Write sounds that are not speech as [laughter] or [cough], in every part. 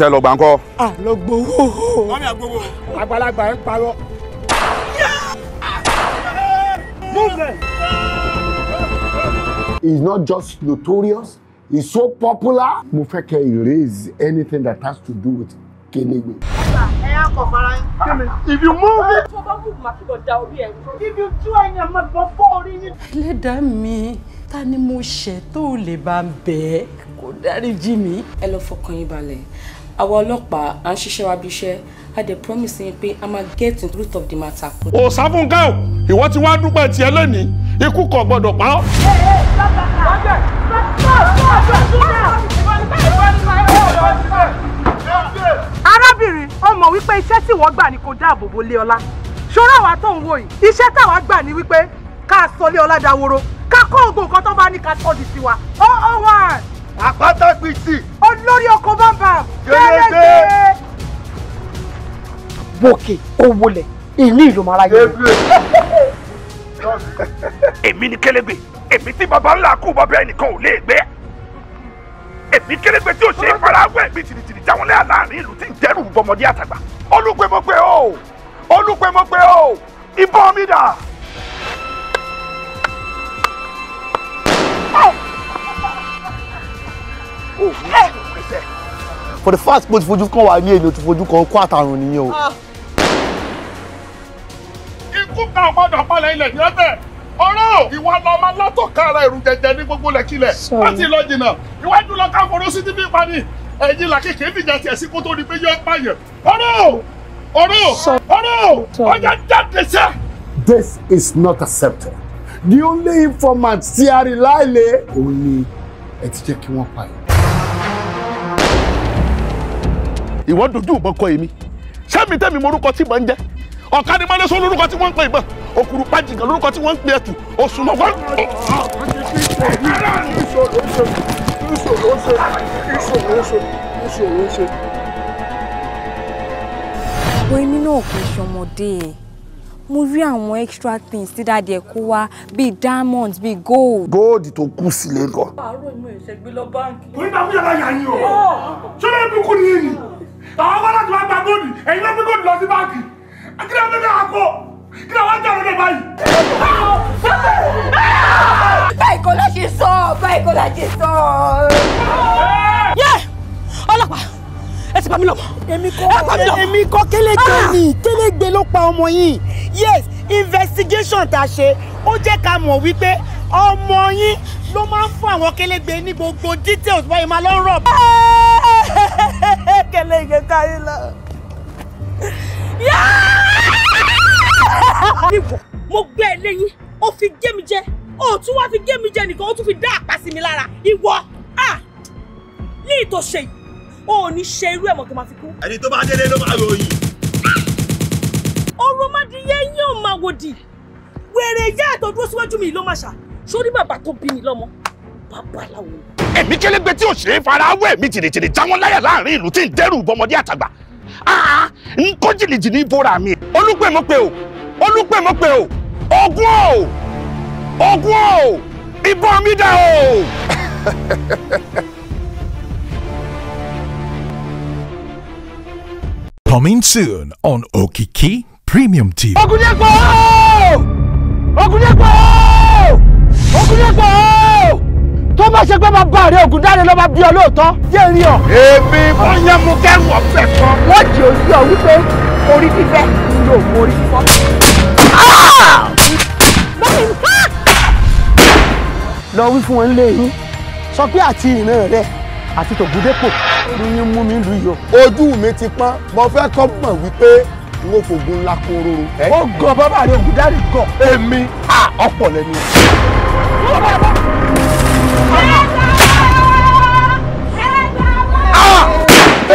tẹ́ lọ gbà ń kọ́. à lọ gbowó. mọ́mí àgbowó. àgbàlagbà ń parọ́. movement. He's not just notorious, he's so popular. Mo fẹ́ kẹ́ erase anything that has to do with Kenegbe. Ah, if you move it. If you do any of my before you. Ẹlẹ́dàá mi, ta ni mo ṣẹ̀ tó lè bá ń bẹ̀ẹ́? Kò dáríjì mí. Ẹ lọ fọkàn yín balẹ̀ àwa ọlọ́pàá à ń ṣiṣẹ́ wa bí iṣẹ́ a dẹ̀ promise yín pé a máa get to the root of the matter. ò sáfúnká o ìwọ ti wá dúpẹ́ tiẹ̀ lónìí ikú kò gbọ́dọ̀ pa ọ́. arábìnrin ọmọ wípé iṣẹ́ tí wọ́n gbà ni kò dáàbò bo léọlá ṣọ́rọ́ àwa tó ń wò yìí iṣẹ́ táwa gbà ni wípé ká sọ léọlá dáworo ká kó oògùn nǹkan tó bá ní ká tọ́jú sí wa ó ó àpáta gbìtì olórí ọkọ̀ bámbà gẹ́gẹ́. bókè owó lẹ̀ ìní ìlú mara yẹn. èmi ni kélégbé èmi tí baba ńlá kú bàbá ẹnìkan ò lè gbé èmi kélégbé tí ò ṣe é fara wẹ̀ mi tìrìtìrì jáwọn lẹ́yà láàrin ìlú tí ń dẹ́rù bọmọdé àtàgbà olùgbé mo gbé o olùgbé mo gbé o ìbọn mi dà. Oh! o ní ìpèsè. for the first place fojú kan wà ní èyí o ti fojú kan kó àtàrùn nìyẹn o. Ah. ikú kan gbọ́dọ̀ palẹ̀ ilẹ̀ ní ọ̀tẹ̀ ọ̀rọ̀ ìwà lọ́mọ látọ̀ká ara ìrù jẹjẹ ní gbogbo lẹ́kílẹ̀ láti lọ jìnnà ìwájú lọ ká foró sí tíbi ìpani ẹ̀yìn là kékeré fìjà tiẹ̀ sí kótó ni pé yọ pààyàn ọ̀rọ̀ ọ̀rọ̀ ọ̀rọ̀ ọjà jáde sẹ́. This is not accepted. The only informant tí a Only, láìlé òun you ẹ ti ìwọ dojú ìbọn kọ èmi sẹ́mi tẹ́mi morúkọ tí mò ń jẹ́ ọ̀kadì mọ́lẹ́sọ lórúkọ tí wọ́n ń pè ìbọn òkùrù pàjìgàn lórúkọ tí wọ́n ń pè ẹ̀tù òṣùnà wọn. ọ̀pọ̀ ẹni náà kò ṣọmọdé ẹ̀ mo rí àwọn extra things tí dáadé ẹ kó wá bíi diamonds bíi gold. gold tó kù sílé gan. àárọ̀ inú ẹ̀ṣẹ̀ gbé lọ báńkì. kò ní bá kújà bá yà yín o ṣé lè bí kú nìyí ni àwọn ọmọ láti máa gba góòdì ẹ̀yin ló fi góòdì lọ sí báńkì kí ló ń gbé àpò kí ló wá jà lọ́dọ̀ báyìí. báyìí kò ló ṣe sọ báyìí kò ló ṣe sọ. ọlọ́pàá ẹ ti pa mí lọ́mọ. èmi kọ́ èmi kọ́ kélégbé ni ah! kélégbé ló pa ọmọ yìí yes investigation tá a ṣe ó jẹ́ ká mọ̀ wípé ọmọ yín ló máa ń fún àwọn kélégbé ní gbogbo details báyìí máa lọ rọ̀. [laughs] kẹlẹ ìgbẹ́ káyé lọ. mo gbé ẹ lẹ́yìn ó fi gé mi jẹ ó tún wá fi gé mi jẹ nìkan ó tún fi dá àpá sí mi lára ìwọ ní ìtòsẹ̀ yìí ó ní ṣe irú ẹ̀ tó máa fi kú. ẹni tó bá délé ló máa ròyìn máa wo di wèrè ìyá ẹ̀ dúró síwájú mi ló máa ṣà sórí bàbá tó bí mi lọ́mọ babaláwo. ẹ̀mí kélégbé tí ò ṣe fara wọ ẹ̀mí tìrìtìrì jáwọn láyà láàrin ìlú tí ń dẹ́rù bọmọdé àtàgbà n kó jìnnìjìnnì bóra mi. olùpẹ̀ mọ́ pé o olùpẹ̀ mọ́ pé o ogun o ogun o ìbọn mi dà o. Coming soon on Okiki Premium TV. Ògúndépò Ògúndépò Ògúndépò tó bá ṣe pé máa bá rẹ Ògúndáre lọ́ba bí ọ lóòótọ́ jẹ́ rí ọ. èmi mo yẹ mo kẹ́rù ọ̀fẹ́ kan. wọ́n jì ó sí ọ wípé orí fífẹ́ ló mórí fọ́. lọ wí fún wọn lé yín sọ pé àti ìran rẹ àti tògúndépò ló yín mú mi lù yọ. ojú mi ti pọ́n mo fẹ́ kọ́ mọ̀ wípé n ó fògùn ńlá kó róró. ó gọ bàbá rẹ ògùn dárí gọ. èmi ọ̀pọ̀ lẹ́nu. Ah!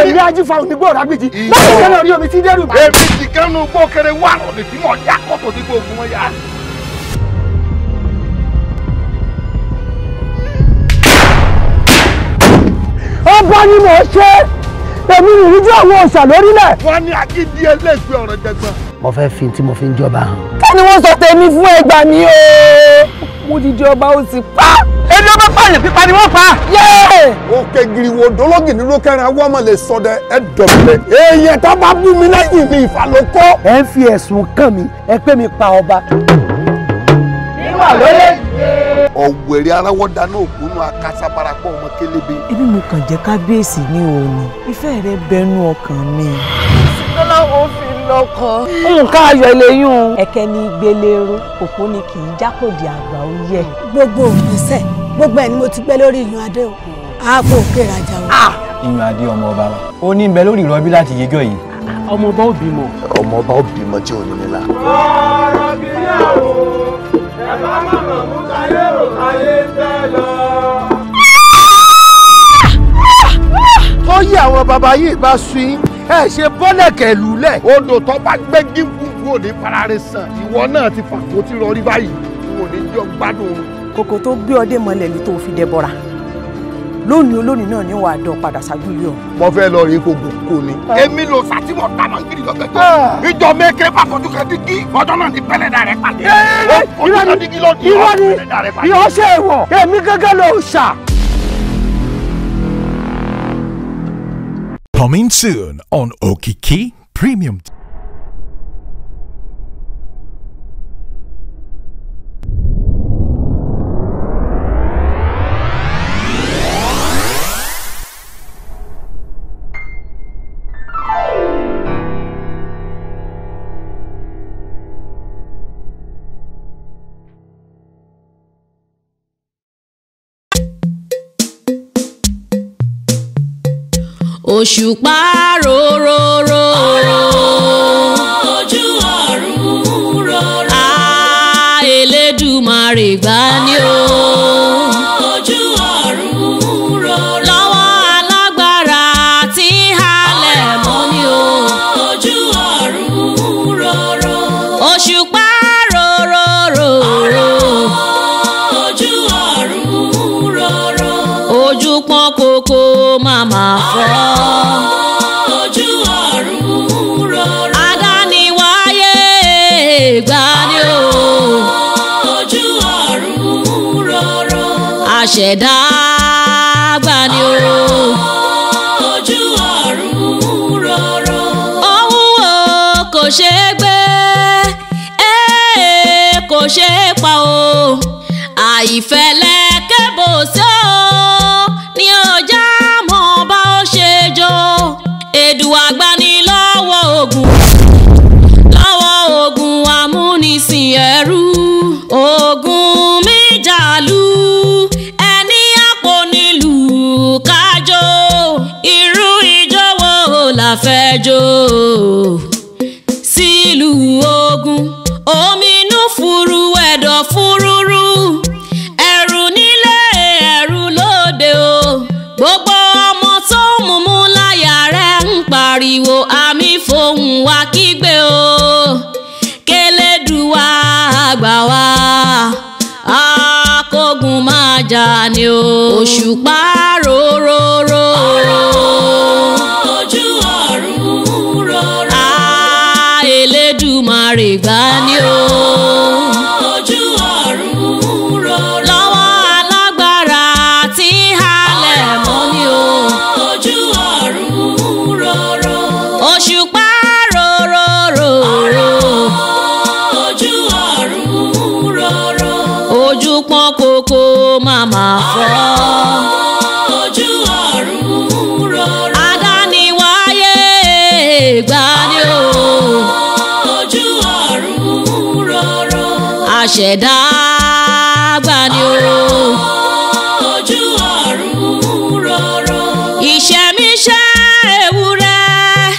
èmi ajífa onígbò rágbìjì láti sẹ́lẹ̀ orí omi tí dẹ́rù bá. èmi ti kẹ́nu gbọ́ kẹrẹ wà lọ́dẹ tí mo yá kọ́tò ní gbogbo wọn yá. ọba ni mo ṣe èmi nìyí jẹ́ àwọn òòṣà lórílẹ̀. wọ́n ní agídí ẹlẹ́gbẹ́ ọ̀rọ̀ jẹgbọ́n. mo fẹ́ fi tí mo fi ń jọba hàn. kẹ́ni wọ́n sọ tèmi fún ẹgbà mi o mo ti jọba ó ti pa. ẹni ọba pààyàn pípa ni wọ́n pa. òkè giriwo dológì ní ló kẹrin awọ ọmọ lè sọdẹ ẹ dọ̀bẹ̀. èèyàn tá bá bú mi lẹ́yìn mi ìfàlókò. ẹ ń fi ẹ̀sùn kàn mí ẹ pé mi pa ọba. níwà ló ọ̀wẹ̀rẹ̀ aráwọ̀dá náà kúnú akasabarapọ̀ ọmọ kélébé. ibi mo kàn jẹ́ kábíyèsí ní òní ìfẹ́ rẹ bẹnu ọkàn mi. lọ́láwọ́ fi lọ́kàn. nǹkan ayọ̀ lẹ́yìn o. ẹ̀kẹ́ ni gbẹlẹ́rú òpó ni kì í jákòdì àgbà ó yẹ. gbogbo òmùsẹ̀ gbogbo ẹ̀ ni mo ti gbẹ́ lórí ìyún adé o àpò òkè ìrajà o. Ah! ìyún adé ọmọ ọba wa ó ní bẹ lórí ìrọbí láti yegọ yìí. ọmọ ọba ò bímọ. ọmọ ọba ò bímọ tí ò ní nílà. ọ̀rọ̀ bíyàwó ẹ̀ bá má mọ̀ mú ayé ò ayé ń tẹ́ lọ. ó yí àwọn bàbá yìí bá sun yín ẹ ṣe bọ́lẹ̀kẹ̀ lulẹ̀. odò tó bá gbẹ́gí gbogbo òní farare sàn ìwọ náà ti fàkótí rọrí báyìí òní jọ gbádùn. kòkò tó gbé ọdẹ mọ́lẹ̀ ló tó fi dẹ lónìí olónìí náà ni wà á dán padà ṣáájú ilé ọ̀hún. mo fẹ́ lọ rí gbogbo kò ní. èmi ló sàtìmọ̀ tàmà gidi lọ́gbẹ̀gbẹ̀. Ah. ìjọ mẹ́kẹ́ bá fojú kan ọjọ́ náà ní pẹ́lẹ́ dà rẹ̀ pàdé. ìrọ̀ eh, ni ìrọ̀ ni ìrọ̀ ṣe é wọ̀ èmi gẹ́gẹ́ ló ṣà. Coming soon on Okiki Premium. òṣùpá rororo. ọ̀rọ̀ ojú ọ̀run rororo. a ah, Elédùmarè gbà ni o. ṣẹ̀dá gbà ni o. ọ̀rọ̀ ojú ọ̀run rọrọ. ohun wo kò ṣeé gbé kò ṣeé pa o àìfẹ́lẹ́. sílùú ogun ominú furu ẹ̀dọ̀ fúrúrú ẹ̀rù nílé ẹ̀rù lóde o gbogbo ọmọ tó mùmú láyà rẹ̀ ń pariwo àmì fohùn wa kígbe o kélédùwà àgbà wa akógun máa jà ni o òṣùpá. ìgbà ni ṣẹ̀dá gbà ní o. ọ̀rọ̀ ojú ọ̀run rọrọ. ìṣẹ̀míṣẹ́ ewúrẹ́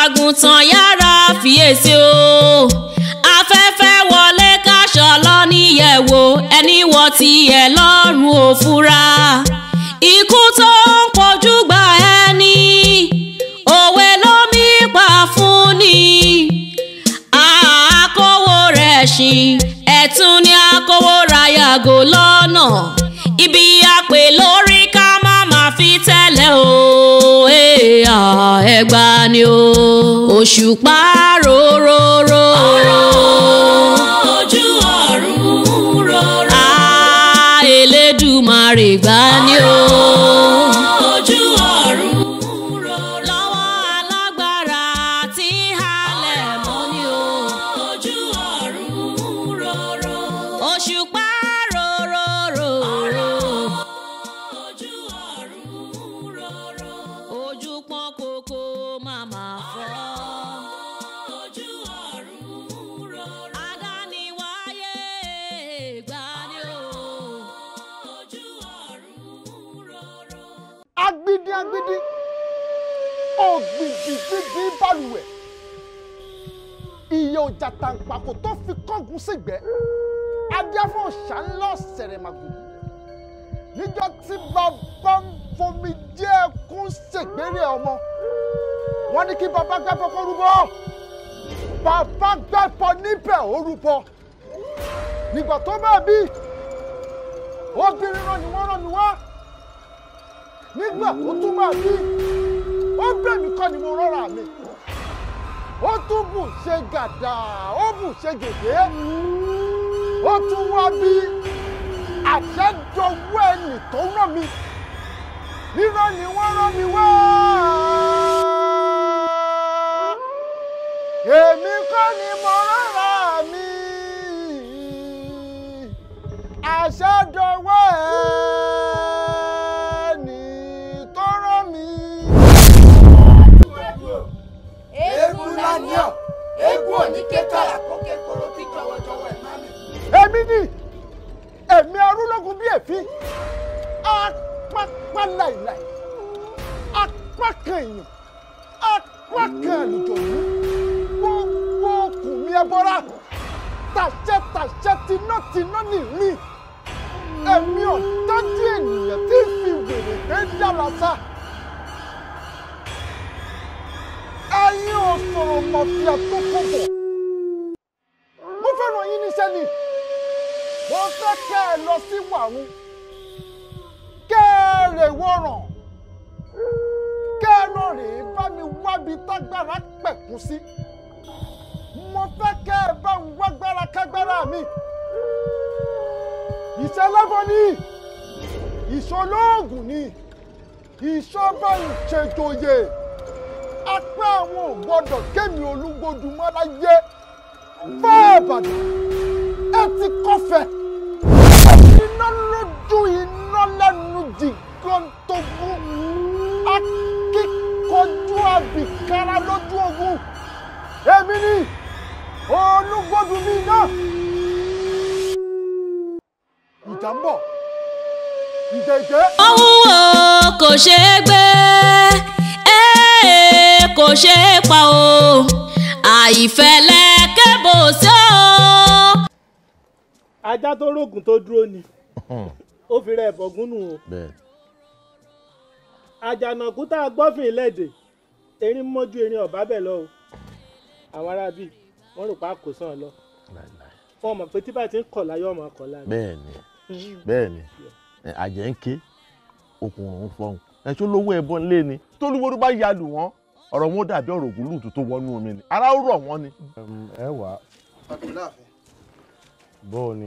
àgùntàn yára fiyèsí o. afẹ́fẹ́ wọlé káṣọ lọ níyẹ̀wò ẹni wọ tiẹ̀ lọ́rùn òfúra. yàgò lọ́nà ibi àpè lórí ká má má fi tẹ́lẹ̀ o ẹ̀gbá ni o òṣùpá rororo. Ah. dẹ́pọ̀ kó rúbọ bàbá dẹ́pọ̀ níbẹ̀ ó rúbọ nígbà tó máa bí obìnrin rán ni wọ́n rán ni wá nígbà tó tún máa bí ó bẹ̀ mí kọ́ ni mo rọ́ra mi ó tún bù ṣe gàdà ó bù ṣe gègé ó tún wá bí àṣẹjọwọ́ ẹnì tó rán mi rírán ni wọ́n rán mi wá èmi kọ́ ni mo rárá mi àṣẹ dọwọ́ ẹni tó rán mi. eégún lani ọ eégún òní kékeré àkókè koro tí jọ̀wọ́jọ̀wọ́ ẹ má mi. èmi ni èmi arúlógún bíi èéfín apápá láìláì apá kan èèyàn apá kan àlùjọ̀gbọ́n gbogbo okùn mi ẹ bọ́ra tàṣẹ tàṣẹ tinátiná nìrí ẹ̀mí ọ̀dájú ènìyàn tí ń fi wèrè gbé dára sá. ẹ̀yin ò sọ̀rọ̀ mọ̀fìà tó kọ̀ bọ̀ mo fẹ́ yín níṣẹ́ ni wọ́n fẹ́ kẹ́ ẹ lọ sí wàrún kẹ́ ẹ rè wọ̀ràn kẹ́ ẹ lọ rè é bá mi wábi tágbára pẹ̀kú sí. Si mo fẹ́ kẹ́ ẹ bá ń wágbára kágbára mi. ìṣẹ́lẹ́bọ ni ìṣọlóògùn ni ìṣọba ìṣèjòyè apá àwọn ò gbọdọ̀ kémi olúgbòdù mọ́ láyé fáàbàdàn ẹ ti kọfẹ́ iná lójú iná lẹ́nu jìgàn tó gún akíkanjú àbìkára lójú ogun èmi ni olúgbógun mi náà ìjà ń bọ̀ ìtẹ̀tẹ̀. ohun wo kò ṣeé gbé kò ṣeé pa o àìfẹ́lẹ́ kébò sí o. ajá tó rògùn tó dúró ni ó fi rẹ̀ bọ̀gún nù o àjànàkú tá a gbọ́fìn lẹ́dẹ̀ẹ́ erin mọ́jú erin ọ̀bá bẹ̀ lọ o àwọn aráabí wọ́n rò pé a kò sàn án lọ fún ọmọ pé tí bá ti ń kọ̀ láyọ̀ ọmọ kọ̀ láyọ̀. bẹ́ẹ̀ni bẹ́ẹ̀ni àjẹ́ ń ké okùn òun fọhùn ẹṣọ lówó ẹbọn lé ni tólúwọdú bá yalù wọn ọ̀rọ̀ wọn dàbí ọ̀rọ̀ ògúnlùtù tó wọnú omi ni ara ó rọ̀ wọ́n ni. ẹ wà á bọ́ọ̀ ni.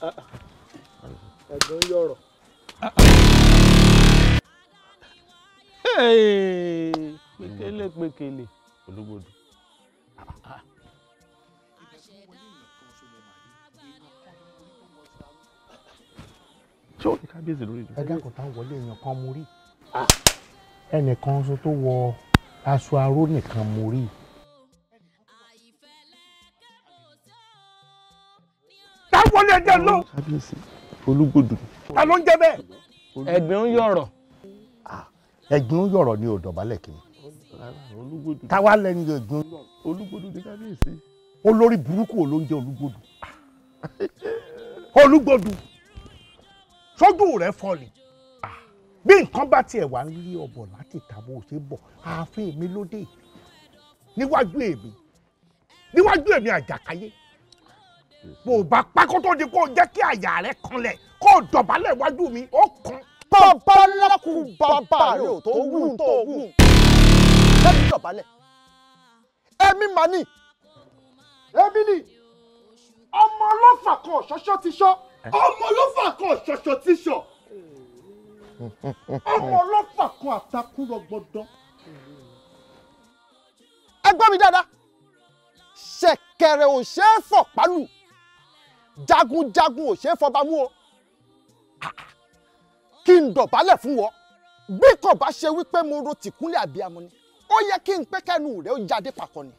Ah, ah. ẹ̀gbọ́n yọ̀rọ̀. Ah, pèkélé pèkélé. olúgbòdù. ṣé o ní kábíyèsí lórí ìjọba. ẹgbẹ́ kò tá wọlé èèyàn kan mo rí ẹnìkan ṣo tó wọ aṣọ aró nìkan mo rí. tá wọlé ẹjẹ lọ. kábíyèsí olúgbòdù. ta ló ń jẹ bẹ́ẹ̀. ẹ̀gbìn ń yọ̀rọ̀. ẹ̀gbìn ń yọ̀rọ̀ ni ò kìíní. táwa lẹ́nu ẹ̀gbìn ń yọ̀rọ̀. olúgbòdù ni kábíyèsí. olórí burúkú ò olúgbòdù. olúgbòdù sójú rẹ fọ ni ah. bí nǹkan bá tiẹ̀ wá ń lé ọbọ̀ láti ta bó ṣe bọ̀ ààfin èmi ló dé níwájú èmi níwájú èmi àjàkáyé bó o bá pákótó di kó o jẹ́ kí àyà rẹ kanlẹ̀ kó o dọ̀bálẹ̀ wájú mi ó kan. bàbá lọ́kùn bàbá rẹ̀ ò tó wù tó wù lẹ́yìn dọ̀bálẹ̀ èmi mà ní ni ọmọ ọlọ́fà kan ṣoṣo ti ṣọ́. Eh? ọmọ ló fà kan ṣoṣo tíṣọ ọmọ ló fà kan àtakùn rọgbọdọ. ẹ gbọ́ mi dáadáa ṣẹ̀kẹ̀rẹ̀ ò ṣe é fọ̀ pálù jagunjagun ò ṣe é fọba mú o ah, kí n dọ̀bálẹ̀ fún wọ́ bí kò bá ṣe wípé mo ro tìkúnlẹ̀ àbíamọ ni ó yẹ kí n pẹ́ kẹ́nu rẹ̀ ó jáde pàkọ́ ni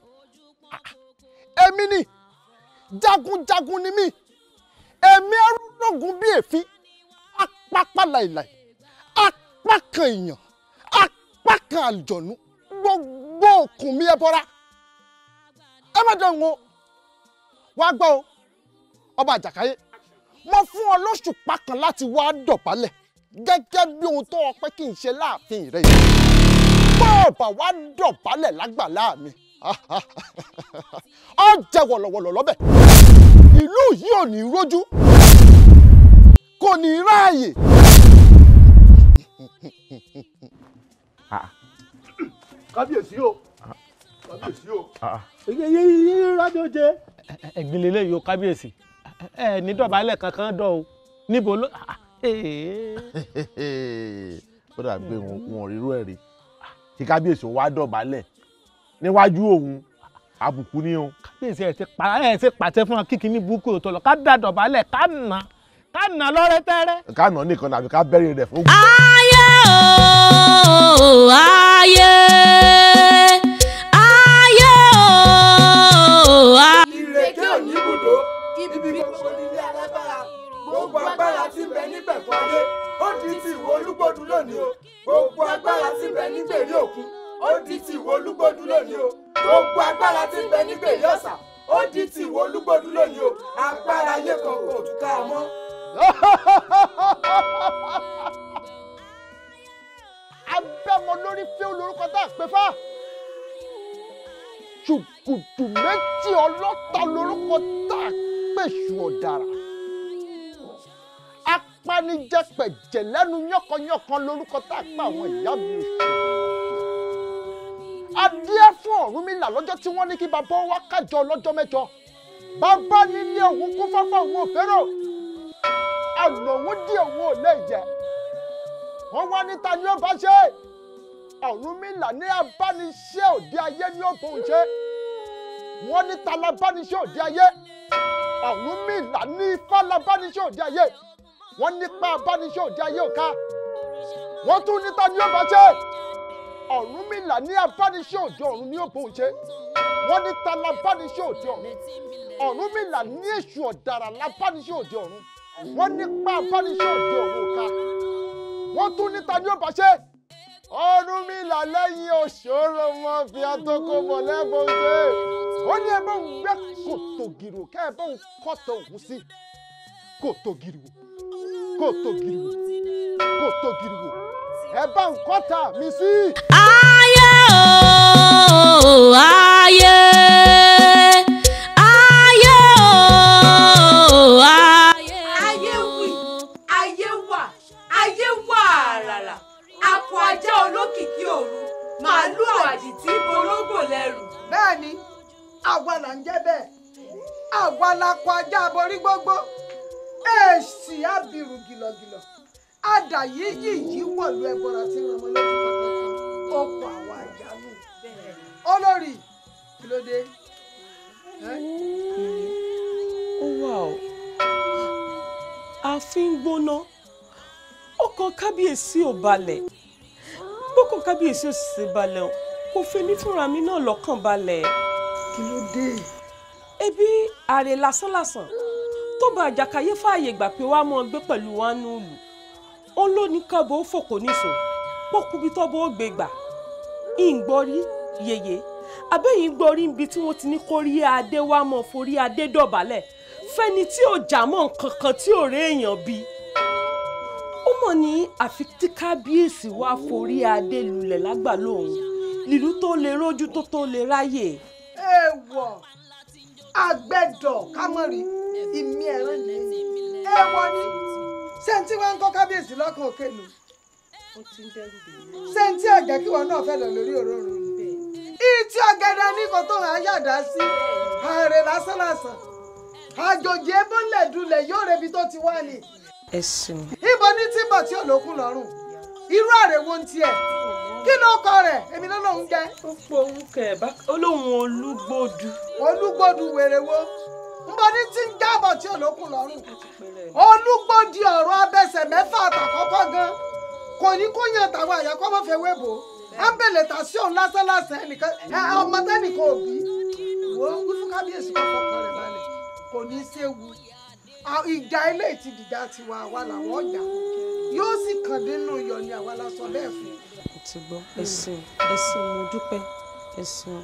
ah, èmi ni jagunjagun ni mí ẹ̀mí arúgbógun bíi èéfín apápá láìláì apá kan èèyàn apá kan àlùjọ̀nú gbogbo òkun mi ẹ bọ́ra ẹ má dán wọn wá gbọ́ o ọba àjàkáyé mo fún ọ lóṣùpá kan láti wá dọ̀bálẹ̀ gẹ́gẹ́ bí ohun tó ọ pé kí n ṣe láàfin rẹ̀ yìí bọ́ọ̀bà wá dọ̀bálẹ̀ lágbàlá mi ọ [laughs] jẹ wọ̀lọ̀wọ̀lọ̀ lọ́bẹ̀ ìlú yìí ò ní rójú kò ní ráàyè. kábíyèsí o kábíyèsí o. yíyí rájò jẹ. ẹ̀gbìn lélẹ̀ yìí o kábíyèsí ẹ ní dọ̀bálẹ̀ kankan dọ̀ o níbo ló. [laughs] ó dà gbé wọn rírú ẹ̀ rí kí kábíyèsí wa dọ̀bálẹ̀ níwájú òun àbùkù ni o. kábíyèsí ẹ̀ ṣe pa ẹ̀ ṣe pàṣẹ fún wa kíkì ní burúkú tó lọ ká dà dọ̀bálẹ̀ ká nà ká nà lọ́rẹ́ tẹ́rẹ́. ká nà nìkan àbí ká bẹ́rẹ̀ rẹ̀ fún. ayé o ayé ayé o ayé. ìrèké ò ibùdó ibi gbogbo nílé alágbára gbogbo agbára ti bẹ nígbẹ̀kọ́ ayé ó di ti ìwọ olúgbòdú lónìí o gbogbo agbára ti bẹ nígbèrè òkun ó di ti ìwọ olúgbòdú lónìí o gbogbo agbára ti bẹ nígbè yọ̀sà ó di ti ìwọ olúgbòdú lónìí o agbára ayé kan kò tún ká a mọ́. abẹ́mọ lórí fẹ́ olórúkọ tá a pè fá ṣùkùtù méjì ọlọ́ta lórúkọ tá a pè ṣù ọ̀dàrà apanijẹpẹjẹ lẹ́nu yánkanyànkan lórúkọ tá a pè àwọn ìyá mi adíẹ fún Ọ̀rúnmìlà lọ́jọ́ tí wọ́n ní kí bàbá wa kájọ lọ́jọ́ mẹ́jọ bàbá nílé òun kún fáfá òun òférò àná òun dí òun ò lè jẹ wọ́n wá níta ni ó bá ṣe Ọ̀rúnmìlà ní abániṣe òde ayé ni ó bòun ṣe wọ́n níta lábániṣe òde ayé Ọ̀rúnmìlà ní ifá lábániṣe òde ayé wọ́n nípa abániṣe òde ayé òka wọ́n tún níta ni ó bá ṣe. Ọ̀rúnmìlà ní abániṣe òde ọ̀run ní òpóhùn ṣe wọ́n ní ta labániṣe òde ọ̀run Ọ̀rúnmìlà ní èṣù ọ̀dàrà labániṣe òde ọ̀run wọ́n ní pa abániṣe òde ọ̀run ká wọ́n tún níta ní òbá ṣe Ọ̀rúnmìlà lẹ́yìn òṣòro wọn fi àtọkọ bọ̀ lẹ́bùn ṣe ó ní ẹ bá ń gbẹ́ kòtò gìrò ká ẹ bá ń kọ́tọ̀ òun sí kòtò gìrò kòtò gìrò kòtò gìrò ẹ bá ń kọ́ta mi sí. ayé o ayé ayé o ayé o. ayé wì ayé wà ayé wà rárá akọ ajá olókìkí òru màálù àjìtì bológò lẹ́rù. bẹ́ẹ̀ni àwa là ń jẹ bẹ́ẹ̀ àwa la kọ ajá aborí gbogbo èsì á bìrù gìlọ̀gìlọ̀ àdà yìí yìí wọ̀lú ẹgbọ̀rọ̀ tí ìrànmọ́ lójú kankan ọkọ̀ àwọn àjálù olórí kí ló dé. ó gbóná ọkàn kábíyèsí ò balẹ̀ gbọ́kàn kábíyèsí ò sì balẹ̀ o kò fẹ́mi fúnra mi náà lọ́kàn balẹ̀. kí ló dé. ebi àrè lásánlàsàn tó bá àjàkáyé fààyè gbà pé wàá mọ ọ gbé pẹ̀lú wánú ìlú ó ló ní kán bó fòkó nìṣó pọ́kúbi tó bó gbé gbà ìǹgbọ́rí yèyé àbẹ́yìn gbọ́rí níbi tí wọ́n ti ní kó rí adé wá mọ̀ forí adé dọ̀bálẹ̀ fẹ́ni tí ò jà mọ́ nǹkan kan tí ò rí èèyàn bí ó mọ̀ ní àfi tí kábíyèsí wá forí adé lulẹ̀ lágbà lòun lílù tó lè rójú tó tó lè ráyè. ẹ wọ agbẹdọ kámọrin ìmí ẹran ni ẹ wọ ni. sẹ́ńtì wá ń kọ́ kábíyèsí lọ́kàn òkè nù sẹ́ńtì ẹ̀gẹ́ kí wọn náà fẹ́ lọ lórí òróró ìtì ọ̀gẹ̀dẹ̀ ní kò tó hàn áyàdá sí ààrẹ lásánlàsàn àjòjì ebólẹ̀dulẹ̀ yóò rebi tó ti wá ni. ibo ní tìbọ̀ tí olókùn lọ́rùn irú ààrẹ wo ń tiẹ̀ kí ló kọ rẹ̀ èmi ló jẹ́. ó pọ̀ òun kẹ̀ bá olóhùn olúgbòdù. olúgbòdù mbọdí ti ń jábọ̀ tí olókùn lọ́rùn olúgbòdì ọ̀rọ̀ abẹsẹ̀ mẹ́fà àtàkọ́kọ́ gan kò ní kó yan tàwọn àyà kọ́ mọ́ fẹ́ wébo ábẹ̀lẹ̀ tà sí òun lásán ẹnìkan ọmọ tẹ́nìkan òbí wò ó kábíyèsí kọ́ fọkàn rẹ̀ balẹ̀ kò ní ti dìjà làwọn ọjà yóò sì kàn nínú iyọ̀ ni àwa la bẹ́ẹ̀ fún.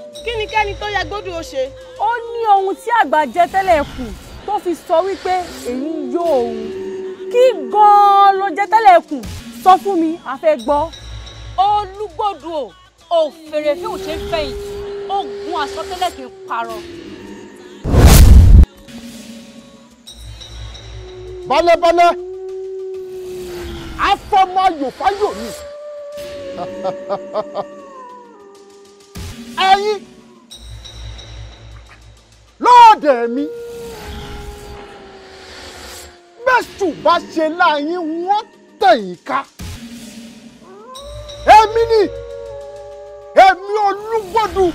kí ni kẹ́ni tó yẹ gbódùn ó ṣe. ó ní ohun tí àgbà jẹ tẹ́lẹ̀ kù tó fi sọ wípé èyí yó òun kí gan-an ló jẹ tẹ́lẹ̀ kù sọ fún mi a fẹ́ gbọ́. olúgbòdù ò fèrè fíhùn ṣe ń ó gun àsọtẹ́lẹ̀ kì í parọ́. balẹ̀balẹ̀ afọmayòfáyò ni [laughs] ẹ̀yin lọ́ọ̀dẹ̀ mi bẹ́sù bá ṣe láàyín wọ́n tẹ̀yìn ká èmi ni èmi olúgbòdù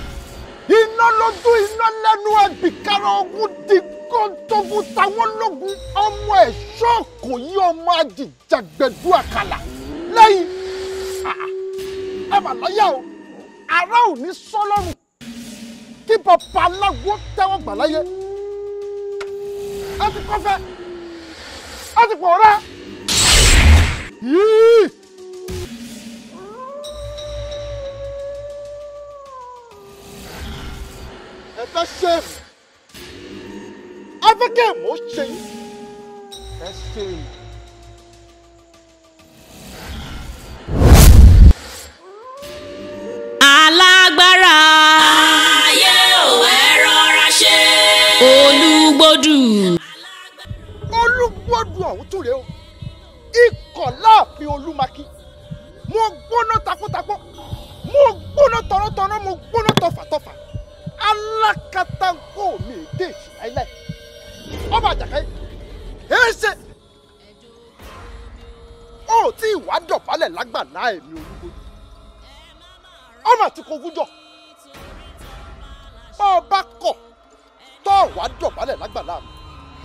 iná lójú iná lẹ́nu ẹ̀bìkára ogun di kóńtógún táwọn lógun ọmọ ẹ̀ ṣọ́ọ̀kù yìí ọmọ ajìjàgbẹ̀dù àkàlà lẹ́yìn ẹ̀ mà láyà o ará ò ní sọ́lọ́run kí bàbá aláwo tẹ́wọ́ gbà láyé a ti kọ́fẹ́ a ti pòórá yìí. ẹ fẹ́ ṣe é a fẹ́ kẹ́ ẹ̀ mọ́ ṣe yìí ẹ ṣe é. ọdún ọ̀hún tún rèé o ikọ̀ láàfin olúmakí mo gbóná takuntakun mo gbóná tọ̀rọ̀tọ̀rọ̀ mo gbóná tọ̀fàtọ̀fà alákatakó mi èdè láíláí ọba àjàkáyé èéṣe ó tí ìwà dọ̀bálẹ̀ lágbàlá ẹ̀mí olúborí ọmọ àti kogúnjọ bá ọba kọ̀ tọ́ ìwà dọ̀bálẹ̀ lágbàlá mi.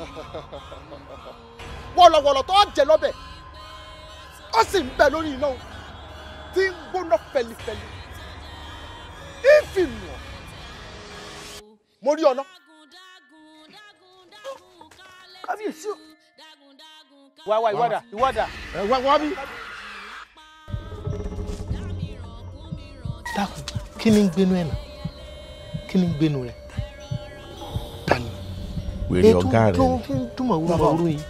[laughs] wọ̀lọ̀wọ̀lọ̀ tó jẹ lọ́bẹ̀ ó sì ń bẹ lórí iná tí ń gbóná fẹlifẹli ìfìmù ọ̀ mo rí ọ̀nà. kábíyèsí o. wá wá ìwádà ìwádà. ẹ wá wá bí. dákun kí ni ń gbénu ẹ̀ náà kí ni ń gbénu rẹ̀. tani. wèrè ọ̀gá rẹ̀ ni. ètò tó ń fi wúrọ̀ wúrọ̀ yìí.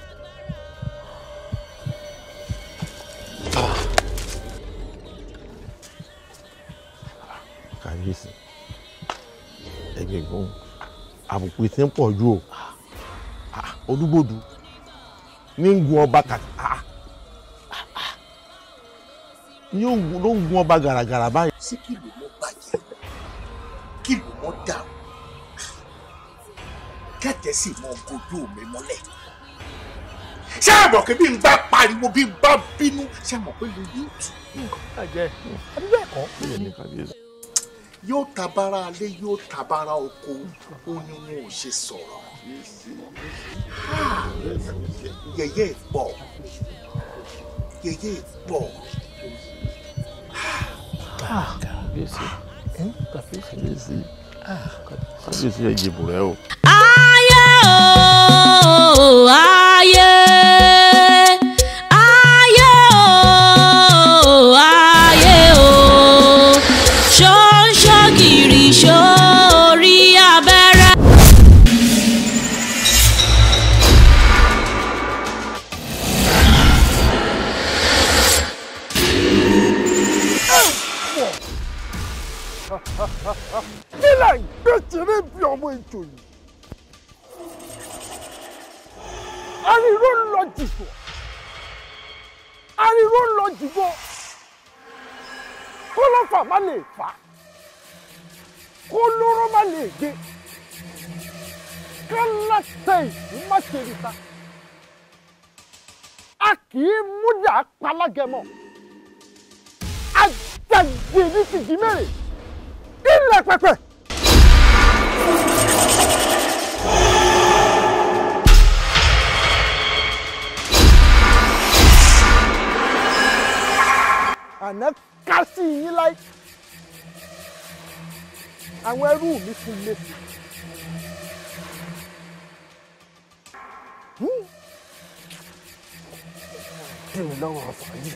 àbùkù ìsìn pọ̀ ju o ah, ah, olúgbòdù ní gun ọba kàkà yóò ah, ló ń gun ọba gàràgàrà báyìí. sí kí ló mọ bàjẹ́ kí ló mọ dà o kẹ̀kẹ́ sì mọ gojú mi mọ́lẹ̀ ṣé àmọ̀ kí bí n bá pariwo bí n bá bínú ṣé àmọ̀ pé lè yí ìtù àbí bẹ́ẹ̀ kọ́ yóò tabara alé yóò tabara oko ó ní wọn ò ṣe sọ̀rọ̀ yẹ̀yẹ́ pọ̀ yẹ̀yẹ́ pọ̀. ayé o ayé. là ń gbé kiri bí ọmọ ìjò yìí. ariwo ń lọ jìgbọ ariwo ń lọ jìgbọ kó lọ́fà má lè fà á kó lóró má lè gbé kálá tẹ̀yìn má ṣe rí ta a kì í múdà palágẹmọ àjàgbé ní fìdí mẹ́rin ilẹ̀ pẹ̀pẹ̀ àná ká sí yín láì àwọn ẹrú mi fún ilé sí. dìrò lọ́wọ́ àfààní.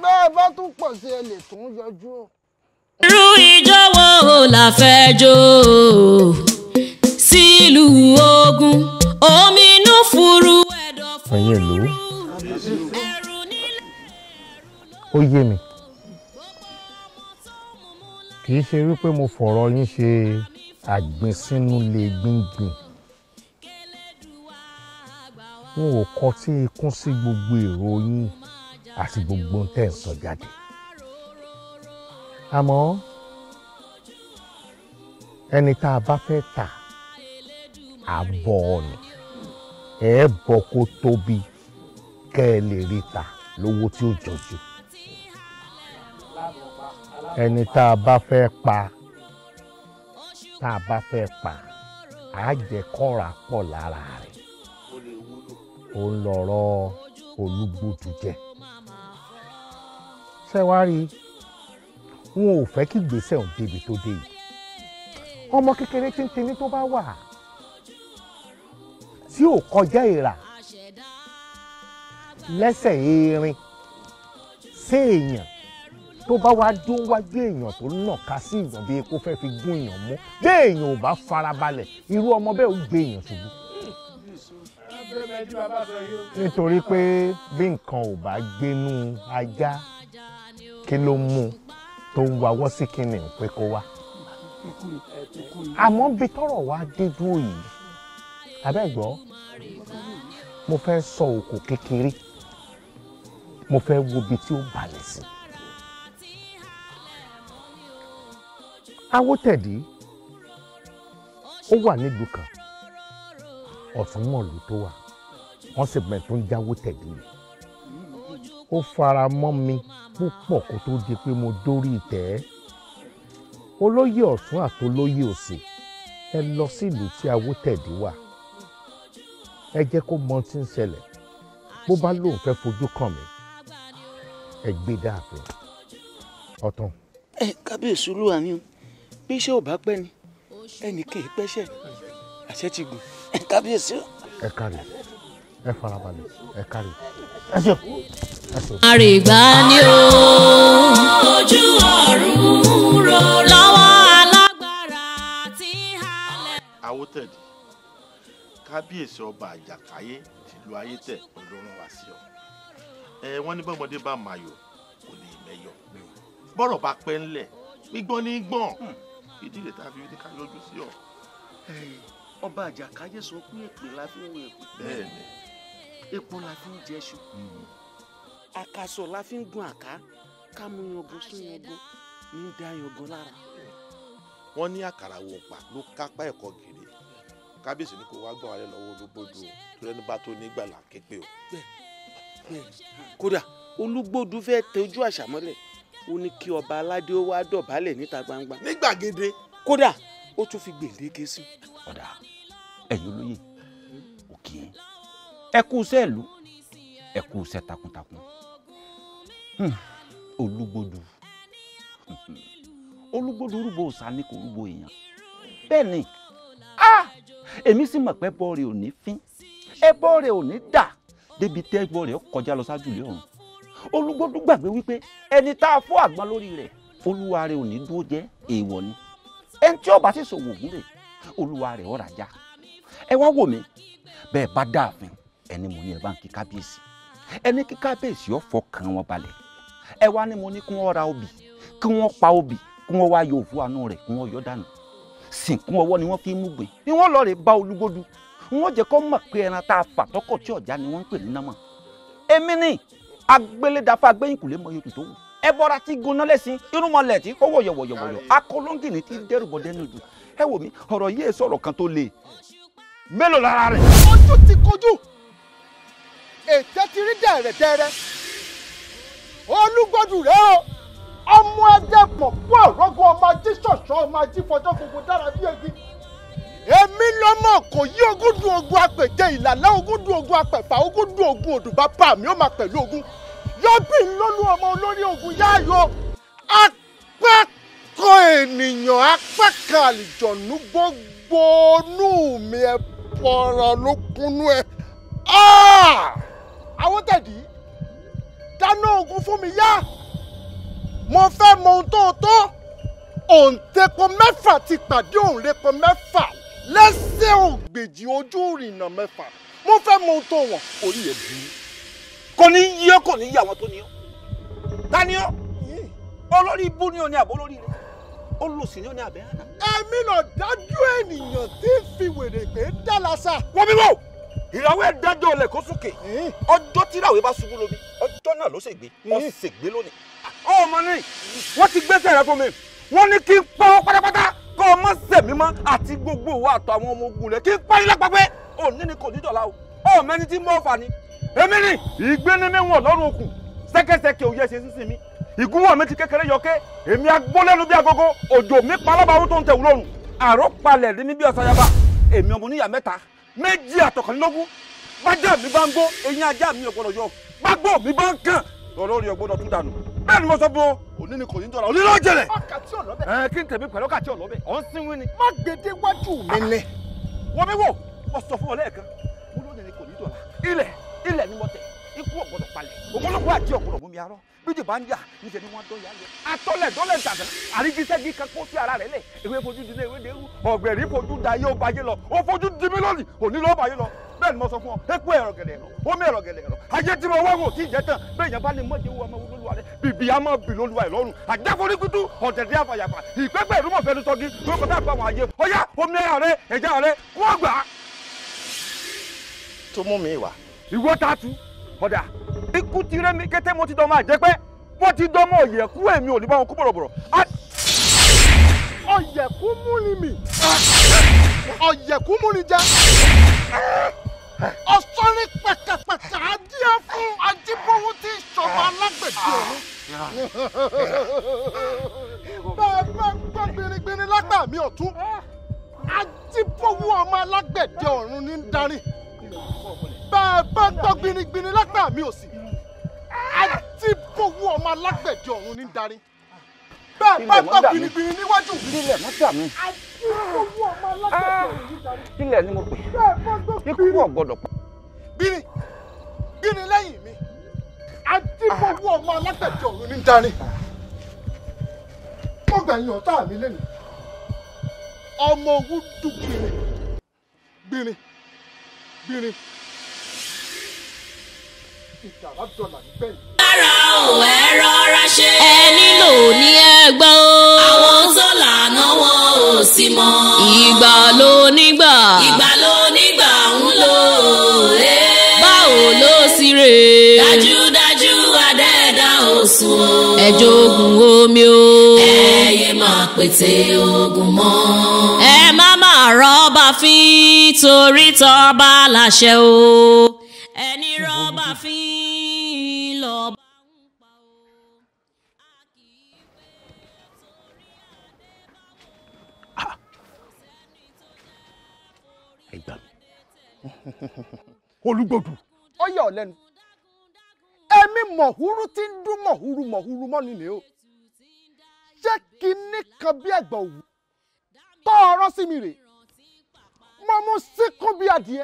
bẹ́ẹ̀ bá tún pọ̀ sí ẹ lè tún yọjú o irú ijó wo la fẹ́ jó sílùú ogun ominú furu ẹ̀dọ̀ furu ẹ̀rù nílẹ̀ ó yé mi kì í ṣe wípé mo fọ̀rọ̀ yín ṣe àgbẹ̀sínú lè gbìngbìn wọn ò kọtí ikún sí gbogbo èrò yín àti gbogbo ohun tẹ́ ẹ̀ sọ jáde àmọ́ ẹni tá a bá fẹ́ tà á bọ̀ ọ̀nà ẹ̀ bọ̀ kó tóbi kẹ́ ẹ lè rí ta lówó tí ó jọjú ẹni tá a bá fẹ́ pa tá a bá fẹ́ pa á jẹ́ kọ́ra pọ̀ lára rẹ̀ ó ń lọ́rọ́ olúgbòdú jẹ́ ṣé wàá wọn ò fẹ́ kí gbèsè ọ̀hún débi tó dé yìí ọmọ kékeré tíntìní tó bá wà tí ò kọjá ìrà lẹ́sẹ̀ erin sí èèyàn tó bá wá dún wájú èèyàn tó nàka sí èèyàn bíi kó fẹ́ fi gún èèyàn mú bí èèyàn ò bá farabalẹ̀ irú ọmọ bẹ́ẹ̀ ó gbé èèyàn ṣubú. nítorí pé bí nǹkan ò bá gbénú ajá kí ló mú un tó ń wawọ́ sí kíni pé kó wá àmọ́ bí tọ́rọ̀ wá dé dúró yìí abẹ́gbọ́ mo fẹ́ sọ òkò kékeré mo fẹ́ wo ibi tí ó balẹ̀ sí. awótẹ̀dí ó wà nílùú kan ọ̀túnmọ̀lù tó wà wọ́n sì mẹ́ tó ń jáwó tẹ̀dí yìí ó fara mọ́ mi púpọ̀ kó tó di pé mo dórí ìtẹ́ olóyè ọ̀tún àtolóyè òsì ẹ lọ sílùú tí awótẹ̀dí wà ẹ jẹ́ kó mọ tí ń ṣẹlẹ̀ bó bá lóun fẹ́ fojú kàn mí ẹ gbé e dáàfin ọ̀tún. ẹ kábíyèsí olúwa mi o bí iṣẹ́ ò bá pẹ́ ni ẹnì kì í pẹ́ṣẹ̀ àṣẹ ti gùn ẹ kábíyèsí o. ẹ kárí ẹ farabalẹ̀ ẹ kárí ẹ ṣeun àrègbà ni ó. ojú ọ̀run rò lọ́wọ́ alágbára tí halẹ̀. àwòtẹ́dì kábíyèsí ọba àjàkáyé tìlú ayétẹ ọlọ́run wá sí ọ ẹ wọ́n ní bọ́mọdé bá màyò kò ní mẹ́yọ bọ́rọ̀ bá pẹ́ ńlẹ̀ gbígbọ́n ní gbọ́n ìdílé tá a fi ní ká yọjú sí ọ. ọba àjàkáyé sọ pé èpè la fi ń wo èpè. bẹ́ẹ̀ni èpò la fi ń jẹṣu. Hmm àkàsọ la fi ń gun àká ká mú yangan sún yangan ní dá yangan lára. wọ́n ní àkàrà wò pa ló kápá ẹ̀kọ́ gèrè kábíyèsí ni kò wá gbọ́ ààrẹ lọ́wọ́ olúgbòdù tó lẹ́nu bá tó ní képe o. kódà olúgbòdù fẹ́ tẹ àṣà mọ́lẹ̀ ó ní kí ọba aládé wá dọ̀bálẹ̀ níta gbangba. ní gbàgede. kódà ó tún fi gbèǹdéke sí. ọ̀dà ẹ̀yin olóyè òkè ẹ sẹ́ẹ̀lú ẹ kú takuntakun Hmm. olúgbòdù hmm. olúgbòdù rúgbò ọ̀sà ni kò rúgbò èèyàn bẹ́ẹ̀ ni ah! èmi sì mọ̀ pé ẹbọ rẹ̀ ò ní fín ẹbọ rẹ̀ ò ní dà débi tẹ́ ẹbọ rẹ̀ kọjá lọ sáájú ilé ọ̀run olúgbòdù gbàgbé wípé ẹni tá a fọ́ àgbọn lórí rẹ̀ olúwa rẹ̀ ò ní dúró jẹ́ èèwọ̀ ni ẹni tí ọba sì sòwò ògùn rẹ̀ olúwa rẹ̀ ọ̀rà já ẹ wá wò mí bẹ́ẹ̀ bá dáàfin ẹni mo ní ẹ bá ń kí kábíyèsí ẹni kí kábíyèsí ọ̀fọ̀ kan wọn balẹ̀ ẹ wá ní mo ní kí wọ́n ra obì kí wọ́n pa obì kí wọ́n wá yọ òfu àánú rẹ̀ kí wọ́n yọ dànù sìnkún ọwọ́ ni wọ́n fi mú gbé ni wọ́n lọ rè bá olúgbódù wọ́n jẹ́ kó mọ̀ pé ẹran tá a fà tọkọ̀ tí ọ̀já ni wọ́n ń pè ní námọ̀ èmi ni agbélédàfà agbẹ́yìnkùlé mọ yòtù tó wù ẹbọra ti gunná lẹ́sìn irúnmọlẹ̀ tí kò wọ̀yọ̀wọ̀yọ̀wọ̀yọ̀ akọlóńgì ni ti dẹ́rùbọ̀ dẹ́nu ìlú ẹ wò mí ọ̀rọ̀ yìí sọ̀rọ̀ kan tó le mélòó lára rẹ̀. ojú ti kojú ètè ti rí dẹ̀rẹ̀dẹ̀rẹ̀ olúgbọ́dù rẹ o ọmọ ẹgbẹ́ pọ̀ pọ̀ rọ́gbọ́n ọmọ ajé ṣọ̀ṣọ́ ọmọ ajé fọjọ́ gbogbo dára bí ebi. èmi lọ́mọ kò yí ogún dun ogun apèjẹ ìlàlá ogún dun ogun apẹ̀fà ogún dun ogun òdùbá pa mi ó máa pẹ̀lú ogun yọbí lọ́lú ọmọ olórí ogun yáàyò apá ènìyàn apá àlìjọ̀nù gbogbo onú mi ẹ̀ pọ̀rọ̀ ló kúnú ẹ̀ àwọn ah! tẹ̀dí dáná oògùn fún mi yá mo fẹ́ mọ ohun tó tó òǹtepo mẹ́fà ti pàdé òǹrepo mẹ́fà lẹ́sẹ̀ ògbèjì ojú ìrìnà mẹ́fà mo fẹ́ mọ ohun tó wọ̀n orí ẹ̀ bí. kò ní yí ọ kò ní yí àwọn tó ní ọ ta ni ọ olórí ibú ni ọ ní àbó lórí rẹ olùsìn ni ọ ní àbẹ àná. èmi lọ dájú ènìyàn tí ń fi wèrè pé dá lásà. wọ́n mi wò ìràwọ ẹdájọ olè kó sókè hmm. ọjọ́ tíràwé bá ṣubú lómi ọjọ́ náà ló ṣègbè hmm. ọṣègbè lónìí. ọmọ ní wọn ti gbẹ́sẹ̀ rẹ fún mi wọn ní kí n pa ọ pátápátá kó o mọ sẹmí mọ àti gbogbo òwò àtàwọn ọmọ ogun rẹ kí n parí lápapẹ òní ni kò ní dọ̀la o ọmọ ẹni tí mọ ọfà ni èmi ni ìgbéni níwọ̀n lọ́rùn okùn sẹ́kẹ́sẹ́kẹ́ òye ṣe sísìn mi ìgúnwọ̀ mi ti kékeré yọké èmi agbólẹ́nu bí agogo òjò mi pa alábàáwú tó ń tẹ̀wúrọ̀rùn àròpalẹ̀ ní mi bí ọ̀sán yaba èmi ọmọ oníyà mẹ́ta méjì àtọ̀kànlélógún bájà mi bá ń gbó eyín ajá mi ò gbọdọ̀ yọ gbàgbọ́ mi bá ń kàn lọ́rọ́ rí ọgbọ́dọ̀ tún dànù bẹ́ẹ̀ ni mo sọ fún ọ òní ni kò ní jọra òní ló jẹlẹ̀. ọkà tí ọlọ́bẹ̀. ẹ kí n tẹ̀mí pẹ̀lú ọkà tí ọlọ́bẹ̀ ọ̀ ń ni. má gbèdé wájú mi lẹ. wọ́n mi wò mo sọ fún ọ lẹ́ẹ̀kan mo lónìí ni kò ní jọra ilẹ̀ ilẹ̀ ni mo tẹ̀ ikú ọ̀gbọ́dọ̀ palẹ̀ omi arọ bíjì bá ń jà níṣẹ́ ni wọ́n tó yà lẹ. atọ́lẹ̀ tọ́lẹ̀ tàbí àríjísẹ́gi kan kó sí ara rẹ̀ lẹ̀ ewé fojú di ilé ìwé de ewu ọ̀gbẹ̀rì fojú da yóò báyé lọ ó fojú di mí lónìí òní ló báyé lọ bẹ́ẹ̀ ni mo sọ fún ọ ẹ kú ẹ̀rọ gẹ̀lẹ̀ ẹ̀rọ omi ẹ̀rọ gẹ̀lẹ̀ ẹ̀rọ ajé tí mo wáwò tí ìjẹ́ tán bẹ́ẹ̀ yẹn bá ní mọ́jẹ́ wo ọmọ olólùwà rẹ bìbí a máa bì lólùwà ẹ̀ lọ́rùn àjẹforí kútú ọ̀tẹ̀dẹ̀ àfàyàfà ìpẹ́pẹ́ ìlú mọ̀fẹ́ ló sọ́gi ló kọjá àgbà wọn ayé ọyá omi ẹ̀rọ rẹ ẹ̀já rẹ wọ́n gbà. tó mú mi wá. ìwọ ta tu ọ̀dà ikú ti rẹ́ mi kété mo ti dán ọmọ àjẹpẹ́ wọ́n ti dán ọmọ òyẹ̀kú èmi ò ní bá wọn kú bọ̀rọ̀bọ̀rọ̀. ọ̀yẹ̀kú mú ni mì ọ̀yẹ̀kú mú ni já ọ̀sọ́rí pẹ̀kẹ̀pẹ̀kẹ̀ adíẹ fún ajíbówó tí ìṣọ̀bà alágbèdè ọ̀run. bẹ́ẹ̀ gbọ́ gbinigbini lágbà mi ọ̀tún ajíbówó ọmọ alágbèdè ọ̀run ní darí bẹ́ẹ̀ gbọ́ gbinigbini lágbà mi òsì àti bọ̀wọ́ ọmọ alágbẹ̀dẹ ọ̀run ní darí bẹ́ẹ̀ bá gbọ́ gbinigbini níwájú. lílẹ̀ má dà mí. àti bọ̀wọ́ ọmọ alágbẹ̀dẹ ọ̀run ní darí. lílẹ̀ ah, ni mo pè. bẹ́ẹ̀ bá gbọ́ gbinigbini. ikú ọ̀gbọ́dọ̀ pa. bírin bírin lẹ́yìn mi àti bọ̀wọ́ ọmọ alágbẹ̀dẹ ọ̀run ní darí. mo gbẹ̀yìn ọ̀tá mi lẹ́nu ọmọ owó dùn gbìnrín gbìnrín gbìnrín ìjàrá dọ̀là níbẹ̀ yìí. rárá o ẹ rọra ṣe. ẹ nílò ní ẹgbọ́n. àwọn tó lànà wọn ò sì mọ. ìgbà ló nígbà. ìgbà ló nígbà ń lò ó. báwo ló sì rè é. dájúdájú adẹ́ẹ̀dá òsùn o. ẹ jogun omi o. ẹ yé máa pètè ogun mọ́. ẹ má máa rọ́ọ̀bà fín torí tọ́ba láṣẹ o ẹni rọ́bà fi lọ́ọ́ bá ń pa o. ẹ gbà mí olùgbòdù. ó yà ọ́ lẹ́nu ẹ̀mí mọ̀húrú tí ń dún mọ̀húrú mọ̀húrú mọ́ni ni o ṣé kinní kan bí ẹ̀gbọ́n òwú tọ́ ọ̀rọ̀ sí mi rè mo mú síkún bí adìẹ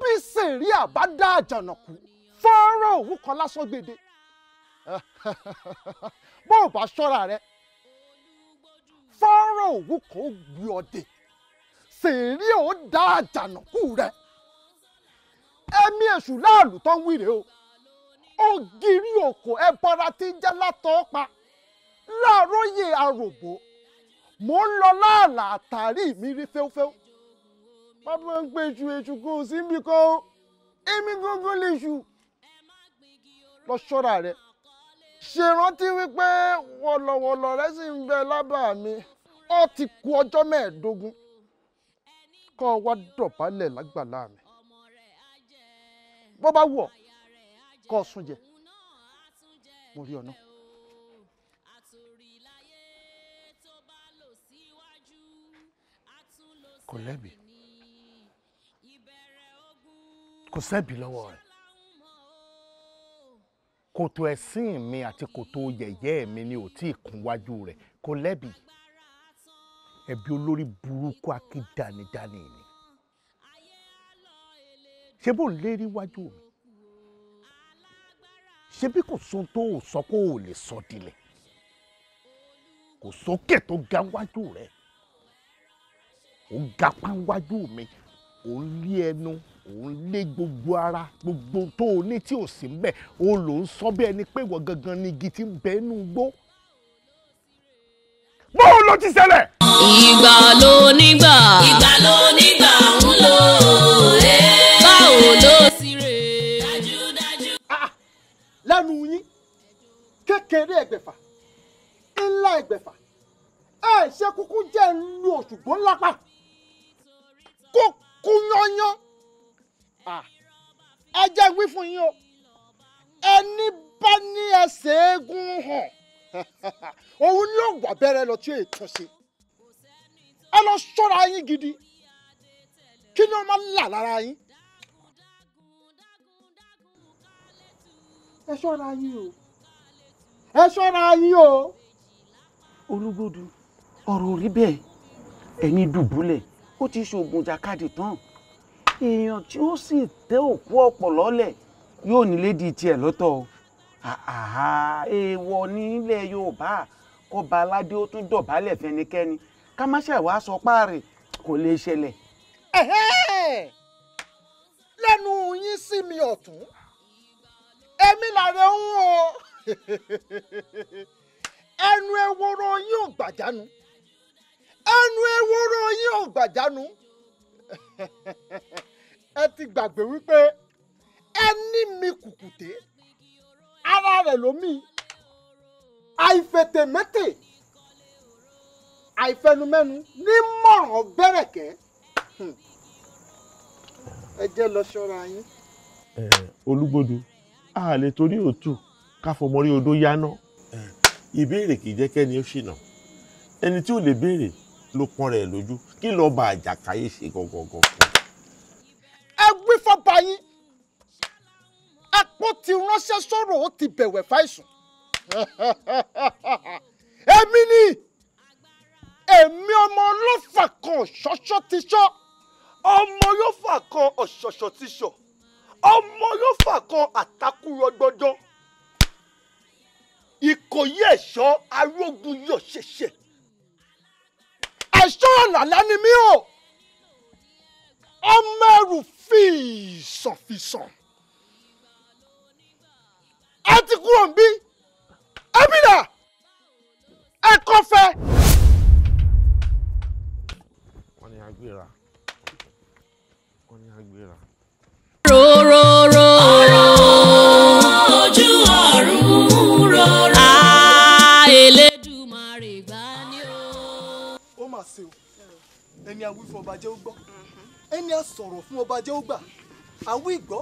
bí sẹ̀ríà bá dá àjànàkú fọ́ọ̀rọ̀ òun kan lásán gbèdé bó o bá ṣọ́ra rẹ fọ́ọ̀rọ̀ òun kan ó gbé ọdẹ sẹ̀ríà ó dá àjànàkú rẹ ẹ̀mí èṣù láàlú tó wíre o ògiri òkò ẹbọra tí ń jẹ́ látọ̀ pa láàróyè àròbó mò ń lọ láàlà àtàrí mi rí fẹ́ufẹ́u bàbá ń pè èṣù èṣù kò síbi kan ó èmi gángan lè ṣù lọ ṣọ́ra rẹ̀ ṣèrántí wípé wọ̀lọ̀wọ̀lọ̀ rẹ̀ sì ń bẹ lábà mi ó ti kù ọjọ́ mẹ́ẹ̀ẹ́dógún kọ́ wá dọ̀bálẹ̀ lágbàlá mi bó bá wù ọ́ kọ́ sún jẹ mo rí ọ̀nà. kò kò sẹ́bi lọ́wọ́ rẹ̀ kòtò ẹ̀sìn mi àti kòtò yẹ̀yẹ́ mi ni ò tí ì kún wájú rẹ̀ kò lẹ́bi ẹ̀bi olórí burúkú akídanidani ni ṣé bó ń lérí wájú mi ṣé bí kò sóhun tó o sọ pé o lè sọ dilẹ̀ kò sókè tó ga wájú rẹ̀ ó ga pa wájú mi ó ń lé ẹnu òun lé gbogbo ara gbogbo tó o ní tí ò sí ń bẹ̀ òun ló ń sọ bí ẹni pé ìwọ gangan ni igi ti ń bẹ inú igbó. bóun ló ti ṣẹlẹ̀. ìgbà ló nígbà. ìgbà ló nígbà ń lò ẹ́. báwo ló sì rè é. Ah, lẹ́nu yín kékeré ẹgbẹ̀fà ńlá ẹgbẹ̀fà ẹ ṣe kúkú jẹ́ ń lu òṣùgbọ́n lápá kó kú yányán. Ah. ẹ jẹ́ wí fún yín o ẹni bá ní ẹsẹ̀ eégún hàn [laughs] òun ni yóò wà bẹ́rẹ̀ lọ tí yóò tún sí ẹ lọ ṣọ́ra yín gidi kí ni wọ́n máa ń là lára yín ẹ ṣọ́ra yín o ẹ ṣọ́ra yín o. olúgbòdù ọ̀rọ̀ rí bẹ́ẹ̀ ẹni dùbúlẹ̀ ó ti ṣoògùn jàkadì tán èèyàn tí ó sì tẹ́ òkú ọ̀pọ̀ lọ́lẹ̀ yóò nílé di tiẹ̀ lọ́tọ̀ o èèwọ̀ nílẹ̀ Yorùbá ọba aládé ó tún dọ̀bálẹ̀ fẹnikẹ́ni ká má ṣàwá sọ páàrè kò lè ṣẹlẹ̀. lẹ́nu yín sí mi ọ̀tún èmi làrẹ̀ ń o [laughs] ẹnu eworo yín ò gbàjánu ẹnu eworo yín ò gbàjánu. [laughs] ẹ ti gbàgbé wípé ẹni mi kùkùté ara rẹ̀ ló mì àìfètèmétè àìfẹnumẹ́nu nímọ̀ràn bẹ̀rẹ̀kẹ́ hmm. ẹ jẹ́ lọ ṣọ́ra yín. ẹ olúgbòdo a lè torí òtù ká fọmọrí odó yáná ìbéèrè kì í jẹ́ kẹ́ni ó ṣìnà ẹni tí ò lè béèrè ló pọ́n rẹ̀ lójú kí lọ́ọ́ bá àjàkáyé ṣe gangan gangan fọ́ ba yín apó ti ránṣẹ́ sọ̀rọ̀ ó ti bẹ̀wẹ̀ fáìsùn [laughs] èmi ni èmi ọmọ ọlọ́fà kan ṣọ́ṣọ́ ti ṣọ́ ọmọ yóò kan ọ̀ṣọ̀ṣọ̀ ti ṣọ̀ ọmọ yóò fà kan àtakùrọ̀ gbọ́dọ̀ ìkòyí ẹ̀ṣọ́ arógun yóò ṣẹ̀ṣẹ̀ ẹ̀ṣọ́ ọ̀làlá ni mí o ọmọrù fìsànfìsàn ẹ ti kúrò ń bí ẹbílà ẹ kọfẹ. wọ́n ní agbèrà wọ́n ní agbèrà. rororo ojú ọ̀run ah, ẹni àwífọ̀ bàjẹ́ ó gbọ́ ẹni a sọ̀rọ̀ fún ọba jẹ́ ó gbà àwọn ìgbọ́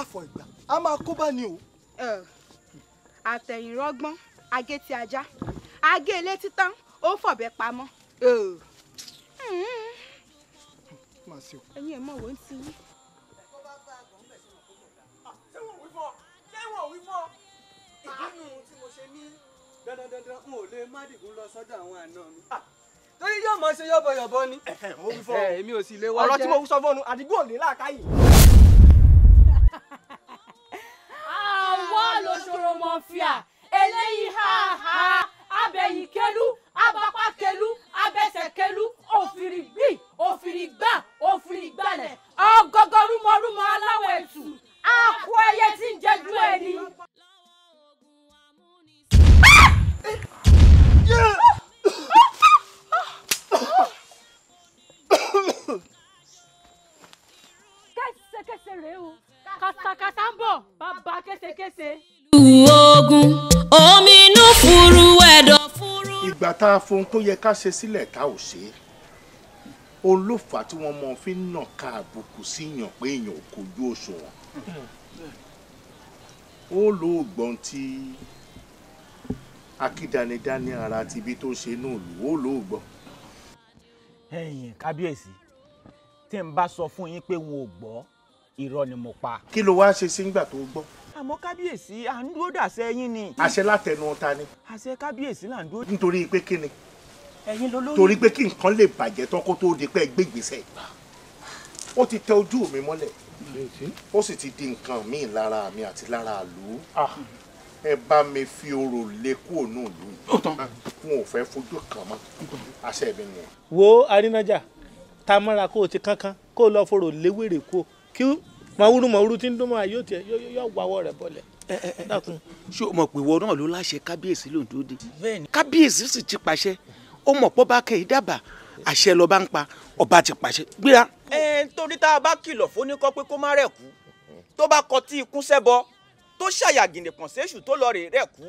àfọ̀ ìgbà a máa kó bá ni o. àtẹ̀yìnrọ́gbọ́n agé ti ajá agé ilé títán ó fọ̀bẹ pamọ́. Hmm. ẹ̀yin ẹ̀ mọ̀ wò ó ti yín. ìdí nu tí mo ṣe ní dandandandan n ò lè má dìgún lọ sọ́dọ̀ àwọn àna mi torí yóò mọ ṣe yọ̀bọ̀yọ̀bọ̀ ni. mo wí fọ èmi ò sì lè wá jẹ́ ọ̀rọ̀ tí mo wú sọ fọ́ọ̀nù àdìgbò lè láàkáyì. àwọn lòṣòro mọ̀ fìyà eléyìí ha ha abẹ́yìn kelu abapá kelu abẹ́sẹ̀ kelu òfìrí gbì òfìrí gbà òfìrí gbalẹ̀ ọgọgọ rúmọrúmọ aláwọ̀ ẹ̀tù akọ ẹyẹ tí ń jẹjú ẹni. Ah! Yeah! kẹsẹkẹsẹ rèé o kàtàkàtà ń bọ̀ bàbá kẹsẹkẹsẹ. oògùn omi inú furu ẹ̀dọ̀ furu. ìgbà tá a fohun tó yẹ ká ṣe sílẹ̀ tá ò ṣe é olófà tí wọ́n mọ̀ fi ń nà ká àbùkù sí yàn pé èèyàn ò kojú òṣùwọ̀n ó lò ó tí akídanidání ara tibí tó ṣe náà lò ó lò ó ẹ̀yin kábíyèsí tí n bá sọ fún yín pé n ò gbọ́ irọ́ ni mo pa. kí ló wáá ṣe sígbà tó gbọ́. àmọ́ kábíyèsí à ń dúró dàṣẹ yín ni. àṣẹ látẹnu ta ni. àṣẹ kábíyèsí là ń dúró. nítorí pé kí ni. ẹ̀yin ló lóyún. torí pé kí nǹkan lè bàjẹ́ tán kó di pé gbé ìgbésẹ̀. ó ti tẹ ojú mi mọ́lẹ̀ ó sì ti di nǹkan míì lára mi àti lára ìlú ẹ bá mi fi orò lé kúrò ní òlú yìí fún òfẹ́ fojú kan mọ́ àṣẹ mi nù. wo arínájà ta mọ́ra kó o ti kankan kó o lọ forò léwèrè kú o kí màwúrú màwúrú tí ń dún mọ́ ayé òtí ẹ yóò wáwọ́ rẹ̀ bọ́lẹ̀ ṣé o mọ̀ pé ìwọ náà ló láṣẹ kábíyèsí lòdò dé kábíyèsí sì ti pàṣẹ ó mọ̀ pọ́ bá kẹ́ ẹ dábàá àṣẹ lọ́ba ń pa ọba ti pàṣẹ gbéra. ẹ torí tá a bá kìlọ̀ fóníkọ́ pé kó má rẹ̀ kú tó bá kọtí ikú sẹ́bọ̀ tó ṣàyàgìnì kàn séṣù tó lọ rè rẹ̀ kú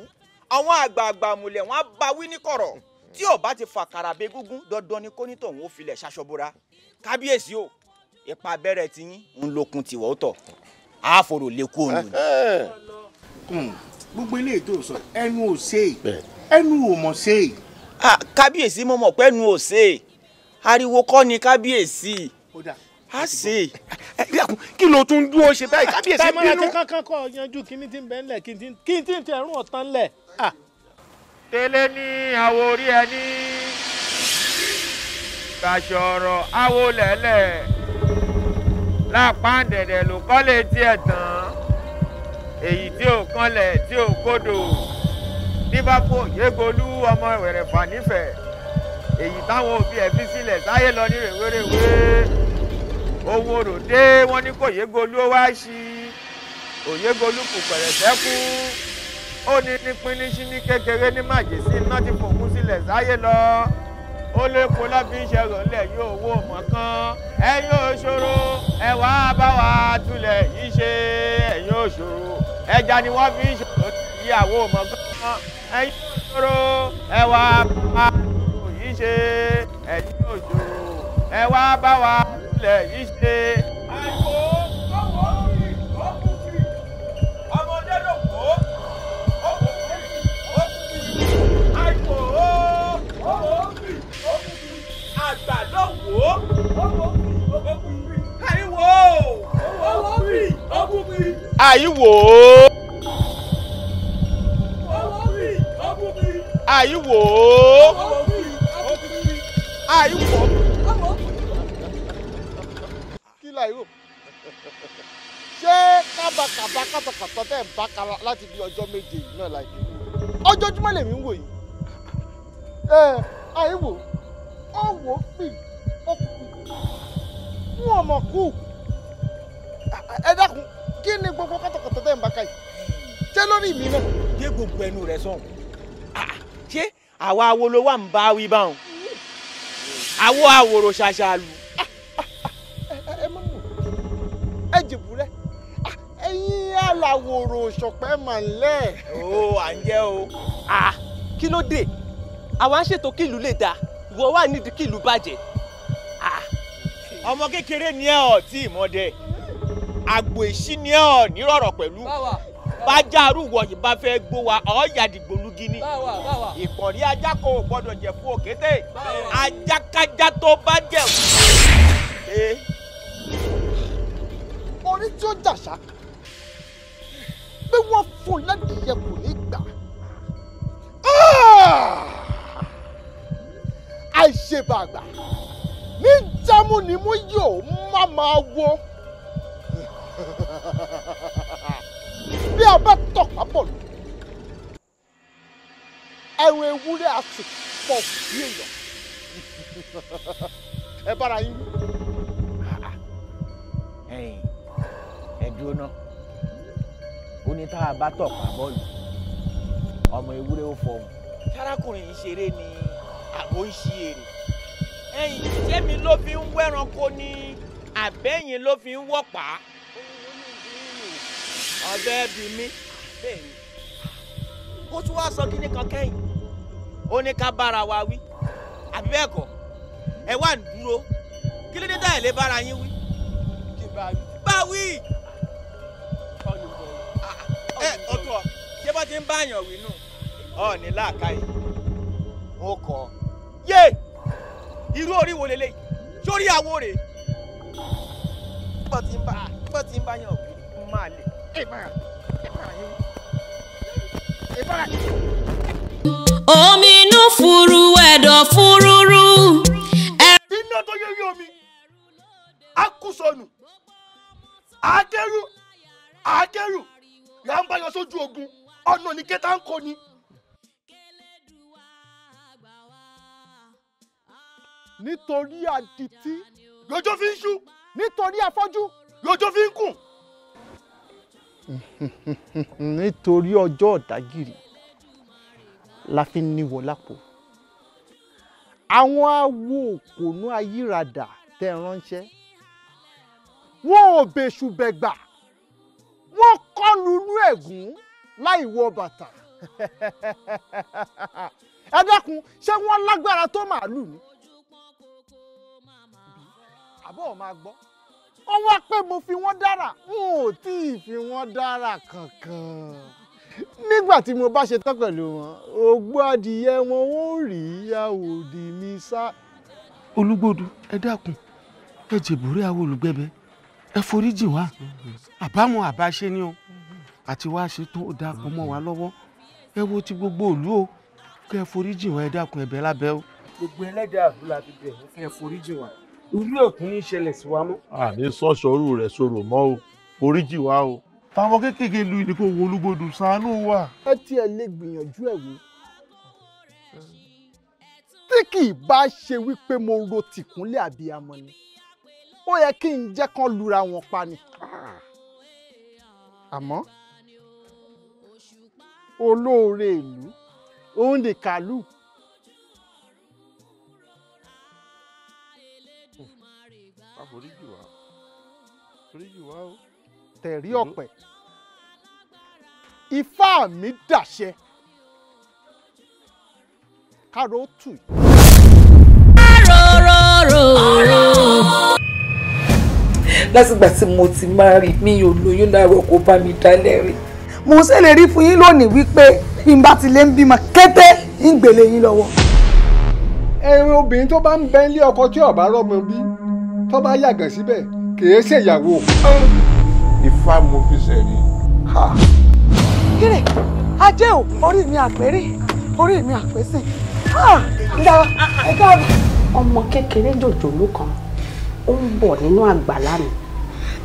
àwọn àgbààgbà àmùlẹ̀ wọn á bá wí ní kọ̀rọ̀ tí ò ti fàkàrà bẹ gúngún dandan ni kó nítòhún ó filẹ̀ ṣaṣọbora kábíyèsí o ipa abẹ́rẹ́ ti yín ń lokun tiwọ́ tọ̀ àáfòrò lè kú òun. Hmm, gbogbo ilé ètò sọ ẹnu ò ṣe é ẹnu ò mọ̀ ṣe é. Ah, kábíyèsí mo mọ̀ pé ẹnu ò ṣe é ariwo kọ́ ni kábíyèsí. ó a ṣe ẹdíyàkùn kí ló tún dúró ṣe báyìí ah, kábíyèsí bínú. táìmọ̀ àti kankan kọ yanjú kíní tí ń bẹ ńlẹ̀ kí n tí ń tẹ ẹ̀rùn ọ̀tán lẹ̀. Ah. tẹ́lẹ̀ ní àwo orí ẹni gbàṣọ̀rọ̀ àwo lẹ́lẹ̀ lápá dẹ̀dẹ̀ ló kọ́lé tiẹ̀ tán èyí tí ò kanlẹ̀ tí ò kodò bíbáfò yégolú ọmọ wẹ̀rẹ̀fà nífẹ̀ẹ́ èyí táwọn òbí ẹ̀ fi sílẹ̀ sáyé lọ ní rèwerèwe owó ròde wọn ní kò yégolú ó wá sí i òyégolú kù pẹ̀rẹ̀sẹ̀ kú ó ní ní pínísí ní kékeré ní màjèsí iná ti fòkun sílẹ̀ sáyé lọ ó lè kó láfi ń ṣẹrọ ńlẹ̀ yóò wó mọ̀kán ẹ̀yin òṣòro ẹ̀wà báwa tulẹ̀ yìí ṣe ẹ̀yin òṣòro ẹja ni wọ́n fi ń ṣòro ìyàwó mọ̀kán ẹ̀yin òṣòro ẹ̀wà báwa yìí ṣe ẹ̀yin òṣòro ẹ̀wà báwa ilẹ̀ yìí ṣe. àìkò ọwọ́ kì í ọkù kì í ọmọdé ló kó ọkù kì í ọkù kì í àìkò ọwọ́ kì í ọkù kì í àgbà ló wò nílà Europe ṣé kábàkàbà kàtàkàtà tẹ̀ ń bá kara láti bí ọjọ́ méje yìí náà láì ọjọ́júmọ́ lèmi ń wò yìí ẹ àìwò ó wò ó pì ó kù mú ọmọ kù ẹ dákun kí ni gbogbo kàtàkàtà tẹ̀ ń bá ka yìí ṣé lórí mi náà. dé gbogbo ẹnu rẹ sọhùn ah, ṣé àwa awo ló ń bá wí báwọn àwo àwòrò ṣàṣàlù ẹ jèbúrẹ́ ah, ẹ̀yin aláwòrò ṣọ̀pẹ́ mà ń lẹ̀. o à ń jẹ́ o. Ah, kí ló dé àwa ń ṣètò kìlú lè dáa ìwọ wà nídìí kìlú bàjẹ́. Ah. ọmọ kékeré ni ẹ ọ tí ìmọdé àgbò èsì ni ẹ ọ nírọ̀rọ̀ pẹ̀lú bájá arúgbó yìí bá fẹ́ gbó wa ọ̀ọ́yà dìgbòlugi ni ìpọ̀rí ajá kò gbọ́dọ̀ jẹ̀ fún òkété ajákájá tó bá jẹ̀ fún òkété. Eh? orí tí ó jàṣà bí wọ́n fún ládìyẹ kò ní gbà ah! àìṣèbàgbà ní jámù ni mo yóò má máa wo bí a bá tọ̀ pápọ̀ lọ ẹ̀wọ̀n ewúrẹ́ àti pọ̀ bí èèyàn ẹ bára yín ẹ̀dúró náà ó ní tá a bá tọ̀pá bọ́ọ̀lù ọmọ ewúrẹ́ ó fọhùn sárákùnrin yìí ṣeré ni àbò ń ṣe èrè ẹ̀yìn sẹ́mi ló fi ń wẹ́ranko ni àbẹ́yìn ló fi ń wọ̀pá ọ̀bẹ bí mi ó tún wá sọ kíní kan kẹ́yìn ó ní ká bára wa wí àbí bẹ́ẹ̀ kọ́ ẹ wà ń dúró kí ló dé tá ẹ̀ lé bára yín wí. bá wí ẹ ọ̀tọ̀ ṣé bá ti ń báyàn wí nù ọ ní làákàyè wọn kọ yé irú orí wo lélẹ́yìí sórí àwo rèé bá ti ń bá bá ń máa lè omi inú furu ẹ̀dọ̀ fúrúrú. iná tó yẹ yọ mi a kú sọnù àdẹrù àdẹrù là ń báyọ sójú ogun ọ̀nà ní kẹta ń kọ ni. nítorí àdìtí. lọ́jọ́ fi ń ṣú. nítorí afọ́jú. lọ́jọ́ fi ń kùn. [laughs] nítorí ọjọ́ ọ̀dágìrì la fi ń níwọ lápò àwọn awo òpònú ayírádà tẹ ránṣẹ́ wọn ò bèṣù bẹ̀gbà wọ́n kọlu inú ẹ̀gún láì wọ bàtà [laughs] ẹ dákun ṣé wọ́n lágbára tó màálù ni àbọ̀ máa gbọ́ ó wá pé mo fi wọ́n dára n ò tí ì fi wọ́n dára kankan nígbà tí mo bá ṣe tán pẹ̀lú wọn ògbó adìyẹ wọn ó rí àwòdì mi sá. olúgbòdù ẹ dákun ẹ jèbúrẹ́ àwọn olùgbẹ́bẹ́ ẹ foríjì wá àbámu àbáṣe ni o àti wá ṣe tó o dákun mọ́ wa lọ́wọ́ ẹ wo ti gbogbo ìlú o kẹ ẹ foríjì wá ẹ dákun ẹ̀bẹ̀ lábẹ́ o. gbogbo ẹlẹ́dàá àbúlà ti bẹ̀ kẹ ẹ foríjì wá irú òkun ní ìṣẹ̀lẹ̀ sí wa mọ́. àní sọ́sọ́rù rẹ̀ sọ̀rọ̀ mọ́ o foríjì wá o. táwọn kéékèèké lu ni kò wo olúgbòdù ṣàánú wa. ẹ tí ẹ lè gbìyànjú ẹ wò tí kì í bá ṣe wípé mo ro tìkúnlẹ̀ àbí amọ̀ ni ó yẹ kí n jẹ́ kán lura wọn pa ni àmọ́ olóore ìlú òun lè kàlù. àforíjì wá àforíjì wá o. tẹ̀rí ọ̀pẹ ifá mi dàṣẹ káró tù. rárá rárá lásìgbà tí mo ti máa rí mi ò lóyún láàárọ̀ kó bá mi dálẹ̀ rí. mo ń ṣèlérí fún yín lónìí wípé bí n bá ti lè ń bímọ kété ń gbèlè yín lọ́wọ́. ẹran obìnrin tó bá ń bẹ nílé ọkọ tí ọba rọmọ bí tó bá yàgàn síbẹ̀ kìí ṣèyàwó. ifá mo fi ṣẹ̀rí. kíni ajé ò orí mi àpérí orí mi àpésìn. ọmọ kékeré jòjòló kan ó ń bọ̀ nínú àgbàlá mi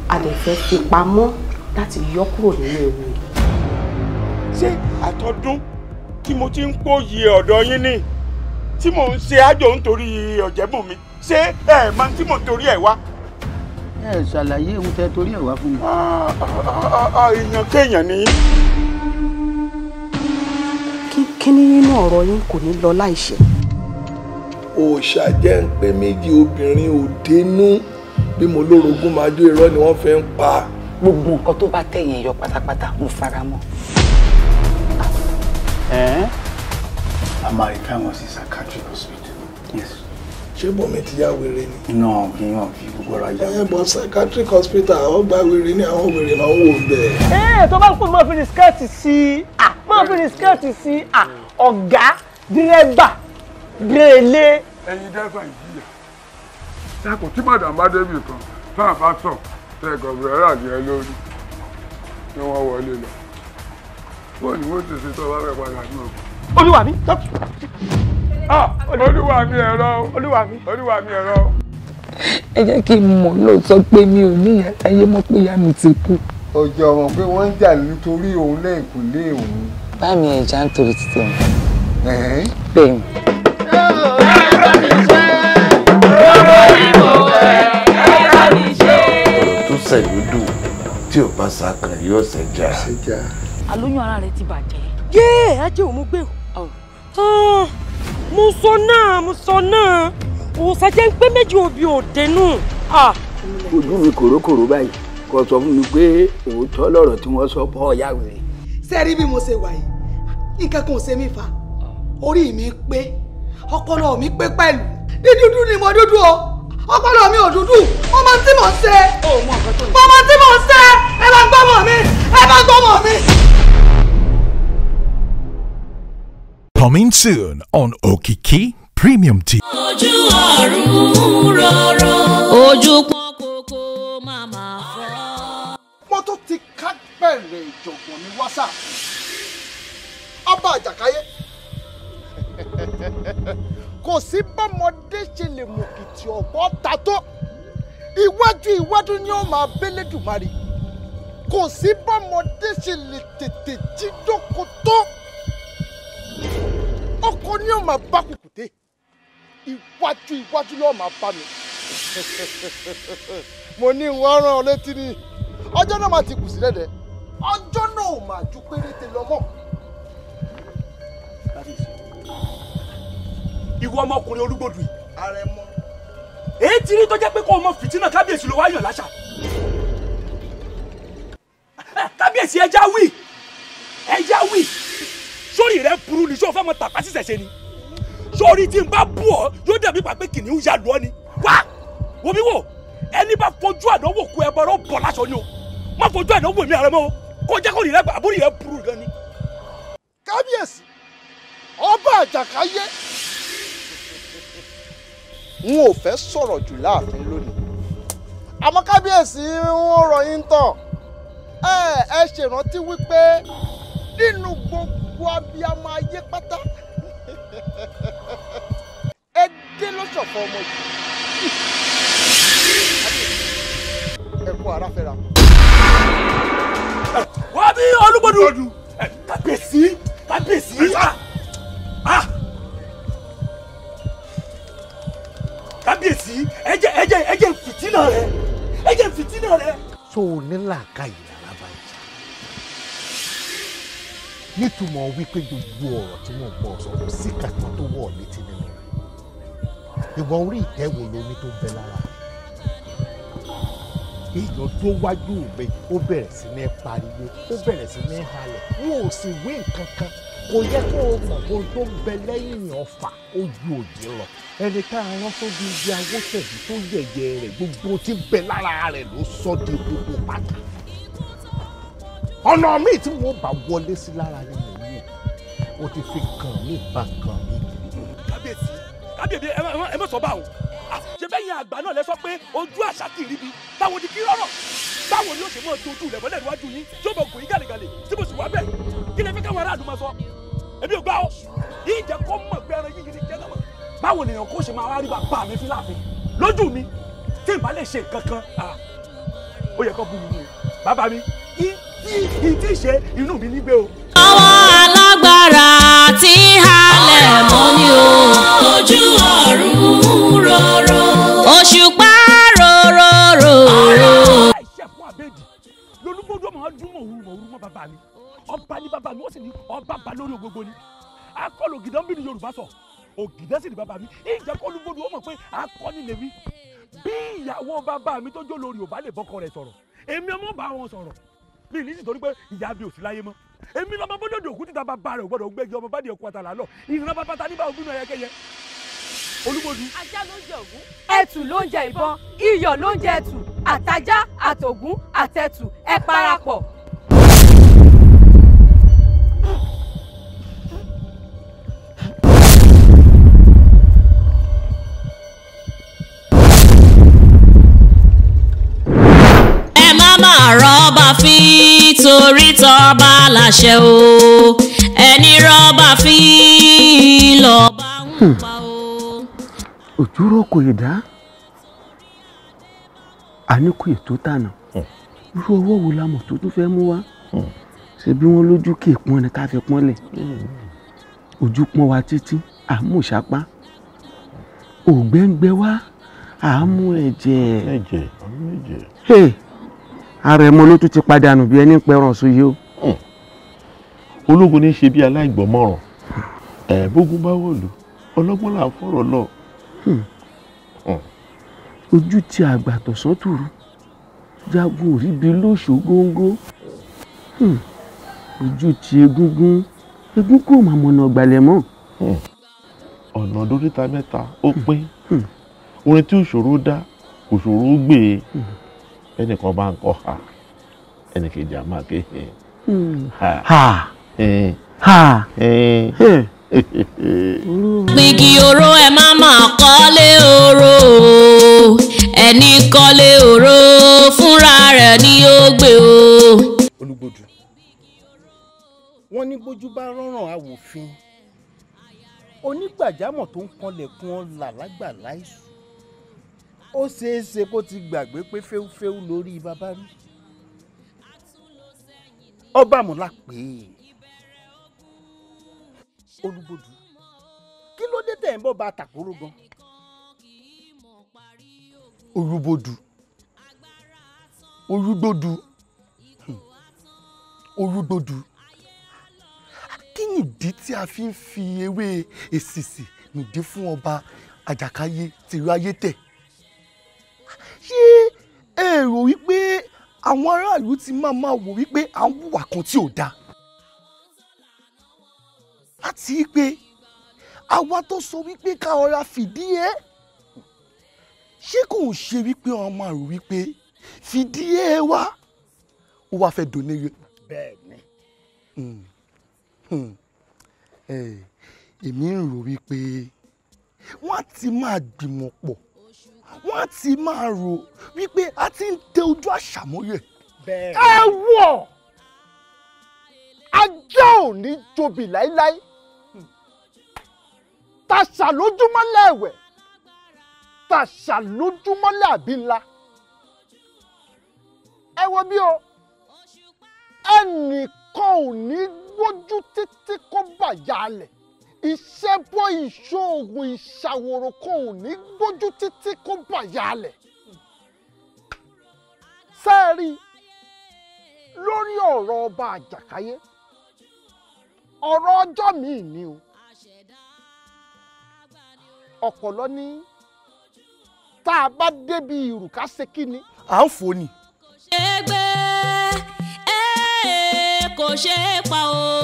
a lè fẹ́ fi pamọ́ láti yọ kúrò nínú ewu yìí. ṣé àtọ́dún tí mo ti ń pòyì ọ̀dọ̀ yín ni tí mò ń ṣe àjò nítorí ọ̀jẹ̀bùnmi ṣé ẹ máa tí mò ń torí ẹ̀ wá. ẹ ṣàlàyé ohun tẹ torí ẹ̀ wá fún mi. èèyàn kéèyàn ni. kí kí nínú ọ̀rọ̀ yín kò ní lọ láìṣẹ́ òòṣà jẹ́ ń pé méjì obìnrin ò dénú bí mo lórogún máa jó irọ́ ni wọ́n fi ń pa. gbogbo nǹkan tó bá tẹ̀yìn ẹ̀yọ pátápátá mo fara mọ́. a máa rí fáwọn sí psychiatric hospital. yes. ṣé bọ̀mí ti yá wèrè ni. iná kì í hàn kí gbogbo ara yá. ẹ bọ psychiatric hospital àwọn gba wèrè ní àwọn wèrè máa ń wò bẹ́ẹ̀. ẹ tó bá kú máa fi ní skẹ́ẹ̀tì sí i máa fi ní skẹ́ẹ̀tì sí i ọ̀gá dírẹ́gbà gbélé. ẹ̀yin dẹ́fà ìjìyà dákun tí màdàm bá débi kan táwọn bá sọ tẹ gọbìrì ràjẹ lórí ni wọ́n wọlé lọ wọ́n ní wọ́n ti ṣe tó bá fẹ́ padà ní òkú. Ah, olúwa mi olúwa mi ẹ̀rọ olúwa mi olúwa mi ẹ̀rọ. ẹ jẹ́ kí n mọ̀ lóòótọ́ pé mi ò ní ìyá mọ́ pé ìyá mi ti kú. ọjọ́ wọn pé wọ́n ń jà nítorí òun lẹ́ẹ̀kú lé òun. bá mi ẹja ń torí títẹ̀ wọn. bẹ́ẹ̀ ni sẹ̀dúdù tí ò bá sàkàn yóò ṣẹja. àlóyún ara rẹ ti bàjẹ́. yé ajé òun gbé o. Ah, mo sọ náà mo sọ náà òòsàn jẹ́ ń pé méjì òbí òde nù. Ah. ojú mi kòrókòró báyìí kò sọ fún mi pé òótọ́ lọ̀rọ̀ tí wọ́n sọ bọ́ ọ̀yá rẹ̀. sẹ́ẹ̀rí bí mo ṣe wà yìí nǹkan kan ò ṣe mí fa orí mi pé ọpọlọ mi pé pẹ̀lú dídúdú ni mo dúdú o ọpọlọ mi ò dúdú mo máa ń tí mò ń ṣe mo máa ń tí mò ń ṣe ẹ bá gbọ́mọ mi ẹ bá gbọ́mọ mi. Coming soon on Okiki Premium TV. ojú ọ̀run rọrọ ojú pọ́n kókó màmá fọ́. mọ́tò ti ká bẹ̀rẹ̀ ìjọ̀gbọ̀n ní wásà ọba àjàkáyé [laughs] kò sí bọ́mọdé ṣe lè mú kìtì ọ̀gbọ́n ta tó iwájú iwájú ni ó máa bẹ́lẹ̀ dùmarì kò sí bọ́mọdé ṣe lè tètè jí dóko tó ọkọ ni ó máa bá kùkùté iwájú iwájú ló máa bá mi [laughs] mo ní wọn rán létí ni ọjọ́ náà máa ti kù sí dẹ́dẹ́ ọjọ́ náà ò máa ju péréte lọ́mọ́. ìwọ ọmọkùnrin olúgbòdù yìí. àrẹ̀mọ. èyí ti rí tó jẹ́ pé kó o mọ fìtínà kábíyèsí ló wá yàn láṣà. kábíyèsí ẹja wí ẹja wí sórí rẹ burú ni sọ fẹ́ mọ tàpá sísẹ̀ ṣe ni sórí tí n bá bù ọ yóò dàbí pàpẹ́ kìnìún ya lù ni wá wo mi wò ẹni bá fojú àdánwò kú ẹbọ rẹ bọ̀ láṣọ ni o má fojú àdánwò mi àrẹ mọ́ o kó jẹ́ kó rí rẹ gbà àbúrò rẹ burú gan ni. kábíyèsí ọba àjàkáyé n ò fẹ́ sọ̀rọ̀ jù láàfin lónìí àmọ́ kábíyèsí ń rọ̀ yín tàn ẹ ṣèrántí wípé nínú gbogbo abiyamọ ayé pátá ẹ dé ló ṣọ̀fọ̀ ọmọ yìí ẹ kú ara fẹ́ra. wá bí olúgbòdù kábíyèsí kábíyèsí. sí ẹjẹ ẹjẹ ẹjẹ fìtínà rẹ ẹjẹ fìtínà rẹ. so o ní làákàyè rárá báyìí nítumọ̀ wípé gbogbo ọ̀rọ̀ tí wọ́n gbọ́ sọ kò sí kankan tó wọ̀ létí nínú rẹ̀ ìwọ̀n orí ìtẹ́wò lomi tó bẹ lára èèyàn tó wájú mi ó bẹ̀rẹ̀ sí ní pariwo ó bẹ̀rẹ̀ sí ní halẹ̀ wọn ò sì wé nǹkan kan kò yẹ kó o mọ̀ kó o tó bẹ lẹ́yìn ọ̀fà ojú òjì lọ ẹni tá a rán sóbi ibi awọ́sẹ̀dì tó yẹ̀yẹ́ rẹ̀ gbogbo tí ń bẹ lára rẹ̀ ló sọ di gbogbo pátá ọ̀nà míì tí wọ́n bá wọlé sí lára ni mò ń wò ó ti fi kàn mí bá kàn mí. kábíyèsí kábíyèsí ẹ má sọ báwo ṣe bẹ́ẹ̀ yẹn àgbà náà lẹ sọ pé ojú àṣà kì í ríbi táwọn di kí rọrọ báwo ni ó ṣe mọ́ ojú rẹ̀ mọ́lẹ̀ níwájú yín tí ó bọ̀ gùn yín gàlẹ́gàlẹ́ tí mo sì wá bẹ́ẹ̀ kí lè fi káwọn aráàlú máa sọ èmi ò ọ yìí jẹ kó mọ̀ pé ẹran yíyí ni jẹ náà báwo lèèyàn kó ṣe máa wá rí bàbá mi fi láàfin lójú mi tí n lè ṣe nǹkan kan ó yẹ kó bú mi ni bàbá mi ìdí ìṣe inú mi nígbè o. ọwọ́ alágbára ti halẹ̀ mọ́ ni o. ojú ọ̀run rorò. òṣùpá rorò rorò. àìṣẹ̀kùn àbẹ́ẹ̀dì lolúgbòdò máa dún mọ̀húrú mọ̀húrú mọ́ bàbá mi ọba ní bàbá mi wọ́n sì ní ọba bá lórí ògbógbó ni akọlù ògìdán bí ni yorùbá sọ ògìdán sì ni bàbá mi ìjà kọlùbọdù ó mọ̀ pé akọni lè wí bí ìyàwó bàbá mi tó jó lórí ò bá lè bọ́kọ rẹ̀ sọ̀rọ̀ èmi ọmọ bá wọn sọ̀rọ̀ mi ní sítorí pé ìyá mi ò sí láyé mọ́ èmi lọ́mọ bọ́dọ̀dọ̀ òkú títa bàbá rẹ̀ ò gbọ́dọ̀ gbẹ́gi ọmọ bá di ẹ̀kú àtàlà lọ ìran bàbá ta níbà òbí náà yẹkẹyẹ olúmọdù. ajá ló ń jẹ ògún. ẹtù ló ń jẹ ìbọn iyọ̀ ló ń jẹ ẹtù àtajá àtògún àtẹtù ẹ parapọ̀ torí tọ́ba láṣẹ o ẹni rọ́bà fi lọ́ba ń hmm. pa o. òjúrò kò yè dá àníkù ètò tànà hmm. irú ọwọ́ wo la mọ̀ tó tún fẹ́ mú wá hmm ṣebí wọn lójú kì í pọ́n ni ká fi pọ́n lẹ̀ ojú pọ́n wa títí àmúṣapá ògbẹ́ngbẹ́ wa àmú ẹ̀jẹ̀ ẹ̀jẹ̀ ẹ̀jẹ̀ àrẹ̀mọ ló tún ti padànù bí ẹni pẹran sùn yìí o. ológun ní í ṣe bí aláìgbọ́mọ̀ràn ẹ̀ bógun bá wọ̀lú ọlọ́gbọ́n là ń fọ̀rọ̀ lọ. ojú ti àgbà tòru jagun òríbi lóṣù góńgó. Hmm ojú ti egúngún egún kò máa mọ̀nà ọ̀gbàlẹ̀ mọ́. ọ̀nà dókítà mẹ́ta ó pín orin tí òṣòro dá òṣòro gbé e ẹnìkan bá ń kọ́ ha ẹnìkejì á máa ké he. gbígi oró ẹ má máa kọ́lé oró ẹni kọ́lé oró fúnra rẹ̀ ni ó gbé o wọ́n ní bójú bá rọrùn àwòfin onígbàjámọ̀ tó ń kanlẹ̀kùn ọ̀la lágbàlá ìṣù ó ṣeé ṣe kó ti gbàgbé pé fẹ́ufẹ́u lórí bàbá rí ọba mọ̀lá pé olúgbòdù kí ló dé tẹ̀ ń bọ̀ bá tàkóró gan. olúgbòdù olúgbòdù olúgbòdù ìdí tí a fi ń fi ewé èsìsì nìdí fún ọba àjàkáyé tìlú ayé tẹ̀ ṣé ẹ wípé àwọn aráàlú ti máa máa wò wípé à ń hùwà kan tí ò dáa láti pé àwa tó sọ wípé ká ọra fìdí ẹ ṣé kò ń ṣe wípé wọn máa rò wípé fìdí ẹ wá ó wàá fẹ́ dòní rẹ. bẹ́ẹ̀ni. Hmm. Hmm. Eh, èmi ń rò wípé wọ́n ti máa gbìmọ̀ pọ̀ wọ́n ti máa rò wípé a ti ń tẹ ojú àṣàmọ́yẹ̀ ẹ wọ̀ ajá ò ní jobi láíláí tàṣà lójúmọ́lẹ̀ ẹ̀wẹ̀ tàṣà lójúmọ́lẹ̀ àbí ńlá ẹ wo bí o ẹnì nǹkan ò ní gbójú títí kó bàjá lẹ̀ iṣẹ́ bọ́ ìṣòògùn ìṣàwòrò kan ò ní gbójú títí kó bàjá lẹ̀ sẹ́ẹ̀rí lórí ọ̀rọ̀ ọba àjàkáyé ọ̀rọ̀ ọjọ́ míì ni o ọ̀pọ̀lọ ní tá a bá débi ìrùkásẹ́kí ni. à ń fò ni. kò gbé kò ṣeé pa o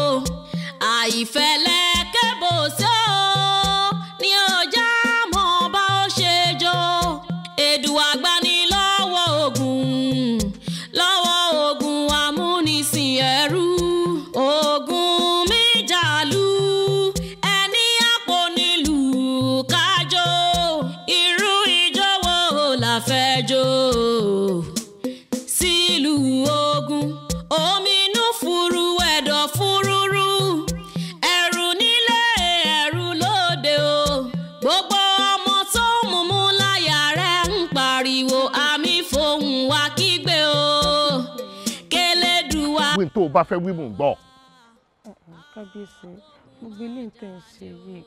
àìfẹ́lẹ́ kébò anything tó o bá fẹ́ wí mò ń gbọ́. kábíyèsí gbogbo ilé ìtẹ̀ ń ṣe yìí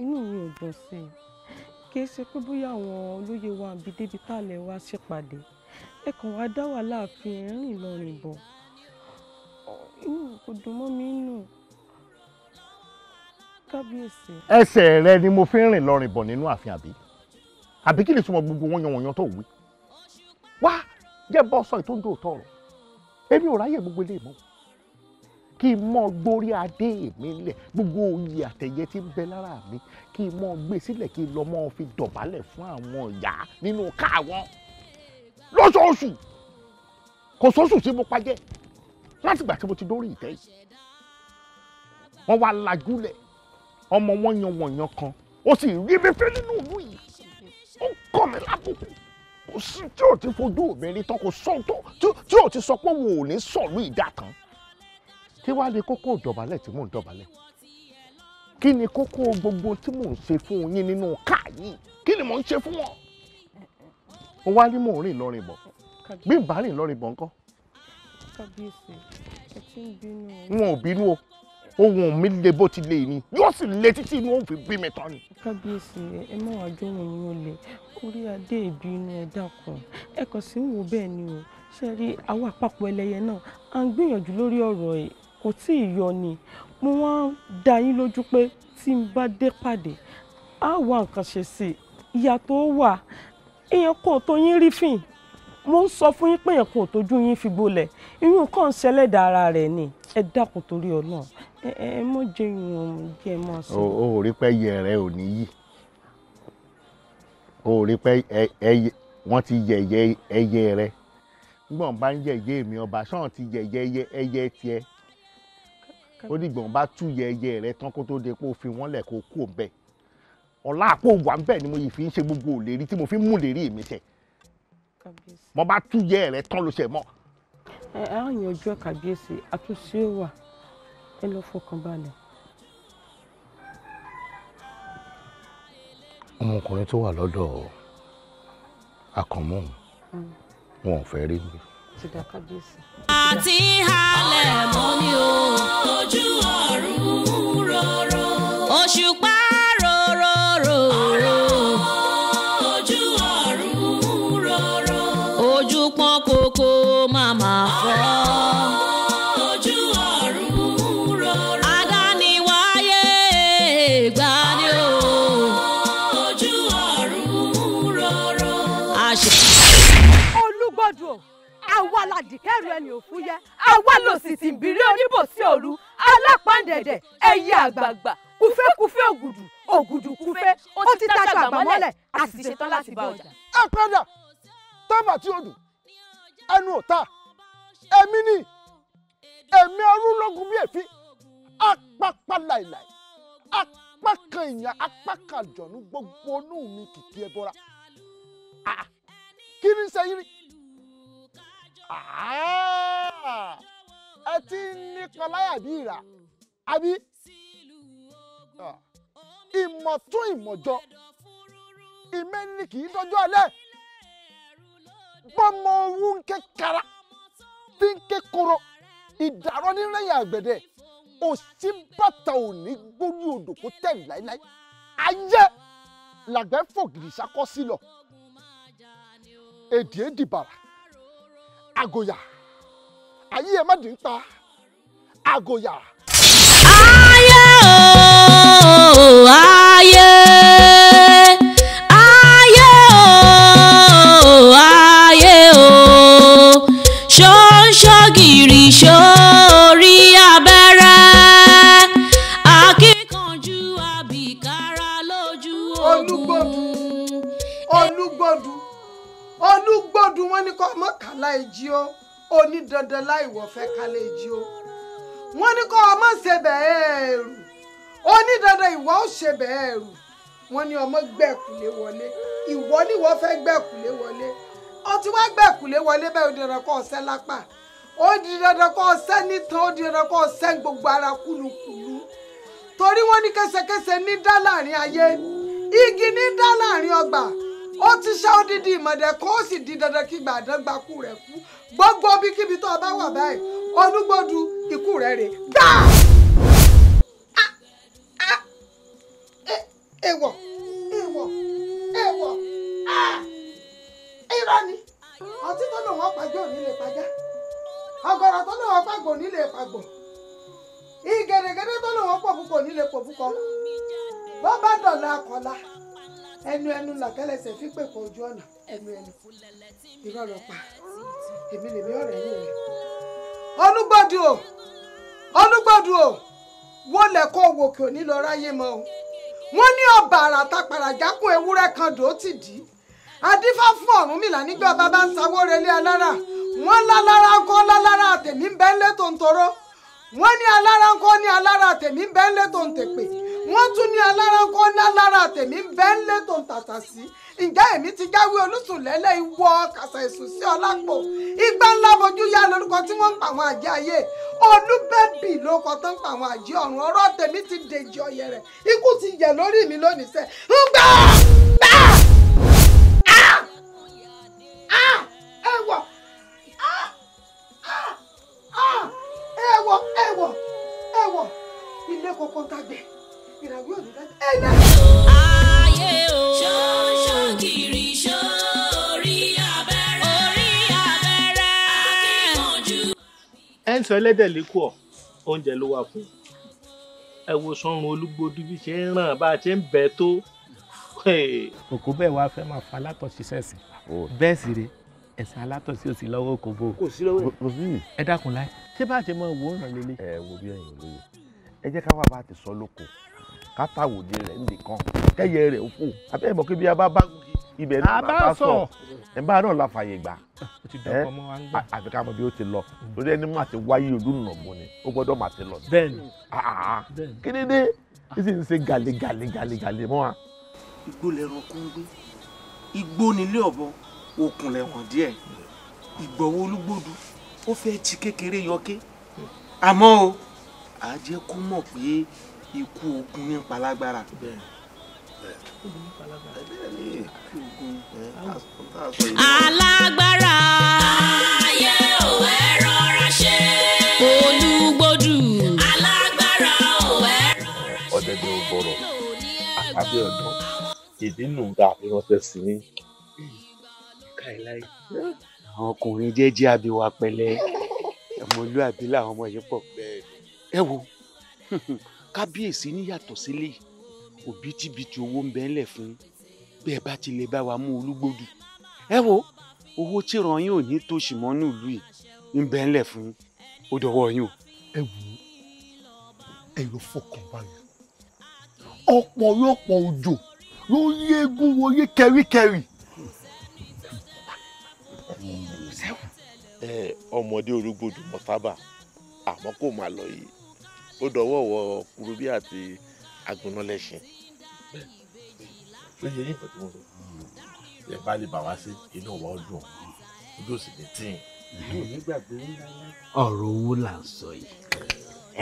inú mi ò dùn sí i kì í ṣe pé bóyá àwọn olóyè wa àbí débi tá a lè wá ṣèpàdé ẹ kàn wá dá wà láàfin rìn lọ rìn bọ̀ inú kò dùn mọ́ mi nù kábíyèsí. ẹsẹ̀ rẹ ni mo fi ń rìn lọ rìn bọ̀ nínú ààfin àbí àbí kí ni ìtumọ̀ gbogbo wọn yan wọ̀nyàn tó wí wá jẹ́ bọ́ sọ ìtòǹdò tọ̀rọ̀ èmi ò ráyè gbogbo ilé mọ́ kí n mọ gbórí adé mi lẹ̀ gbogbo oyè àtẹ̀yẹ tí ń bẹ lára mi kí n mọ gbé sílẹ̀ kí n lọ mọ fi dọ̀bálẹ̀ fún àwọn ìyá nínú káwọn lọ́sọ̀ọ̀sù kò sọ́sù tí mo pajẹ́ látìgbà tí mo ti dórí ìtẹ́ yìí wọ́n wá lajúlẹ̀ ọmọ wọn yan wọ̀nyàn kan ó sì rí mi fẹ́ nínú ìlú yìí ó kọ̀ mí lábùkù kò sí tí ò ti fojú mi rí tán kò sọ tó tí ò ti sọ pé wò ó ní sọ̀lú ìdá kan kí wàá lè kókó ìdọ̀bálẹ̀ tí mò ń dọ̀bálẹ̀ kí ni kókó gbogbo tí mò ń ṣe fún yín nínú káà kí ni mò ń ṣe fún wọn. mo wá ní mò ń rìn lọ́rìn bọ̀ bí n bá rìn lọ́rìn bọ̀ ńkọ́. kábíyèsí ò bínú o ohun mi le bó ti le ni yóò sì le títí inú òun fi bí mi tán ni. kábíyèsí ẹ mọ àjọ òun ló lè orí adé ìbí inú ẹ dákun ẹ kàn sí wò bẹ́ẹ̀ ni o ṣe rí àwọn àpapọ̀ ẹlẹ́yẹ náà à ń gbìyànjú lórí ọ̀rọ̀ ẹ̀ kò tí ì yọ ni mo wá ń dá yín lójú pé tí n bá dé pàdé á wá nǹkan ṣe sí ìyàtọ̀ wà èèyàn kò tó yín rí fìn mo ń sọ fún yín pé èèyàn kan ò tójú yín fi gbolẹ̀ irun kan ń ṣẹlẹ̀ dá ara rẹ̀ ni ẹ dákun torí ọlọ́run ẹ ẹ mọ jẹ irun ọmọ jẹ mọ sí. o ò rí pé ẹyẹ rẹ ò ní yí o ò rí pé ẹyẹ wọn ti yẹyẹ ẹyẹ rẹ gbọ̀n bá ń yẹyẹ mi ọba ṣọ́n ti yẹyẹ ẹyẹ tiẹ̀ ó ní gbọ̀n bá tú yẹyẹ rẹ tán kó tó de kó fi wọ́n lẹ̀ kó kú bẹ́ẹ̀ ọ̀la àpò wà ń bẹ̀ ni mo yìí fi ń ṣe gbogbo òlérí tí mo fi ń mú lérí mi tẹ̀ mo bá tú yẹ rẹ tán ló ṣe mọ. ẹ á yàn ẹ kàbíyèsí àtúnṣe wà ẹ lọ fọkàn balẹ̀. ọmọkùnrin tó wà lọ́dọ̀ akànmọ́ hmm. wọn ò fẹ́ rí mi. àti halẹ̀ mọ́ ni o ojú ọ̀run rọ̀rọ̀ òṣùpá. àwa la dìkẹ́rù ẹni òfúyẹ́ àwa lòsì tìǹbìrí oníbòsí òru alápàǹdẹ̀dẹ̀ ẹyẹ àgbààgbà kúfẹ́ kúfẹ́ ògùdù ògùdù kúfẹ́ ó ti tajú àgbàmọ́lẹ̀ a sì ṣetán láti bá ọjà. ẹ padà tábà tí o dùn ẹnu ọ̀tá èmi ni èmi arúlógún bí èéfín apápá láìláì apá kan èèyàn apá kan àjọ̀nú gbogbo onú mi kìkì ẹ bọ́ra ah, kí ni sẹ́yìn rí. Ah! ẹ ti ń níkan láyà bí ìrà àbí ah! ìmọ̀ tún ìmọ̀ jọ ìmẹ́ ni kì í dọjọ́ alẹ́ bọ́mọ owó ń ké kara tí ń ké koro ìdàrọ́ nírẹ̀yìn àgbẹ̀dẹ̀ òsì bàtà òní gbórí odò kó tẹ̀ láíláí ayé làgbẹ́ fògìrì sákọ́ sílọ̀ èdè èdìbàrà àgòyà ayé ẹ má dín pa àgòyà. ayé ooo ayé ayé ooo ayé ooo ṣóńṣó gìrì ṣó orí abẹ́rẹ́. ọdún wọn ní kọ́ ọmọ kàlá ìjì o onídandan láìwọ̀ fẹ́ kálá ìjì o wọn ní kọ́ ọmọ ṣe bẹ́ẹ̀ ẹ̀rù onídandan ìwọ ó ṣe bẹ́ẹ̀ ẹ̀rù wọn ní ọmọ gbẹ̀kùlé wọlé ìwọ ni ìwọ fẹ́ gbẹ̀kùlé wọlé ó ti wá gbẹ̀kùlé wọlé bẹ́ẹ̀ ó di dandan kọ́ ọ̀sẹ́ lápá ó di dandan kọ́ ọ̀sẹ́ nítan ó di dandan kọ́ ọ̀sẹ́ gbogbo ara kúlukùlu torí wọn ní késekése ní dá láàrin ayé igi ní dá láàrin ọgbà ó ti ṣá odidi ìmọ̀dẹ̀ kó o sì di dandan kí gbàdán gba kú rẹ̀ kú gbogbo ibikíbi tó o bá wà báyìí olúgbòdu ikú rẹ̀ rè gbà. E, èèwọ̀ èèwọ̀ èèwọ̀ irọ́ ni ọtí tó lò wọ́n pàjọ́ òní pàjá ọ̀gọ̀rọ̀ tó lò wọ́n pàgbọ́ òní pàgbọ́ ìgèrègèrè tó lò wọ́n pòbúkọ̀ òní bọ́ bá dọ̀la ẹnu ẹnu làkẹ́lẹ́sẹ̀ fípè kọ ojú ọ̀nà ẹnu ẹnu irọ́ lọ pa èmi lèmi ọ̀rẹ́ yìí rẹ̀. olúgbòdù o olúgbòdù o wọ́n lẹ̀ kó òní lọ ráyé mọ́ o wọ́n ní ọba ewúrẹ́ kan ti dì í adífá fún Ọ̀rúnmìlà nígbà bàbá ń sawó relé alára wọ́n lálára ń lálára àtẹ̀mí ń bẹ́ńlẹ̀ wọ́n ní alára ń wọ́n tún ní aláránkọ́ ní alára tèmi bẹ́ẹ̀ ń lé tòun tàtà sí ǹjẹ́ èmi ti jáwé olùsùnlẹ́lẹ̀ ìwọ kàṣà ìsùn sí ọlápò igbá ńlá bojú yá lórúkọ tí wọ́n ń pa àwọn àjẹ́ ayé olúbẹ́bì ló kọ́ tó ń pa àwọn àjẹ́ ọ̀run ọ̀rọ̀ tèmi ti dèjì ọ̀yẹ̀rẹ̀ ikú ti yẹ̀ lórí mi lónìí sẹ́ ń gbà. ẹ ń sọ ẹlẹ́dẹ̀ lẹ́kọ̀ọ́ oúnjẹ ló wà fún ẹ wo sọrun olúgbòdú bí ṣe ń ràn bá a ṣe ń bẹ tó. kòkó bẹ́ẹ̀ wá fẹ́ máa fa alátọ̀sí sẹ́sì bẹ́ẹ̀ sì rè ẹ̀sìn alátọ̀sí ò sí lọ́wọ́ kò bó kò sí lọ́wọ́ ẹ dákun láì ṣé bá a ṣe máa wò ó ràn lélẹ̀. ẹ wo bí ẹ̀yin lóye ẹ jẹ́ ká wà bá a ti sọ lóko kátàwòjẹ rẹ̀ nìkan kẹ́yẹ rẹ̀ ó fò abẹ́ ìmọ̀ kí bí a bá bá ibẹ̀ náà la bá sọ ẹ̀ bá náà la fàyè gbà ẹ àfi ká mọ bí ó ti lọ lórí ẹni máa ti wáyé ojú nàgbọ́n ni ó gbọ́dọ̀ máa ti lọ. bẹ́ẹ̀ni ah, ah, ah. kí ni dé kí sì ń ṣe gàlè gàlè gàlè gàlè mọ́ wa. igbó lẹran kún gbé igbó nílé ọ̀bọ okùn lẹ̀wọ̀n díẹ̀ ìgbọ̀wọ́ olúgbòdu ó fẹ́ ti kékeré yọké àmọ́ o àá jẹ́ pé ikú ogun ní palágbára. alágbára ayé òwe rọra ṣe olúgbòdù alágbára òwe rọra ṣe. ọ̀dẹ̀dẹ̀ ò bọ̀rọ̀ àkàbí ọ̀dọ́ ìdí nù tá sí i. àwọn ọkùnrin jẹ́jẹ́ abiwa pẹ̀lẹ́ ọmọlúàbí làwọn ọmọ yìí pọ̀ ẹ wo kábíyèsí níyàtọ̀ sílé òbítíbitì owó ń bẹ ńlẹ̀ fún bẹ́ẹ̀ bá ti lè bá wa mú olúgbòdù ẹ wo owó tí ràn yín ò ní tó sì mọ́ nílùú yìí ń bẹ ńlẹ̀ fún ó dọwọ́ yín o. ẹ wò ó ẹ lọ fọkàn balẹ̀ ọ̀pọ̀lọpọ̀ òjò ló yé egun wọlé kẹríkẹrí. ọmọdé olúgbòdù mọ sábà àmọ́ kò máa lọ yìí ó dọwọ́ wọ Kurubi àti Agunalẹ́ṣin. ṣé yẹn nǹkan tí wọ́n sọ ẹ bá lè bà wá sí inú wa ọdún ojú òsì ní tíì. ọ̀rọ̀ owó là ń sọ yìí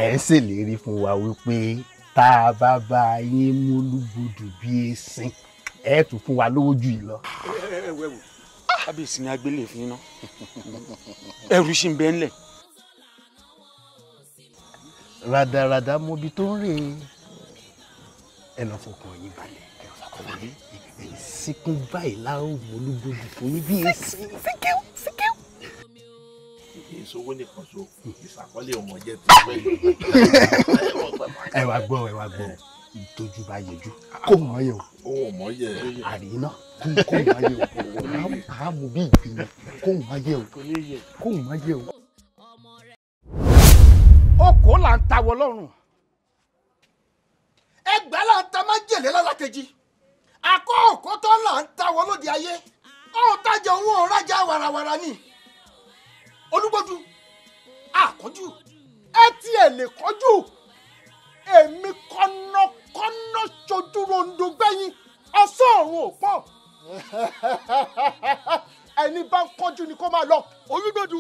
ẹ̀ ń ṣèlérí fún wa wípé tá a bá bá yín múlùgbùdù bí esin ẹ tún fún wa lówó ju ìlọ. ẹ ẹ wẹ wò kábíyèsí fún yín ẹrù ṣì ń bẹ ńlẹ̀ rádaràdà mọbi tó ń rè é ẹ lọ fọkàn yín balẹ̀ ẹ fọkàn wọlé síkún báyìí láwọn olúgbòdì fún yín bí èsì. síkẹ́wù síkẹ́wù. ìṣòwò nìkan so hmm. ìṣàkọlé ọmọ jẹ ti pẹ. ẹ wá gbọ́ ẹ wá gbọ́ ìtọ́jú bá yẹjú kó mọ̀ yẹ o. ó mọ̀ yẹ. àríná kó mọ̀ yẹ o. àmú bí ìgbìmọ̀ kó mọ̀ yẹ o. kó mọ̀ yẹ o okòó là ń ta wọ lọ́rùn ẹgbẹ́ la ń ta májèlé lọ́làkejì àkókò tó là ń ta wọ lóde ayé ọ̀hún tajà owó ọ̀rajà wàràwàrà ni olúgbójú àkọ́jú ẹ tiẹ̀ lè kọ́jú èmi kọ́nàkọ́nà ṣojú rondo gbẹ̀yìn ọ̀sán ọ̀run ò pọ̀ [laughs] ẹni bá ń kọ́jú ni kó máa lọ olúgbójú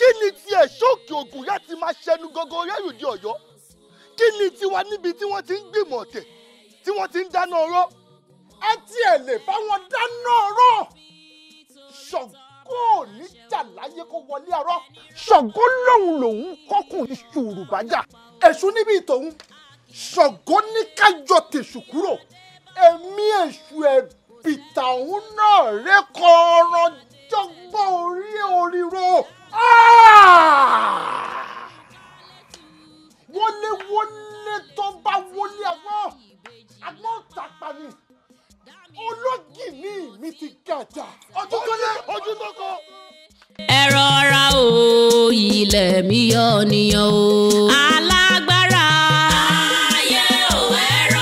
kí ni ti ẹ̀ṣọ́ òkè ògùn láti máa ṣẹnu gangan rẹ́rùdí ọ̀yọ́ kí ni tiwa níbi tí wọ́n ti ń gbìmọ̀ ọ̀tẹ̀ tí wọ́n ti ń dáná ọ̀rọ̀ ẹ tiẹ̀ lè bá wọn dáná ọ̀rọ̀ ṣọ̀gbọ́n ò ní jà láyé kó wọlé arọ́ ṣọ̀gbọ́n lòun lòun kọ́kùn iṣu rùbájà èṣù níbi ìtòun ṣọ̀gbọ́n ní kájọ tèṣù kúrò ẹ̀mí èṣù ẹ̀bìtà òun náà rékọ̀ọ́rọ̀ jọgbọ́n orí oríro. Ah! wọlé wọlé tó bá wọlé àwọn àwọn tàpá ni ológìní mi ti gàjà. ojú tó lé ojú tó kọ. ẹ rọra o ilẹ̀ mi yọ nìyẹn o. alágbára. ayé o ẹ o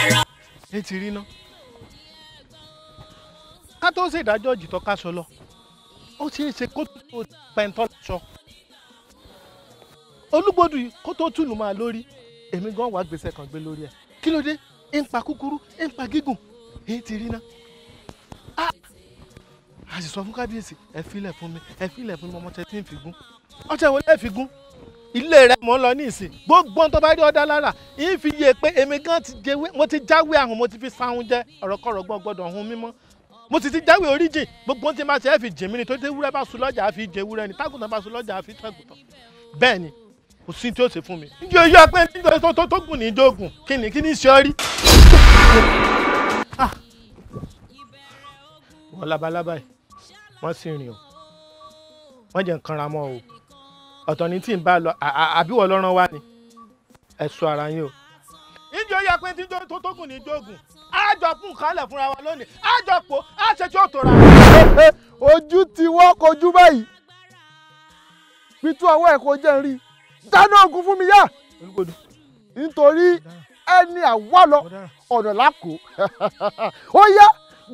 ẹ rọ. ẹ ti rí náà ká tó ṣèdájọ́ jìtọ́ ká sọ lọ ó ṣeé ṣe kó tó pẹ̀ntọ́ sọ olúgbòdù yìí kó tó tùlù máa lórí èmi gan wàá gbèsè kan gbé lórí ẹ kí ló dé ń pa kúkúrú ń pa gígùn èyí ti rí ná a sì sọ fún kábíyèsí ẹ filẹ̀ fún mi ẹ filẹ̀ fún mi ọmọ tẹ tí ń fi gún ọtẹ wo lẹ́ẹ̀ fi gún ilé rẹ mọ̀ ń lọ ní ìsìn gbogbo tó bá rí ọ̀dà lára yìí fi yé e pé èmi gan ti jẹ́wé mo ti jáwé àrùn mo ti fi sáhun jẹ ọ̀rọ̀kọ̀rọ̀ gbọ́ gbọ́dọ̀ hun mímọ́ mo sì ti jáwé oríjìn gbogbo ohun tí ma ṣe é fi jìn mí ni torí ewúrẹ́ bá sun lọ́jà àfi jẹ ewúrẹ́ ni tágùntàn bá sun lọ́jà àfi tágùntàn bẹ́ẹ̀ ni kò sí tí ó ṣe fún mi. ìjọ yọ pé níjọ tó tó tó gùn ní ìjógùn kí ni kí ni ṣe rí. Ah! wọ́n labalábá yìí wọ́n sì rìn o wọ́n jẹ́ nǹkan ra mọ́ o ọ̀tọ̀ ni tí ń bá lọ àbí wọ́n lọ́rán wá ni ẹ ara yín o. ìjọ yọ pé níjọ tó tó gùn ní ìjógùn á jọ fún nǹkan lẹ̀ fúnra wa lónìí á jọ pò á ṣe tí ó tóra. ojú ti wọ́ kojú báyìí pitú ọwọ́ ẹ̀ kò jẹ́ ń dáná ogun fún mi yá nítorí ẹni àwa lọ ọ̀nà làkó [laughs] ó yá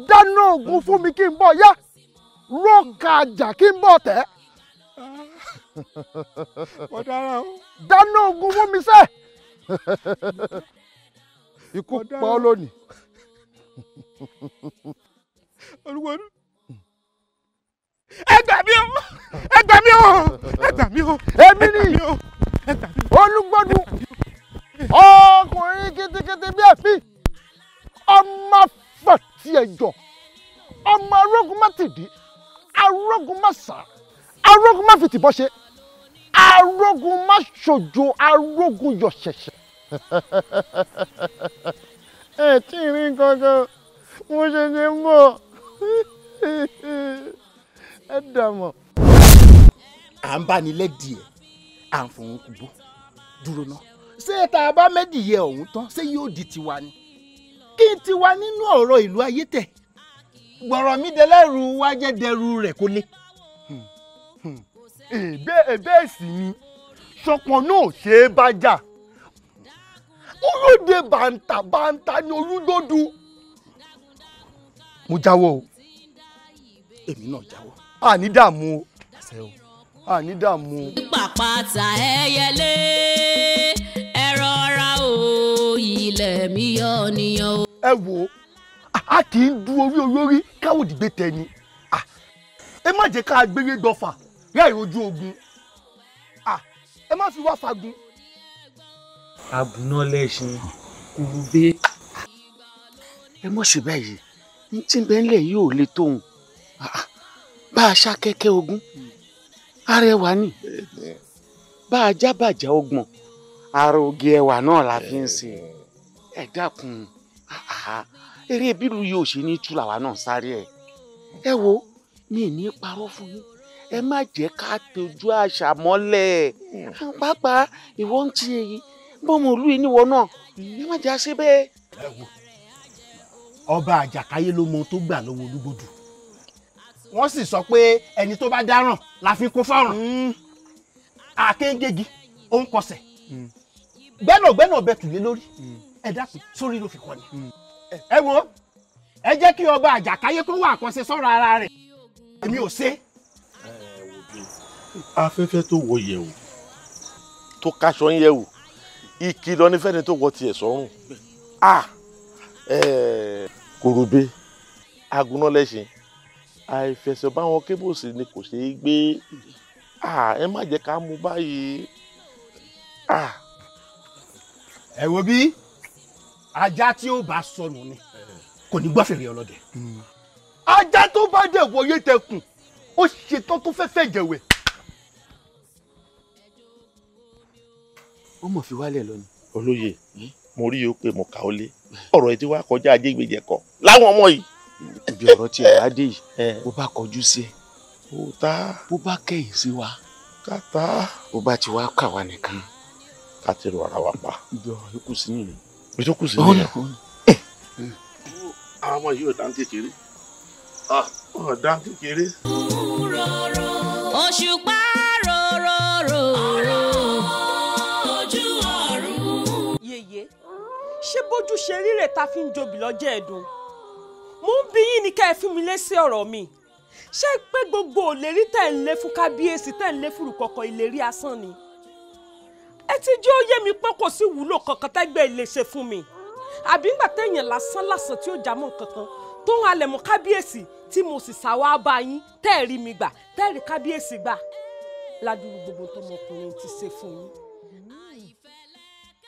dáná ogun fún mi kí n bọ̀ yá róka àjà kí n bọ̀ tẹ́. [laughs] dáná ogun fún mi sẹ́ [laughs] ikú pa lónìí olúwo ni ẹ gbà mí o ẹ gbà mí o ẹ gbà mí o èmi ni Olúgbódù ọkùnrin kìtìkìtì bí ẹfí ọmọ fàtí ẹjọ ọmọ arógun má tìdí arógun má sà arógun má fìtìbọ ṣe arógun má ṣojo arógun yọ ṣẹṣẹ. [laughs] ẹ tí ì rí nǹkan kan mo ṣe ṣe ń bọ̀ [laughs] ẹ dààmú. à ń bá ní lẹ́dí ẹ̀ à ń fòun kú bó dúró náà ṣé tá a bá mẹ́dìyẹ ọ̀hún tán ṣé yóò di tiwa ni kí n ti nínú ọ̀rọ̀ ìlú ayé tẹ̀ gbọ̀rọ̀ mi dẹlẹ́rù wá jẹ́ dẹrù rẹ̀ kó lé. èbẹ́ èbẹ́ èsì ni ṣọpọ̀n náà ṣe é bá jà olóde bàǹtà bàǹtà ni olúdódú mo jáwọ́ o èmi náà jáwọ́ àní dààmú o àní dààmú o. pàpàtà ẹyẹlé ẹ rọra o ilẹ̀ mi yọ nìyẹn o. ẹ wo a kì í du orí olórí káwọ́ dìgbé tẹ ni ẹ má jẹ́ ká gbére dọ̀fà láì rojú ogun ẹ má fi wá fagun abùnà lẹ́ṣin kùrùbé. ẹ mọ̀ ṣe báyìí ní tí bẹ́ńlẹ̀ yìí ò le tóun bá a ṣá kẹ́kẹ́ ogún arẹwà ni bá a já bàjẹ́ ọgbọ̀n ara oge ẹwà náà la fi ń ṣe ẹ dákun eré bílù yóò ṣe ní tú làwa náà sáré ẹ ẹ wo mi ní parọ́ fún yín ẹ má jẹ́ ká tọ́jú àṣà mọ́lẹ̀ pápá ìwọ ń ti èyí bọ́mọ olú yìí níwọ náà ẹ má jà ṣe bẹ́ẹ̀. ẹ wo ọba àjàkáyé ló mọ ohun tó gbà lọ́wọ́ olúgbòdù wọ́n sì sọ pé ẹni tó bá dáràn la fi kún fọ́ràn àkéńgégi hmm. ó ń kọsẹ̀ hmm. gbẹ́nàgbẹ́nà bẹ tùlé lórí hmm. ẹ dákun sórí ló fi kọ́ ni. ẹ wo ẹ jẹ́ kí ọba àjàkáyé kó wà àkànṣe sọ́ra ara rẹ̀ èmi ò ṣe. afẹ́fẹ́ tó wọ yẹ̀ wò tó kaṣọ ń yẹ̀ wò ìkìlọ̀ ní fẹ́ni tó wọ tiẹ̀ sọ́rùn kòròbe agunná lẹ́sìn àìfẹsẹ̀ báwọn kébùsì ni kò ṣeé gbé ẹ má jẹ́ ká mú báyìí. ẹ wo bí ajá tí ó bá sọnù ni kò ní gbọ́fèrè ọlọ́dẹ hmm. ajá tó bá dẹ̀ wọyé tẹkùn ó ṣetán tó fẹ́ fẹ́ jẹ̀wẹ̀. ó mọ̀ fi wálẹ̀ lónìí. olóye mo rí i pé mo kà ó lé ọ̀rọ̀ ẹ ti wá kọjá ajé ìgbèjẹ kọ láwọn ọmọ yìí. ibi ọ̀rọ̀ ti ẹ̀rá dé yìí bó bá kọjú sí ẹ bó bá kẹ̀yìn sí wa bó bá ti wá kà wá nìkan. ká ti rọ ara wa pa. ibi ọ̀rọ̀ yókù sí nìyẹn. ìjókù sí nìyẹn. àwọn ọmọ yìí ò dán kékeré. Ah, ọ̀ dán kékeré. òṣùpá. ṣé bójú ṣe ríre ta fi ń jobi lọ́jọ́ ẹ̀dùn mo ń bi yín ni ká ẹ fún mi lésì ọ̀rọ̀ mi ṣé pé gbogbo òlérí tẹ̀ ń lé fún kábíyèsí tẹ̀ ń lé fún ìkọ̀kọ̀ ìlérí asán ni ẹ ti jẹ́ ó yé mi pé kò sí wúlò kankan tẹ́gbẹ́ ilé ṣe fún mi àbí ńgbà téèyàn lásán lásán tí ó já mọ́ kankan tó ń halẹ̀ mọ́ kábíyèsí tí mo sì ṣàwá bá yín tẹ́ẹ̀rí mi gbà tẹ́ẹ̀rí kábíyèsí gbà ládùúgbò gbogbo tọmọkùnrin ti ṣe fún yín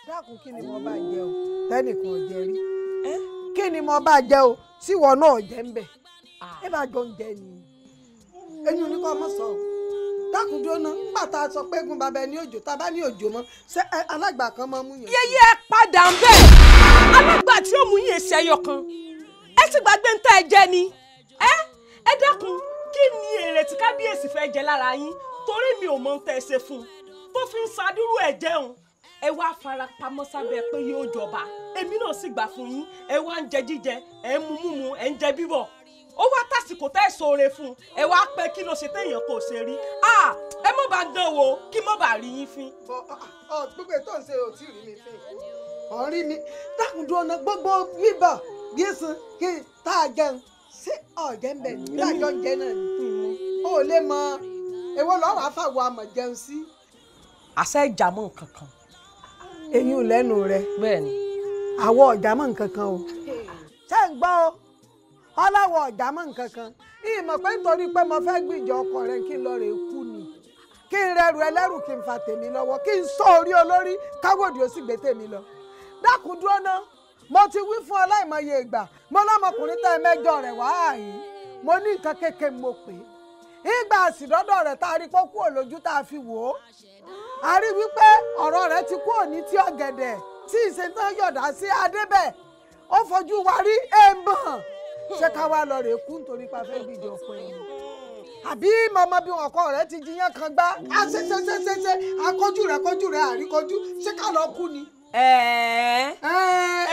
dákun kí ni mo bá jẹ o tẹnìkan ò rí kí ni mo bá jẹ o tíwọ náà jẹ ń bẹ ẹ bá jọ ń jẹ ni ẹyin oníkọ ọmọ sọ dákun dúró ná nígbà tá a sọ pé egun bàbá ẹni òjò tá a bá ní òjò mọ ṣé alágbà kan máa mú yàn. yẹyẹ padà ń bẹ alágbà tí ó mú yẹn ṣẹyọ kan ẹ ti gbàgbé ń ta ẹ ni ẹ ẹ dákun kí ni èrè tí kábíyèsí fẹ́ jẹ lára yín torí mi ò mọ ń tẹ́ ẹ ṣe fún un tó fi ń sadúrú ẹ̀ jẹun ẹ wá fara pamọ́ sábẹ́ pé yóò jọba èmi náà sì gbà fún yín ẹ wá ń jẹ jíjẹ ẹ ń mu múmu ẹ ń jẹ bíbọ̀ ó wá tásìkò tẹ́ ẹ̀ sóore fún un ẹ wá pé kí ló ṣe téèyàn kò ṣe rí ẹ mọ̀ bá dán wò kí mọ̀ bá rí yín fín. gbogbo ètò ìṣe ò tí ì rí mi fín ọ̀rí mi dákùndú ọ̀nà gbogbo bíbọ̀ gíṣin kí tá a jẹun sí ọ̀jẹ̀ ń bẹ̀ nígbàjọ́ jẹ náà ni ó lè mọ èwo lọ́wọ́ àfàwọ̀ àmọ̀ jẹun sí. àṣẹ ìjàmọ̀ kankan eyín lẹ́nu rẹ àwọ̀ ọ̀já mọ̀ o ṣé ń gbọ́ o ọláwọ̀ mọ̀ nkankan. ìmọ̀ pé nítorí mo fẹ́ gbìjọ ọkọ rẹ kí n lọ rè kú ni kí n rẹrù ẹlẹ́rù kí n fa tèmi lọ́wọ́ kí n sọ orí olórí lọ mo ti wí fún ìgbà mo wá mo ní nǹkan kékeré mo pè é ìgbà àsìdọ́dọ̀ rẹ̀ tá a fi wò a rí wípé ọ̀rọ̀ rẹ ti kú òní tí ọ̀gẹ̀dẹ̀ tí ìṣẹ̀ntàn yọ̀dá sí adébẹ̀ ó fojú wa rí èèmọ̀ ṣé ká wá lọ rè kú nítorí pa fẹ́ gbìjọ pé àbí màmá bí ọkọ rẹ ti jiyàn kan gbá a ṣe ṣe ṣe ṣe ṣe akójú rẹ kójú rẹ àríkójú ṣé ká lọ kú ni.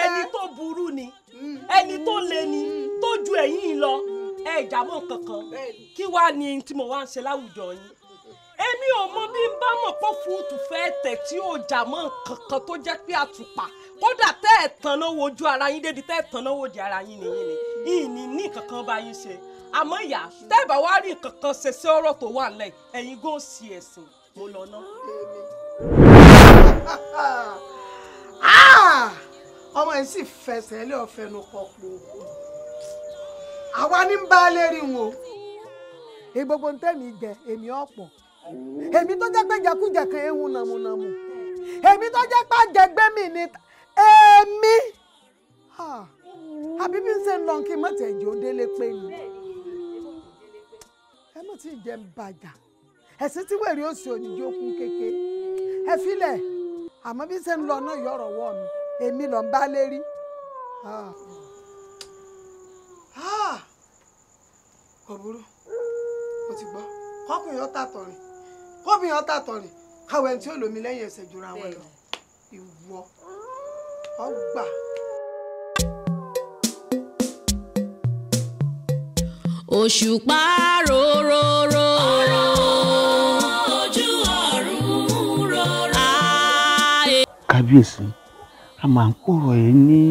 ẹni tó burú ni hmm. ẹni tó le ni tó ju ẹ̀yìn lọ ẹ ìjàmọ̀ kankan kí wàá ní tí mo wá ń ṣe láwùjọ yín èmi ò mọ bí n bá mọ̀ pé fúùtù fẹ́ tẹ̀ tí ò jà mọ́ kankan tó jẹ́ pé àtùpà kódà tẹ́ ẹ̀ tán náà wojú ara yín débi tẹ́ ẹ̀ tán náà wojú ara yín nìyí ni ìní ní kankan bá yín ṣe àmọ́ ìyá tẹ́ ẹ̀ bá wá rí kankan ṣe sí ọ̀rọ̀ tó wà lẹ̀ ẹ̀yin gò sí ẹ̀sìn mo lọ ná. [laughs] Ah! ọmọ yìí sì fẹsẹ̀ lé ọ̀fẹ́nu kọ̀ọ̀pọ̀ àwa ní bá a lérí wọn. èyí tẹ̀mí jẹ èmi ọ̀pọ̀ èmi tó jẹ́ pé jẹkújẹ kan ehun nàmùnàmù èmi tó jẹ́ pé àjẹgbé mi ni èmi àbí bí n ṣe ń lọ kí n mọ̀ tẹ̀ jẹ́ òdélé pé ni ẹ mọ̀ tí ì jẹ́ ń bàjá ẹ̀sìn tí wèrè òsì òjijì okun kéke ẹ filẹ̀ àmọ́ bí ṣe ń lọ náà yọ̀rọ̀ wọ̀ mi èmi lọ ń bá lérí. kò burú mo ti gbọ́ kọ́kùnrin ó tàtọ̀ rìn kóbìnrin ọ̀tà tọ̀rìn káwọn ẹni tí ó lómi lẹ́yìn ẹsẹ̀ jura wọn lọ ìwọ ọgbà. òṣùpá rororo. ojú ọ̀run rororo. kábíyèsí a máa ń kúrò ẹ ní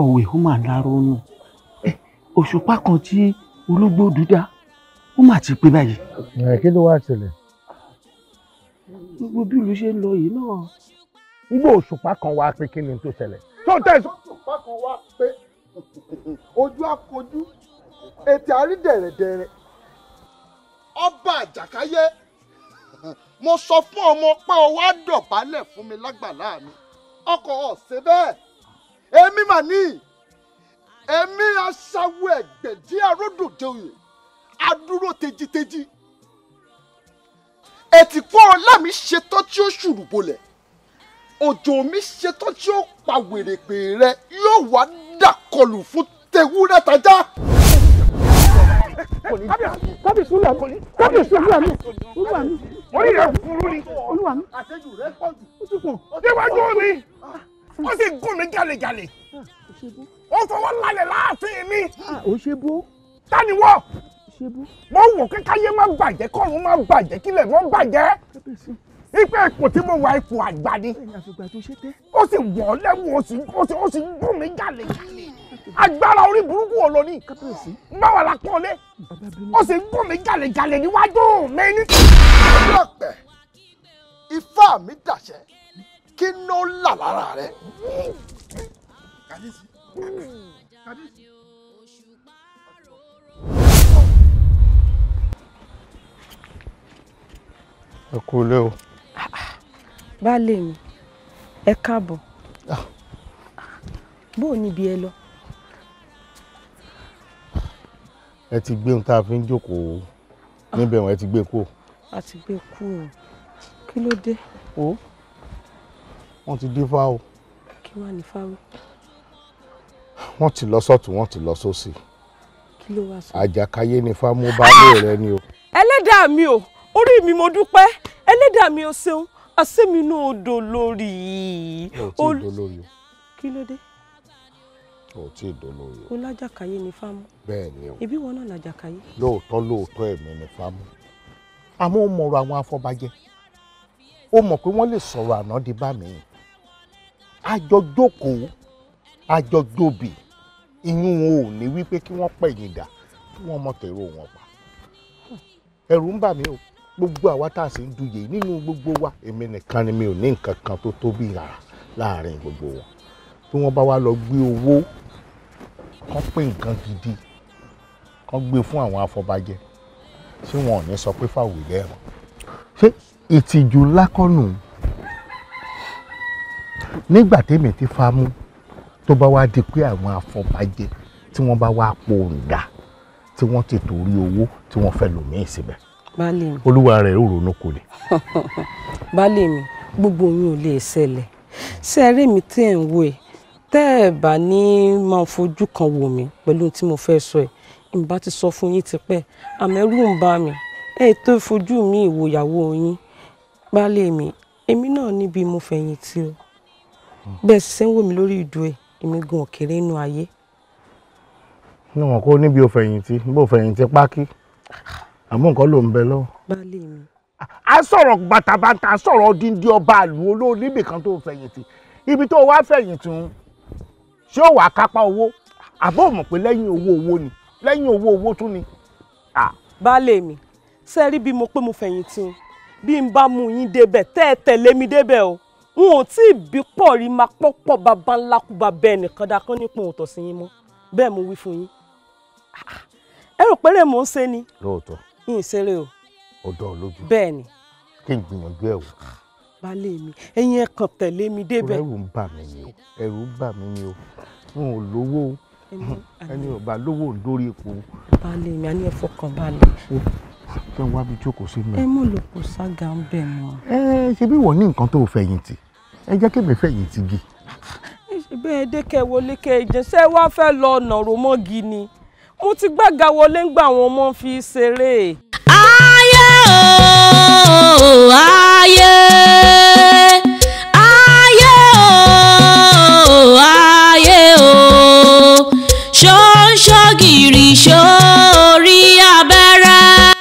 ọ̀wé ó máa lárónú òṣùpá kan tí ológbò dúdá ó mà ti pé báyìí. kí ló wá ṣẹlẹ̀ gbogbo bí ìlú ṣe ń lọ yìí náà. n gbọ́ òṣùpá kan wá pé kí ni tó ṣẹlẹ̀. tó tẹ̀sán. òṣùpá kan wá pé ojú àkojú ètè àrí dẹ̀rẹ̀dẹ̀rẹ̀ ọba àjàkáyé mo sọ fún ọmọ pé o wá dọ̀bálẹ̀ fún mi lágbàlá mi ọkọ ọ̀sẹ̀ bẹ́ẹ̀ èmi mà ní èmi aṣáwó ẹ̀gbẹ̀dí arúdòjòyè adúró tejiteji ẹ̀tìpọ́n ọlá mi ṣetán tí ó ṣùrù bolẹ̀ òjò mi ṣetán tí ó pa wèrèpè rẹ yóò wá dàkọlù fún tewúrẹ́ tajá. kábíyèsí olúwa mi kábíyèsí olúwa mi olúwa mi. orí rẹ kúrú ni. olúwa mi. àṣejù rẹ pọ̀ jù. ó ti pọ̀. déwájú mi ah, ah. ó sì gún mi jalejale ah, ó fọwọ́ lálẹ́ láàfin mi. ó ṣe bó. ta ni wọ́ ṣebú. mo wò kí káyé má bàjẹ́ kọ́run má bàjẹ́ kílẹ̀ má bàjẹ́. ipe ipò tí mo wà ipò àgbà ni. ó sì wọ̀ ọ́ lẹ́wọ̀n ó sì ó sì gún mi jàlè. agbára orí burúkú wo lo ní. má wà lápọ̀ lé. ó sì gún mi jàlè jàlè níwájú mi ní. ọlọ́pẹ ifá mi dàṣẹ kí ló là lára rẹ. kábíyèsí kábíyèsí. ẹ kú ilé o. baálé mi ẹ káàbọ̀ ah. bó o níbi ẹ lọ. ẹ ti gbé ohun tá a fi ń jókòó ah. níbẹ̀ wọn ẹ ti gbé kú o. a ti gbé kú o kí ló dé. o wọ́n ti dín fáwọ́. kí wàá ní fáwọ́. wọ́n ti lọ sọ́tún wọ́n ti lọ sósì. kí ló wá sọ. àjàkáyé ni fámú baálé rẹ ni o. ẹlẹ́dàá mi o orí mi mo dúpẹ́ ẹlẹ́dàá mi ò ṣeun àṣẹ́mi inú odò lórí. o ti dò lórí o. kí ló dé. o ti dò lórí o. o lájàkáyé ni fámú. bẹ́ẹ̀ o. ibi wọn náà lájàkáyé. lóòótọ́ lóòótọ́ ẹ̀mí ni fámú. àmọ́ ó mọ̀rọ̀ àwọn afọbajẹ ó mọ̀ pé wọ́n lè sọ̀rọ̀ àná di bá mi. àjọ jókòó àjọ jóbi inú wọn ò ní wípé kí wọ́n pẹ̀yìn dà kí wọ́n mọ̀ tẹ̀rọ wọn pa ẹ̀rù ń bà mí o gbogbo àwa tá a sì ń duyè nínú gbogbo wa èmi nìkan ni mi ò ní nǹkan kan tó tóbi rárá láàrin gbogbo wọn bí wọ́n bá wá lọ gbé owó kán pín nǹkan gidi kán gbé fún àwọn afọbajẹ tí wọn ò ní sọ pé fàwé bẹ́ẹ̀ mọ́ ṣé ìtìjú lákọ́nù nígbà tèmi ti fa mú tó bá wá di pé àwọn afọbajẹ tí wọ́n bá wá pòǹda tí wọ́n ti torí owó tí wọ́n fẹ́ lòmíì síbẹ̀ baálé mi olúwa rẹ̀ ò ronú kò ní. [laughs] baálé mi gbogbo yín ò lè ṣẹlẹ̀ ṣé ẹ rí mi tẹ́ ẹ̀ ń wo ẹ̀ tẹ́ ẹ̀ bá ní máa fojú kan wò mí pẹ̀lú ohun tí mo fẹ́ sọ ẹ̀ ìbá ti sọ fún yín tipẹ́ àmẹ́rù ń bá mi ẹ̀ tó fojú mi ìwòyàwó yín baálé mi èmi náà níbi mo fẹ̀yìn tì o bẹ́ẹ̀ sì ṣe ń wò mí lórí ìdú ẹ̀ èmi gan òkèrè inú ayé. níwọ̀n kó níbi òfẹ̀yìntì bó fẹ̀yìntì pákí àmọ́ nǹkan ló ń bẹ lọ́wọ́. baálé mi. a sọ̀rọ̀ bàtàbàtà a sọ̀rọ̀ díndín ọba àlù olórí ibìkan tó fẹ̀yìntì ibi tó wá fẹ̀yìntì ń ṣé ò wá kápá owó àbọ̀ mọ̀ pé lẹ́yìn owó owó ni lẹ́yìn owó owó tún ni. baálé mi ṣe rí bí mo pé mo fẹ̀yìntì ń bí n bá mú yín débẹ̀ tẹ́ ẹ tẹ̀lé mi débẹ̀ o n ò tí ì bí pọ̀ rí máa pọ́pọ̀ bàbá ńlá kú bàbá ẹnìkan nípò òtọ̀ yín mọ́ bẹ́ẹ̀ mo wí fún yín ah, ẹ rò pé lè mò ń ṣe ni. lóòótọ́ yín ṣeré o. ọ̀dọ́ olójú. bẹ́ẹ̀ ni. kí n gbìyànjú ẹ̀ wò. baálé mi ẹ̀yin ẹ̀ kàn tẹ̀lé mi débẹ̀. ẹ̀rù ń bà mí ni o ẹ̀rù ń bà mí ni o n ò lówó o ẹni ọba [laughs] lówó ń epo. baálé mi a ní ẹ fọkàn balẹ̀. kí n wá bí jókòó sí mi. ẹ mú lòpọ̀ sága ń bẹ̀ mọ́. ẹ ṣe bí wọ́n ní nǹkan tó fẹ̀yìntì ẹ jẹ́ kí èmi fẹ̀yìntì gi. bẹ́ẹ̀ dé kẹ́ wọlé kẹ́ ìjẹsẹ́ wá fẹ́ lọ ọ̀nà ròmọ́gi ni mo ti gbága wọlé ń gbà wọn mọ́ fi ṣeré. ayé o ayé ayé o ayé o ṣóńṣó gìrì ṣórí abẹ́rẹ́.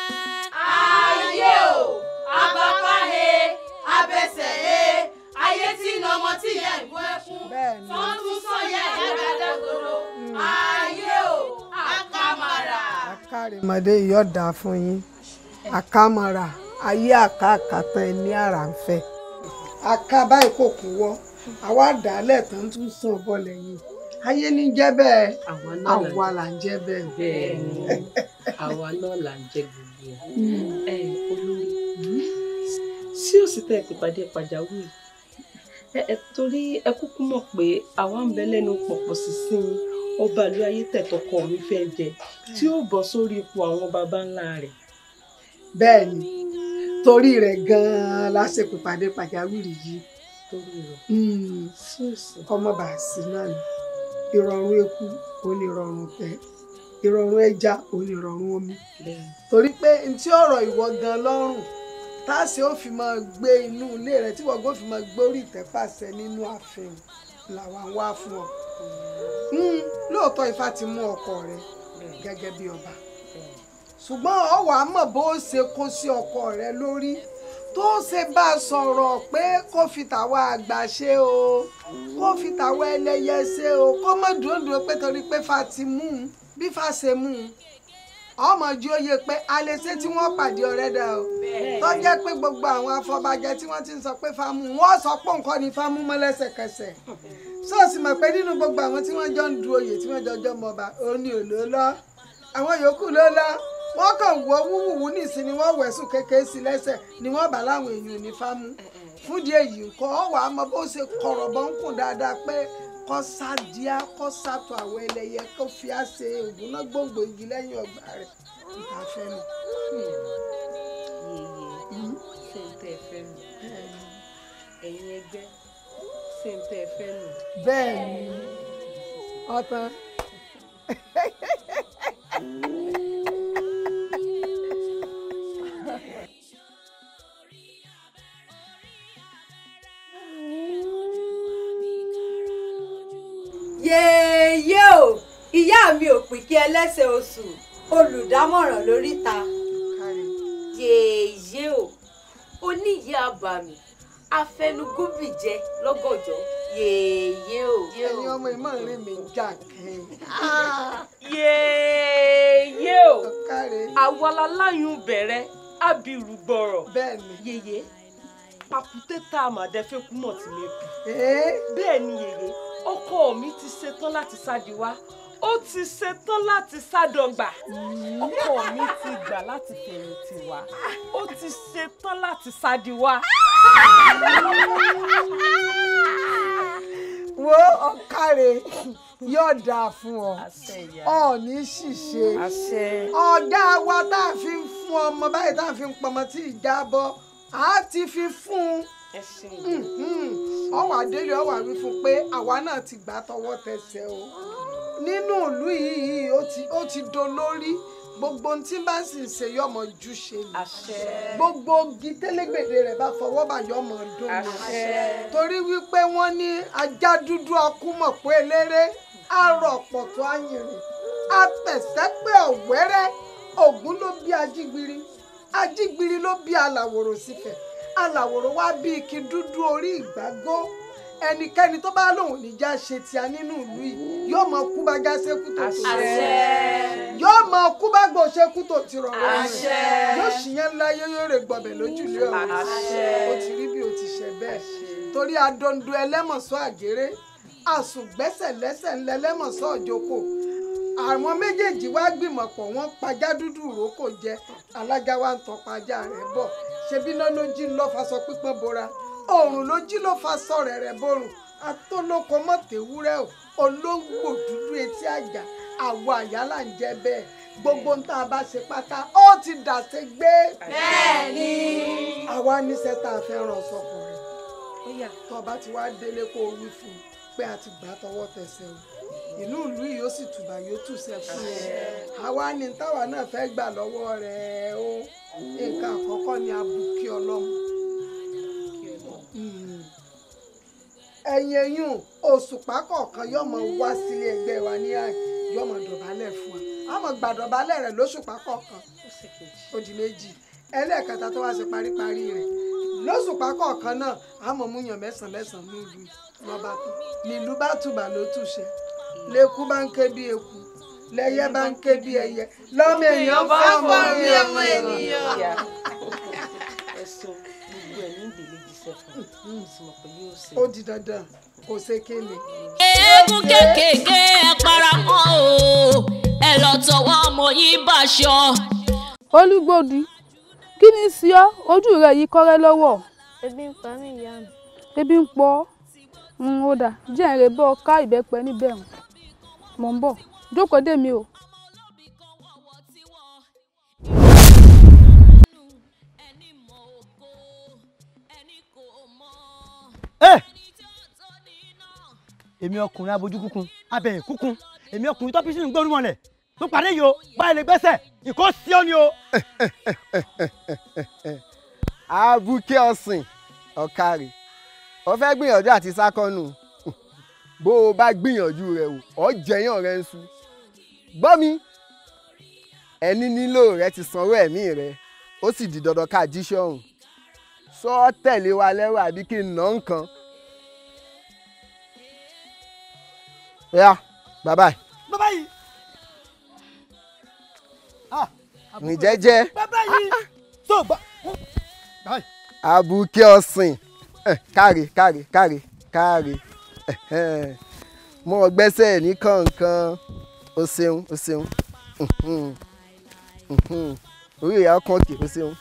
ayé káàrèmọdé yọ̀dà fún yín àkàmọ̀ra ayé àkàkàtàn ẹni àrà ń fẹ́ àká báyìí kò kú wọ́ àwa dàálẹ̀ tó ń tún sàn bọ̀ lẹ́yìn ayé ní jẹ́ bẹ́ẹ̀ àwa là ń jẹ́ bẹ́ẹ̀. bẹ́ẹ̀ni àwa náà là ń jẹ gbogbo hmm. ẹ olórí sí òsì tẹ ìpàdé pàjáwìrì ẹ torí ẹ kúkú mọ̀ pé àwa ń bẹ lẹ́nu pọ̀pọ̀ sísìn ọba ìlú ayé tẹ̀tọ̀kọ mi fẹ́ jẹ tí ó bọ́ sórí ipò àwọn baba ńlá rẹ̀. bẹ́ẹ̀ ni torí rẹ̀ gan-an la ṣe pèpàdé pàjáwìrì yìí hmm, kọ́mọ bá a sí náà ni ìrọ̀rùn eku ò ní ìrọ̀rùn tẹ ìrọ̀rùn ẹja ò ní ìrọ̀rùn omi torí pé ntí ọ̀rọ̀ ìwọ gan lọ́rùn táàsì ó fi máa gbé inú ilé rẹ tí wọ́n gbó fi máa gbórí ìtẹ́fàṣẹ nínú ààfin làwọn wá fún ọ. Hmm, lóòótọ́ ifá ti mú ọkọ rẹ gẹ́gẹ́ bí ọba ṣùgbọ́n ọ wàá mọ̀ bó ṣe kó sí ọkọ rẹ lórí tó ṣe bá a sọ̀rọ̀ pé kó fi tàwa àgbà ṣe o kó fi tàwa ẹlẹ́yẹ ṣe o kó mọ̀ dúró dúró pé torí pé fa ti mú bí fa ṣe mú un ọmọ ju oyè pé alẹ́sẹ̀ tí wọ́n pàdé ọ̀rẹ́ dà o tó jẹ́ pé gbogbo àwọn afọbajẹ tí wọ́n ti ń sọ pé fámú wọ́n sọ pé nǹkan ni fámú mọ́ lẹ́sẹ̀kẹsẹ̀ so sì mọ̀ pé nínú gbogbo àwọn tí wọ́n jọ ń du oyè tí wọ́n jọ jọ mọ ọba òun ni òun ló lọ àwọn yòókù ló lọ wọ́n kàn wọ wúwúwú nìsín ni wọ́n wẹ̀sùn kékeré sí lẹ́sẹ̀ ni wọ́n bá láwọn èèyàn ní fámú fúndìí èyí nǹkan ọ̀wà kọ́sá díá kọ́sá tó àwọn ẹlẹ́yẹ kó fi á ṣe ògùn gbòǹgbò igi lẹ́yìn ọgbà rẹ̀ níta fẹ́ mi. yèyè ṣé n tẹ́ ẹ mi ẹ̀yin ẹgbẹ́ ṣé n tẹ́ ẹ mi. bẹ́ẹ̀ ni òkè ẹlẹ́sẹ̀ oṣù olùdámọ̀ràn lóríta yèèyé o oníyìí àbàmì afẹnugúbìjẹ lọ́gọ̀jọ́ yèèyé o. ẹni ọmọ ìmọ̀ rẹ̀ mi jà kiri. yèèyé o àwa bẹ̀rẹ̀ abirù gbọ̀rọ̀ yèyé pàkúté tá a mà dẹ́fẹ́kú mọ̀ tí mi kù. bẹ́ẹ̀ ni yèyé ọkọ mi ti ṣetán láti sáde wá ó ti ṣetán láti sádọ̀gbà. ọkọ mi ti gbà láti fẹ̀yìntì wá ó ti ṣetán láti sádiwá. wo ọ̀kàrẹ̀ yóò dáa fún ọ ọ̀ọ́ni ṣìṣe ọ̀dà wa tá a fi ń fún ọmọ báyìí tá a fi ń pọmọ tí ì jábọ́ a ti fi fún un ọwọ́ adélé ọwọ́ àwí pé àwa náà ti gbà tọwọ́ tẹsẹ̀ o nínú ìlú yìí ó ti dolórí gbogbo ohun tí bá sì ń ṣe yọmọ ju ṣe ni gbogbo ogi télégbèdè rẹ bá fọwọ́ bá yọmọ dùn ni torí wípé wọ́n ní ajá dúdú ọkú pé eléré àrọ̀ pọ̀tọ́ ayìnrìn apẹ̀sẹ́pẹ̀ ọ̀wẹ́rẹ́ ògún ló bí ajígbiri ajígbiri ló bí alàwòrò sífẹ̀ alàwòrò wá bí igi dúdú orí ìgbàgbọ́ ẹnikẹ́ni tó bá lòun níjà ṣe tíá nínú ìlú yìí yóò mọ kú já sékú tó ti rọrùn yóò mọ kú bá gbọ́ tó ti rọrùn yóò ṣìyẹn ńlá yóò rè gbọ̀bẹ̀ lójúlé ọ̀run ó ti rí bí ó ti ṣe bẹ́ẹ̀ torí adondo ẹlẹ́mọ̀sọ́ àgéré àsùngbẹ́sẹ̀ lẹ́sẹ̀ ńlẹ́lẹ́mọ̀sọ́ òjòkó àwọn méjèèjì wá gbìmọ̀ pọ̀ wọ́n pajá dúdú ròókò jẹ alága wa ń tọpa ajá rẹ̀ bọ̀ ṣebí náà ló jí ń lọ́ fasọ pípọ́n bora òòrùn ló jí ló fa sọ̀rẹ̀ rẹ̀ borùn atólókọ mọ̀tẹ́wúrẹ́ o olóńgbò dúdú etí àjà àwọ àyálà ń jẹ bẹ́ẹ̀ gbogbo ń tá a bá ṣe pátá ó ti dàṣe gbé. bẹ́ẹ̀ni. àwa níṣẹ́ tá a fẹ́ ràn sọkùnrin tó bá ti wá délé kó wí fún un pé a ti gbà tọwọ́ tẹsẹ̀ o inú ìlú yìí ó sì tùbà yóò tùṣẹ fún ẹ àwa ni táwa náà fẹ́ gbà lọ́wọ́ rẹ̀ o nǹkan àkọ́kọ́ ni abùkí ọlọ́mọ ẹ̀yìn ẹ̀yìn òṣùpá kọ̀ọ̀kan yóò mọ wá sílé ẹgbẹ́ wa ní yóò mọ dọ̀bálẹ̀ fún wa a mọ gbàdọ̀bálẹ̀ rẹ̀ lóṣùpá kọ̀ọ̀kan ó di méjì ẹlẹ́ẹ̀kẹta tó wá sí paríparí rẹ̀ lóṣùpá kọ̀ọ̀kan náà a mọ múyàn mẹ́sàn-án mẹ́sàn-án ní ìlú lọ́ba tó nílùú bá tùbà ló túṣẹ lẹ́kú bá ń ké bí eku lẹ́yẹ bá ń ké bí ẹyẹ lọ́mọ èèyàn bá mọ orí ọmọ ènìyàn ti mọ̀ pé yóò ṣe. ó di dandan kò ṣe kéle. eégún kéékèèké ẹ para mọ́ o ẹ lọ tọwọ́ ọmọ yìí bàṣọ. olúgbòdì kí ni sí ọ ojú rẹ yìí kọ́rẹ́ lọ́wọ́. ebi ń pa mí ìyá mi. ebi ń pọ ọ mm, ó dà jẹ́ ẹ̀rẹ̀ bọ́ ká ìbẹ́pẹ níbẹ̀ mo ń bọ̀ jókòó dè mí o. Eh! èmi ọkùnrin abojú kúkun abẹ̀yìn kúkun èmi ọkùnrin tọ́pì sínú gbọ́rú mọ́lẹ̀ tó parí yìí o báyìí lè gbẹ́sẹ̀ ìkó sí ọ ni o. [laughs] abuké ọ̀sìn ọ̀kárì ó fẹ́ gbìyànjú àti sákọ́nù bó o bá gbìyànjú rẹ o ọ̀ jẹyàn rẹ ń sùn gbọ́ mi ẹni nílò rẹ ti sanwó ẹ̀mí rẹ ó sì di dandan ká jíṣẹ́ ọ̀hún sọ tẹ̀lé wa lẹ́rù àbí kí n nà nǹkan. ya bàbá yìí. bàbá yìí. Ah, rìn jẹ́jẹ́. bàbá yìí ah, ah. tó gbà. àbùkẹ́ ọ̀sìn eh, káre káre káre káre eh, eh. mo gbẹ́sẹ̀ ní kọ̀ọ̀kan o ṣeun o ṣeun orí ìyá ọkàn òkè o ṣeun.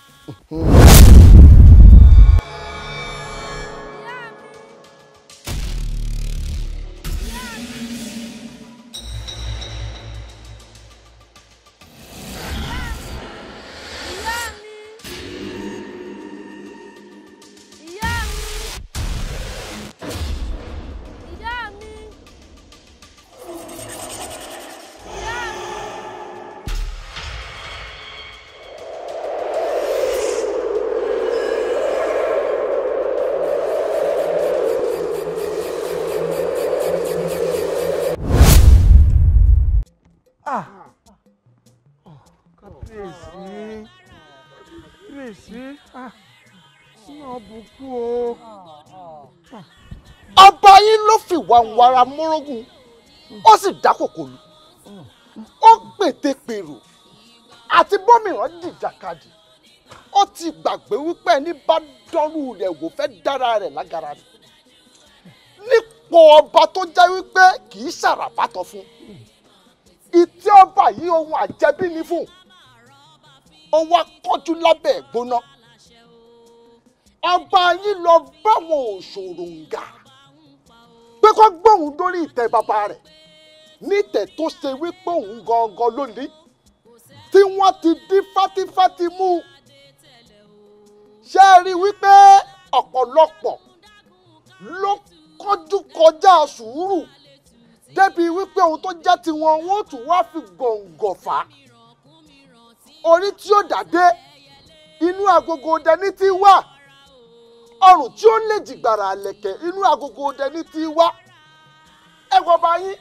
ara mórógùn ó sì dákòkò lu ó pètèpèrò àti bọ́mìíràn dìjàkadì ó ti gbàgbé wípé ní bá dọ́rù rẹ̀ wò fẹ́ dára rẹ̀ lágara rẹ̀ nípò ọba tó jẹ́ wípé kì í ṣàràbàtọ̀ fún ìtí ọba yìí ohun àjẹbí ni fún ó wá kọjú lábẹ́ ìgbóná ọba yìí lọ báwọn òṣòròǹgà pé kó gbóhùn dórí ìtẹ́ bàbá rẹ̀ nítẹ̀ tó ṣe wípé òun gangan lónìí tí wọ́n ti dín fátífátí mú ṣe é rí wípé ọ̀pọ̀lọpọ̀ ló kọjú kọjá sùúrù débi wípé ohun tó jẹ́ tiwọn wọn tún wá fi gọ̀ǹgọ̀ fà á orí tí ó dàdé inú agogo dání ti wà. ọrùn tí ó lè jìgbàrà àlẹ̀kẹ̀ inú agogo dẹni ti wá ẹ̀wọ̀n bá yín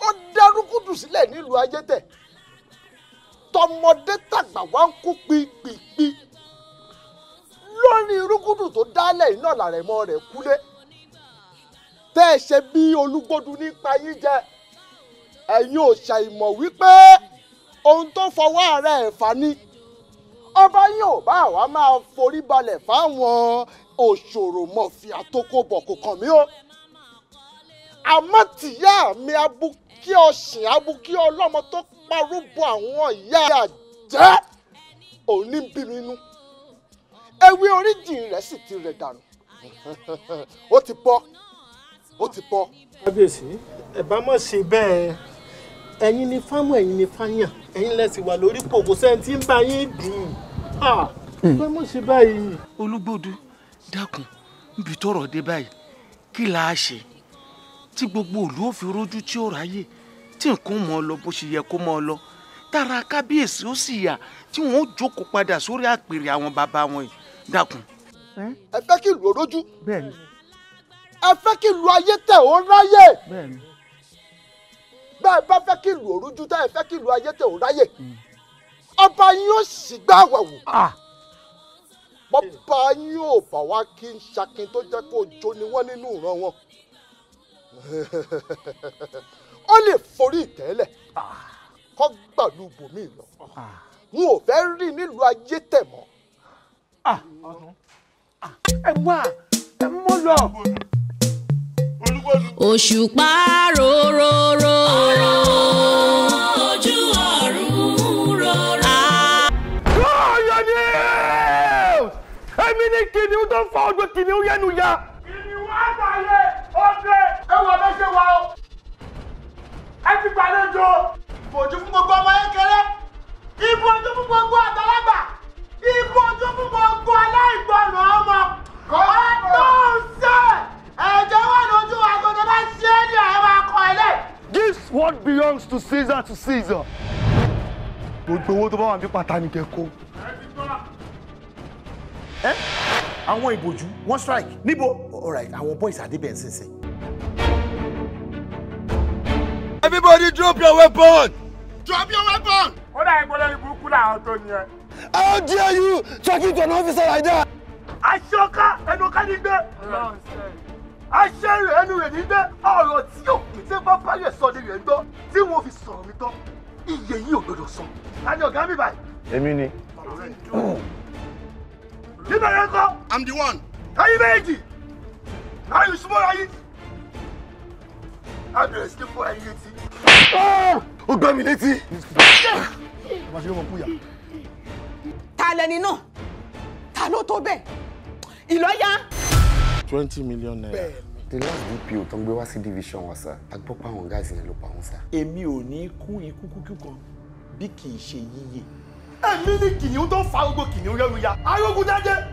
ó dẹrúkúdù sílẹ̀ nílùú ayétẹ̀ tọmọdé tàgbà wá ń kú pípípí lórí irúkúdù tó dálẹ̀ iná làrẹ̀mọ rẹ̀ kúlé tẹ́ ẹ ṣe bí olúgbódù nípa ohun tó fọwọ́ ara ni. ọba yín ò bá àwa máa forí balẹ̀ fáwọn òṣòro mọ̀fì àtòkòbọ̀ kò kàn mí o àmọ́ tìyá mi abúkí ọ̀sìn abúkí ọlọ́mọ tó parúbọ àwọn ìyá àjẹ́ òní bí mi nú ewé oríjìn rẹ̀ sì ti rẹ̀ dànù [laughs] ó ti bọ́ ó ti bọ́. kábíyèsí ẹ bá mọ̀ ṣe bẹ́ẹ̀ ẹ̀yin ni fámù ẹ̀yin ni fáyàn ẹ̀yin lẹ́sìn wà lórí pòkó sẹ́ńtì ń bá yín dùn. Ah, hmm. pé mo ṣe báyìí. olúgbòdú dákun níbi tọrọ dé báyìí kí la ṣe tí gbogbo ìlú ò fi rójú tí ó ráyè tí nǹkan mọ ọ lọ bó ṣe yẹ kó mọ ọ lọ tára kábíyèsí ó sì yà tí wọn ó jókòó padà sórí àpèrè àwọn bàbá wọn yìí dákun. ẹ fẹ́ kí ìlú òrójú ẹ fẹ́ kí ìlú ayé tẹ̀ ó ráyè bẹ́ẹ̀ bá fẹ́ kí ìlú òrójú tẹ́ ẹ fẹ́ kí ìlú ayé tẹ̀ ó ráyè. Hmm ọba yín ó sì gbá àwàwò bọ́ba yín ò bá wá kí n ṣakin tó jẹ́ kó jó ni wọ́n nínú ìran wọn ó lè forí ìtẹ́lẹ̀ kọ́ gbàlú bòmí lọ n ò fẹ́ rí nílùú ayé tẹ̀ mọ́. ẹ wá ẹ mú lọ. òṣùpá rororo. ojú ọ̀run. ní kìnìún tó fa ọdún kìnìún yẹnu ya. kìnìún àgbáyé ọdẹ ẹ wọ bẹ ṣe wa o ẹ ti gbàlejò ìbòjú fún gbogbo ọmọ kékeré ìbòjú fún gbogbo àgbàlagbà ìbòjú fún gbogbo aláìgbọràn ọmọ ọdọọsẹ ẹjẹ wà lójú wa tó bá ṣe é ní àwọn akọ ilé. This what belongs to Caesar to Caesar. gbogbo owó tó bá wà ní pátá ni kẹ ẹ ti gbọ́ ẹ́ àwọn ìbòjú wọ́n strike níbo right, àwọn boys are ń ṣiṣẹ́. everybody drop your weapon. drop your weapon. ó dà ìgbọ́dọ̀ ní burúkú làwọn tó ní ẹ. how dare you talking to an officer like that. aṣọ́ká ẹnu ká ní gbé. aṣẹ́rù ẹnu rẹ̀ ní gbé ọ̀rọ̀ tí yóò pè tí bá bá yẹ sọ ni rẹ̀ ń gbọ́ tí wọ́n fi sọ̀rọ̀ mi tán iye yìí ò gbọdọ̀ sọ. ta ni ọ̀gá mi báyìí. èmi ni níbẹ̀ yẹn kọ́. i'm the one. ẹyin méjì ẹyin súnmọ́ ẹyin á bẹ̀rẹ̀ sí fún ẹyin létí. ó gbá mi létí. ta lẹni náà ta ló tó bẹ́ẹ̀ ìlọ́yà. twenty million naira the last dpo tó ń gbé wá sí division wa sir a gbọ́ pé àwọn gáàsì yẹn ló pa wọn sir. èmi ò ní kú ikú kúkú kan bí kì í ṣe yíyẹ èmi ni kìnìún tó fa gbogbo kìnìún rẹ́rù ya arógun dájẹ́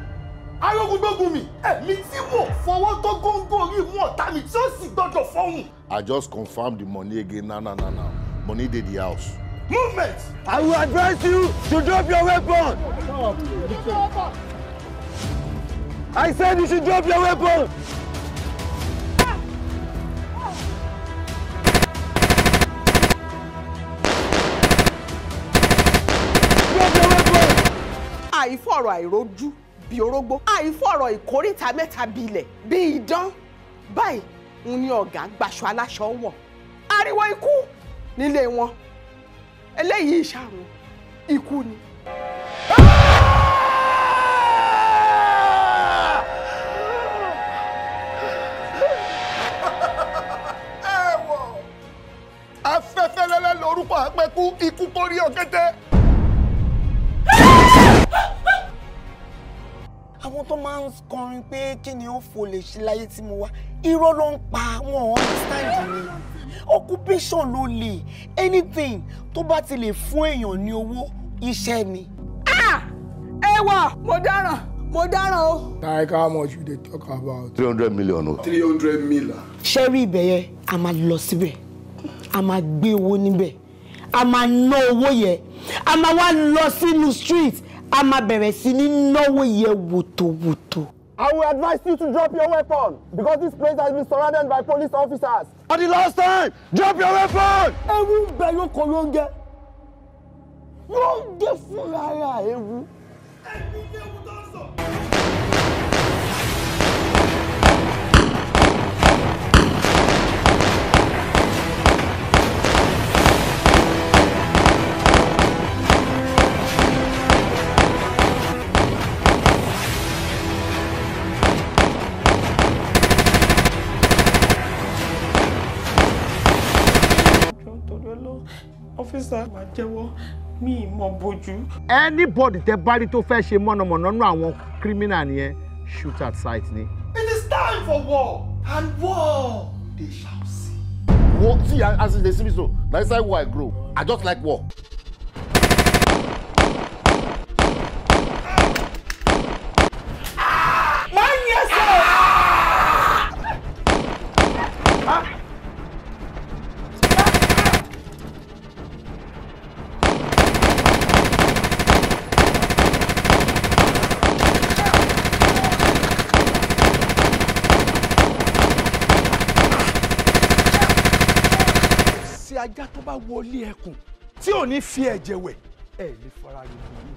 arógun gbógun mi èmi tí mo fọwọ́ tó góńgó orí mú ọ̀tá mi tí ó sì gbọ́dọ̀ fọ́hùn. I just confirmed the money again na na na na money dey the house. Movement. I will advise you to drop your weapon. I said you should drop your weapon. àìfọ̀rọ̀ àìrójú bíi orógbó àìfọ̀rọ̀ ìkórìtà mẹ́ta bíi ilẹ̀ bíi idán báyìí ń ní ọ̀gá gbaṣọ aláṣọ wọ̀ ariwo ikú nílé wọn eléyìí ìṣàrùn ikú ni. afẹ́fẹ́ lẹ́lẹ́ lórúkọ àpẹ́kú ikú tó rí ọ̀kẹ́tẹ́ àwọn tó máa ń kọrin pé kí ni ó fò lè ṣe láyé tí mo wá irọ́ ló ń pa wọn understand mi occupation ló lè anything tó bá ti lè fún èèyàn ní owó iṣẹ́ ni. Ah! ẹ wà mo dáràn mo dáràn o. like how much you dey talk about. three hundred million o. three hundred million. ṣé rí ibẹ̀ yẹn a máa lọ síbẹ̀ a máa gbé owó níbẹ̀ a máa ná owó yẹn a máa wá lọ sínú street a máa bẹ̀rẹ̀ sí ní náwó yẹ wòtòwòtò. I will advise you to drop your weapon because this place has been surrounded by police officers. For the last time, drop your weapon. Ewu ń bẹ yóò kọ yóò ń gẹ. Yóò ń gẹ fúnra ara ewu. Ẹni ní ewu tó ń sọ. ọ́fíìsà wà jẹ́wọ́ mi ì mọ̀ bójú. anybody tẹ bá rí tó fẹ́ ṣe mọ̀nàmọ̀nà nú àwọn criminal nìyẹn shoot at sight ni. it is time for war and war they shall see. wo see as e dey see me so na inside war i grow i just like war. ajá tó bá wọlé ẹkùn tí ò ní fi ẹ̀jẹ̀ wẹ̀ ẹ̀ lè fara rẹ̀ fún mi.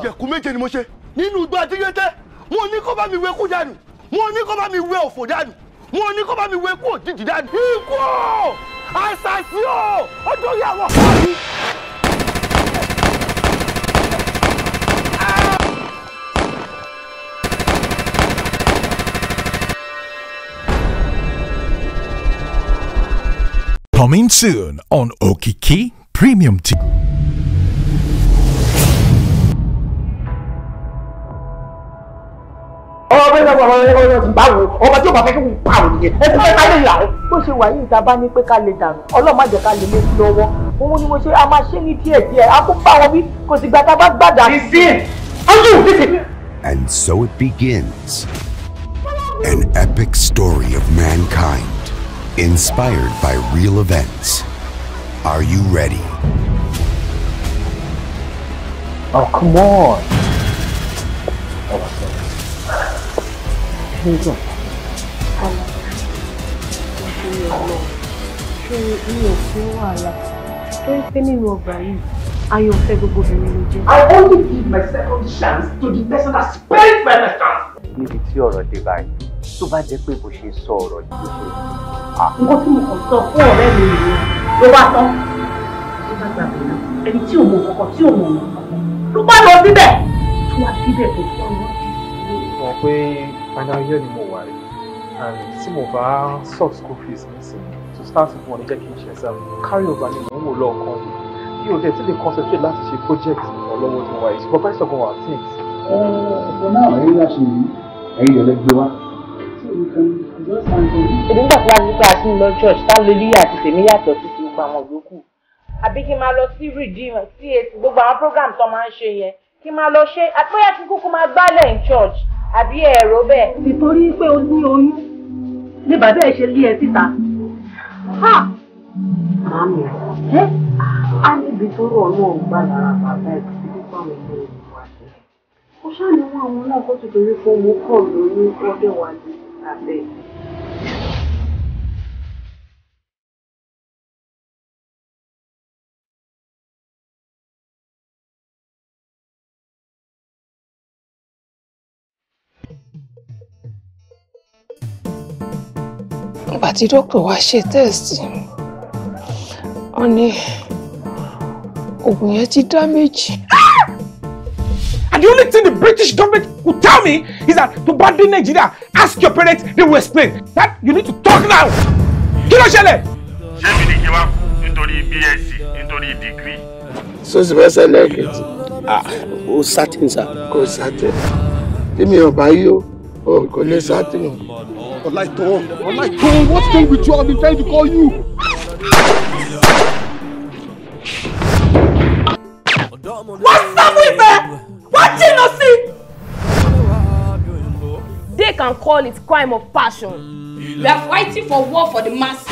ọ̀yẹ̀kùn méje ni mo ṣe nínú igbó àtijọ́tẹ́ mo ní kó bá mi wé kú dànù mo ní kó bá mi wé òfò dànù mo ní kó bá mi wé kú òjijì dànù. ikú o àṣàṣì o ó dórí àwọn ọ̀hún. Coming soon on Okiki Premium TV. bo yìí ìtaba ni pé ká lè dànù ọlọ́run má jẹ́ ká lè lọ́wọ́ òun ni mo ṣe a máa ṣe ní díẹ̀ díẹ̀ a kó bá wọn bí kò sì gba tá bá gbàdá. And so it begins, an epic story of mankind. Inspired by real events. Are you ready? Oh, come on! I only give my second chance to the person that spent my first chance. níbi tí ọ̀rọ̀ dé báyìí tó bá jẹ́ pé bó ṣe sọ ọ̀rọ̀ yìí ló ṣe. Ah. nǹkan tí mo kàn sọ fún ọ̀rẹ́ mi nìyẹn ló wá tán ló bá gbàgbé náà ẹni tí ò mọ kọkọ tí ò mọ nǹkan ló bá lọ síbẹ̀ tó wá síbẹ̀ tó tọ́ ọ. mo pe final year ni mo wà rí and tí mo bá sub school fees nísìnyí to start with wọn jẹ́ kí n ṣe exam carry over ni mò ń wò lọ́ọ̀kan yìí bí o dẹ̀ ti lè concentrate láti ṣe project ọlọ́wọ́ tí mo wà yìí supervisor gan wà tí. ọ̀pọ̀ ẹ̀yin yọ̀ lẹ́gbẹ́ wá. nígbà tí wàá ní pé a ti lọ church tá àti tèmi yàtọ̀ sí ti gbogbo àwọn yòókù àbí kí n máa lọ sí redeem cac gbogbo àwọn program tó máa ń ṣe yẹn kí n máa lọ ṣe àpéyà kí kúkú máa gbálẹ̀ in church àbí ẹ̀rọ bẹ́ẹ̀. nítorí pé o ní oyún ni bàbá ẹ ṣe lé ẹ síta. màámi ẹ á níbi tó rọ̀ ọ́ náà lára bàbá ẹ kí n fún àwọn ènìyàn ó ṣàníwọ̀n àwọn náà kó tó torí pé owó pọ̀ lórí ọdẹ wà ní abẹ́ nígbà tí dókítà wa ṣe tẹ́ẹ̀sì wọ́n ní oògùn yẹn ti dá méjì the only thing the British government could tell me is that to bá dé Nàìjíríà ask your parents they will explain that you need to talk now. kí ló ṣẹlẹ̀. ṣé mi ní kí wá nítorí BSc nítorí degree. sọ́sì ah, bá ṣẹlẹ̀ kejì. ó sátìn sá. kò sátìn tèmi ọba yìí ó kò lè sátìn. ọ̀la ìtọ́ ọ̀la ìtọ́ what's wrong with you I've been trying to call you. can call it crime of passion. Mm. We are fighting for war for the masses,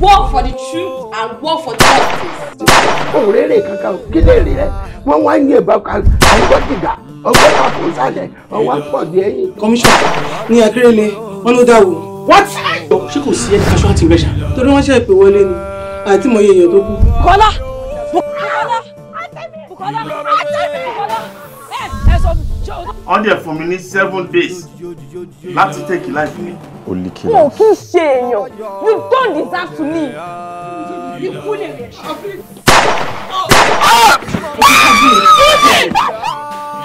war for the truth, and war for justice. Òré oh, rè kankan kí lè rí rẹ, wọ́n wá ní ìbọn kan àìgbọ́ dìgbà, ọgbẹ́ What? Ṣé kò sí ẹni casualty rẹ̀ ṣá? Torí wọ́n ṣe ìpè wọlé ni, àti mọ̀ iye èèyàn wọ́n dẹ̀ fún mi ní seven days láti take life mi. o lè kí wọn. wọn ò kí ṣe èèyàn you don't deserve to live.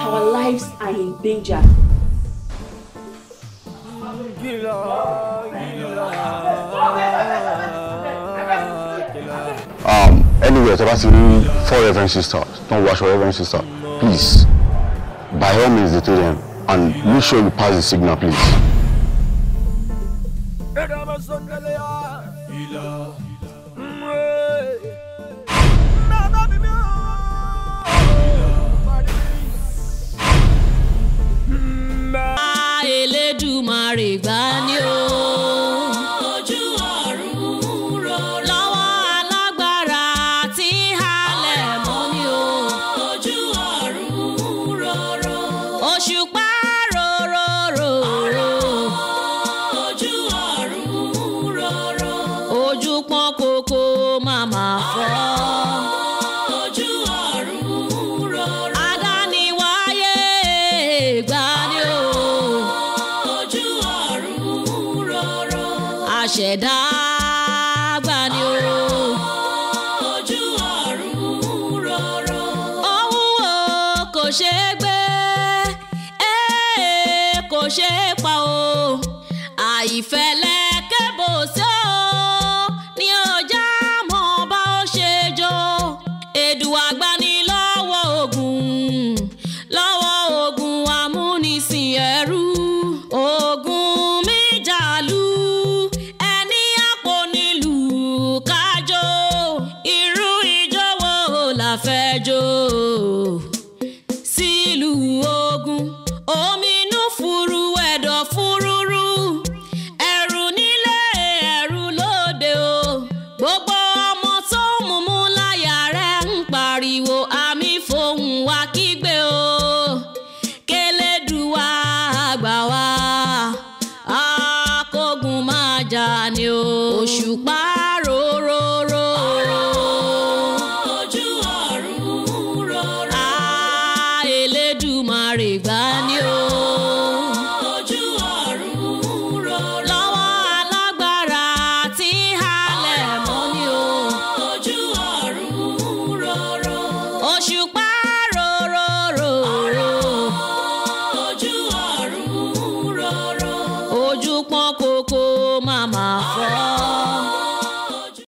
our lives are in danger. Um, anyway, tẹ́ bá ti rí four reverend sisters, don't watch your reverend sister, please. By all means, detain them and you sure you pass the signal, please. Elédùmarè gbà ni o.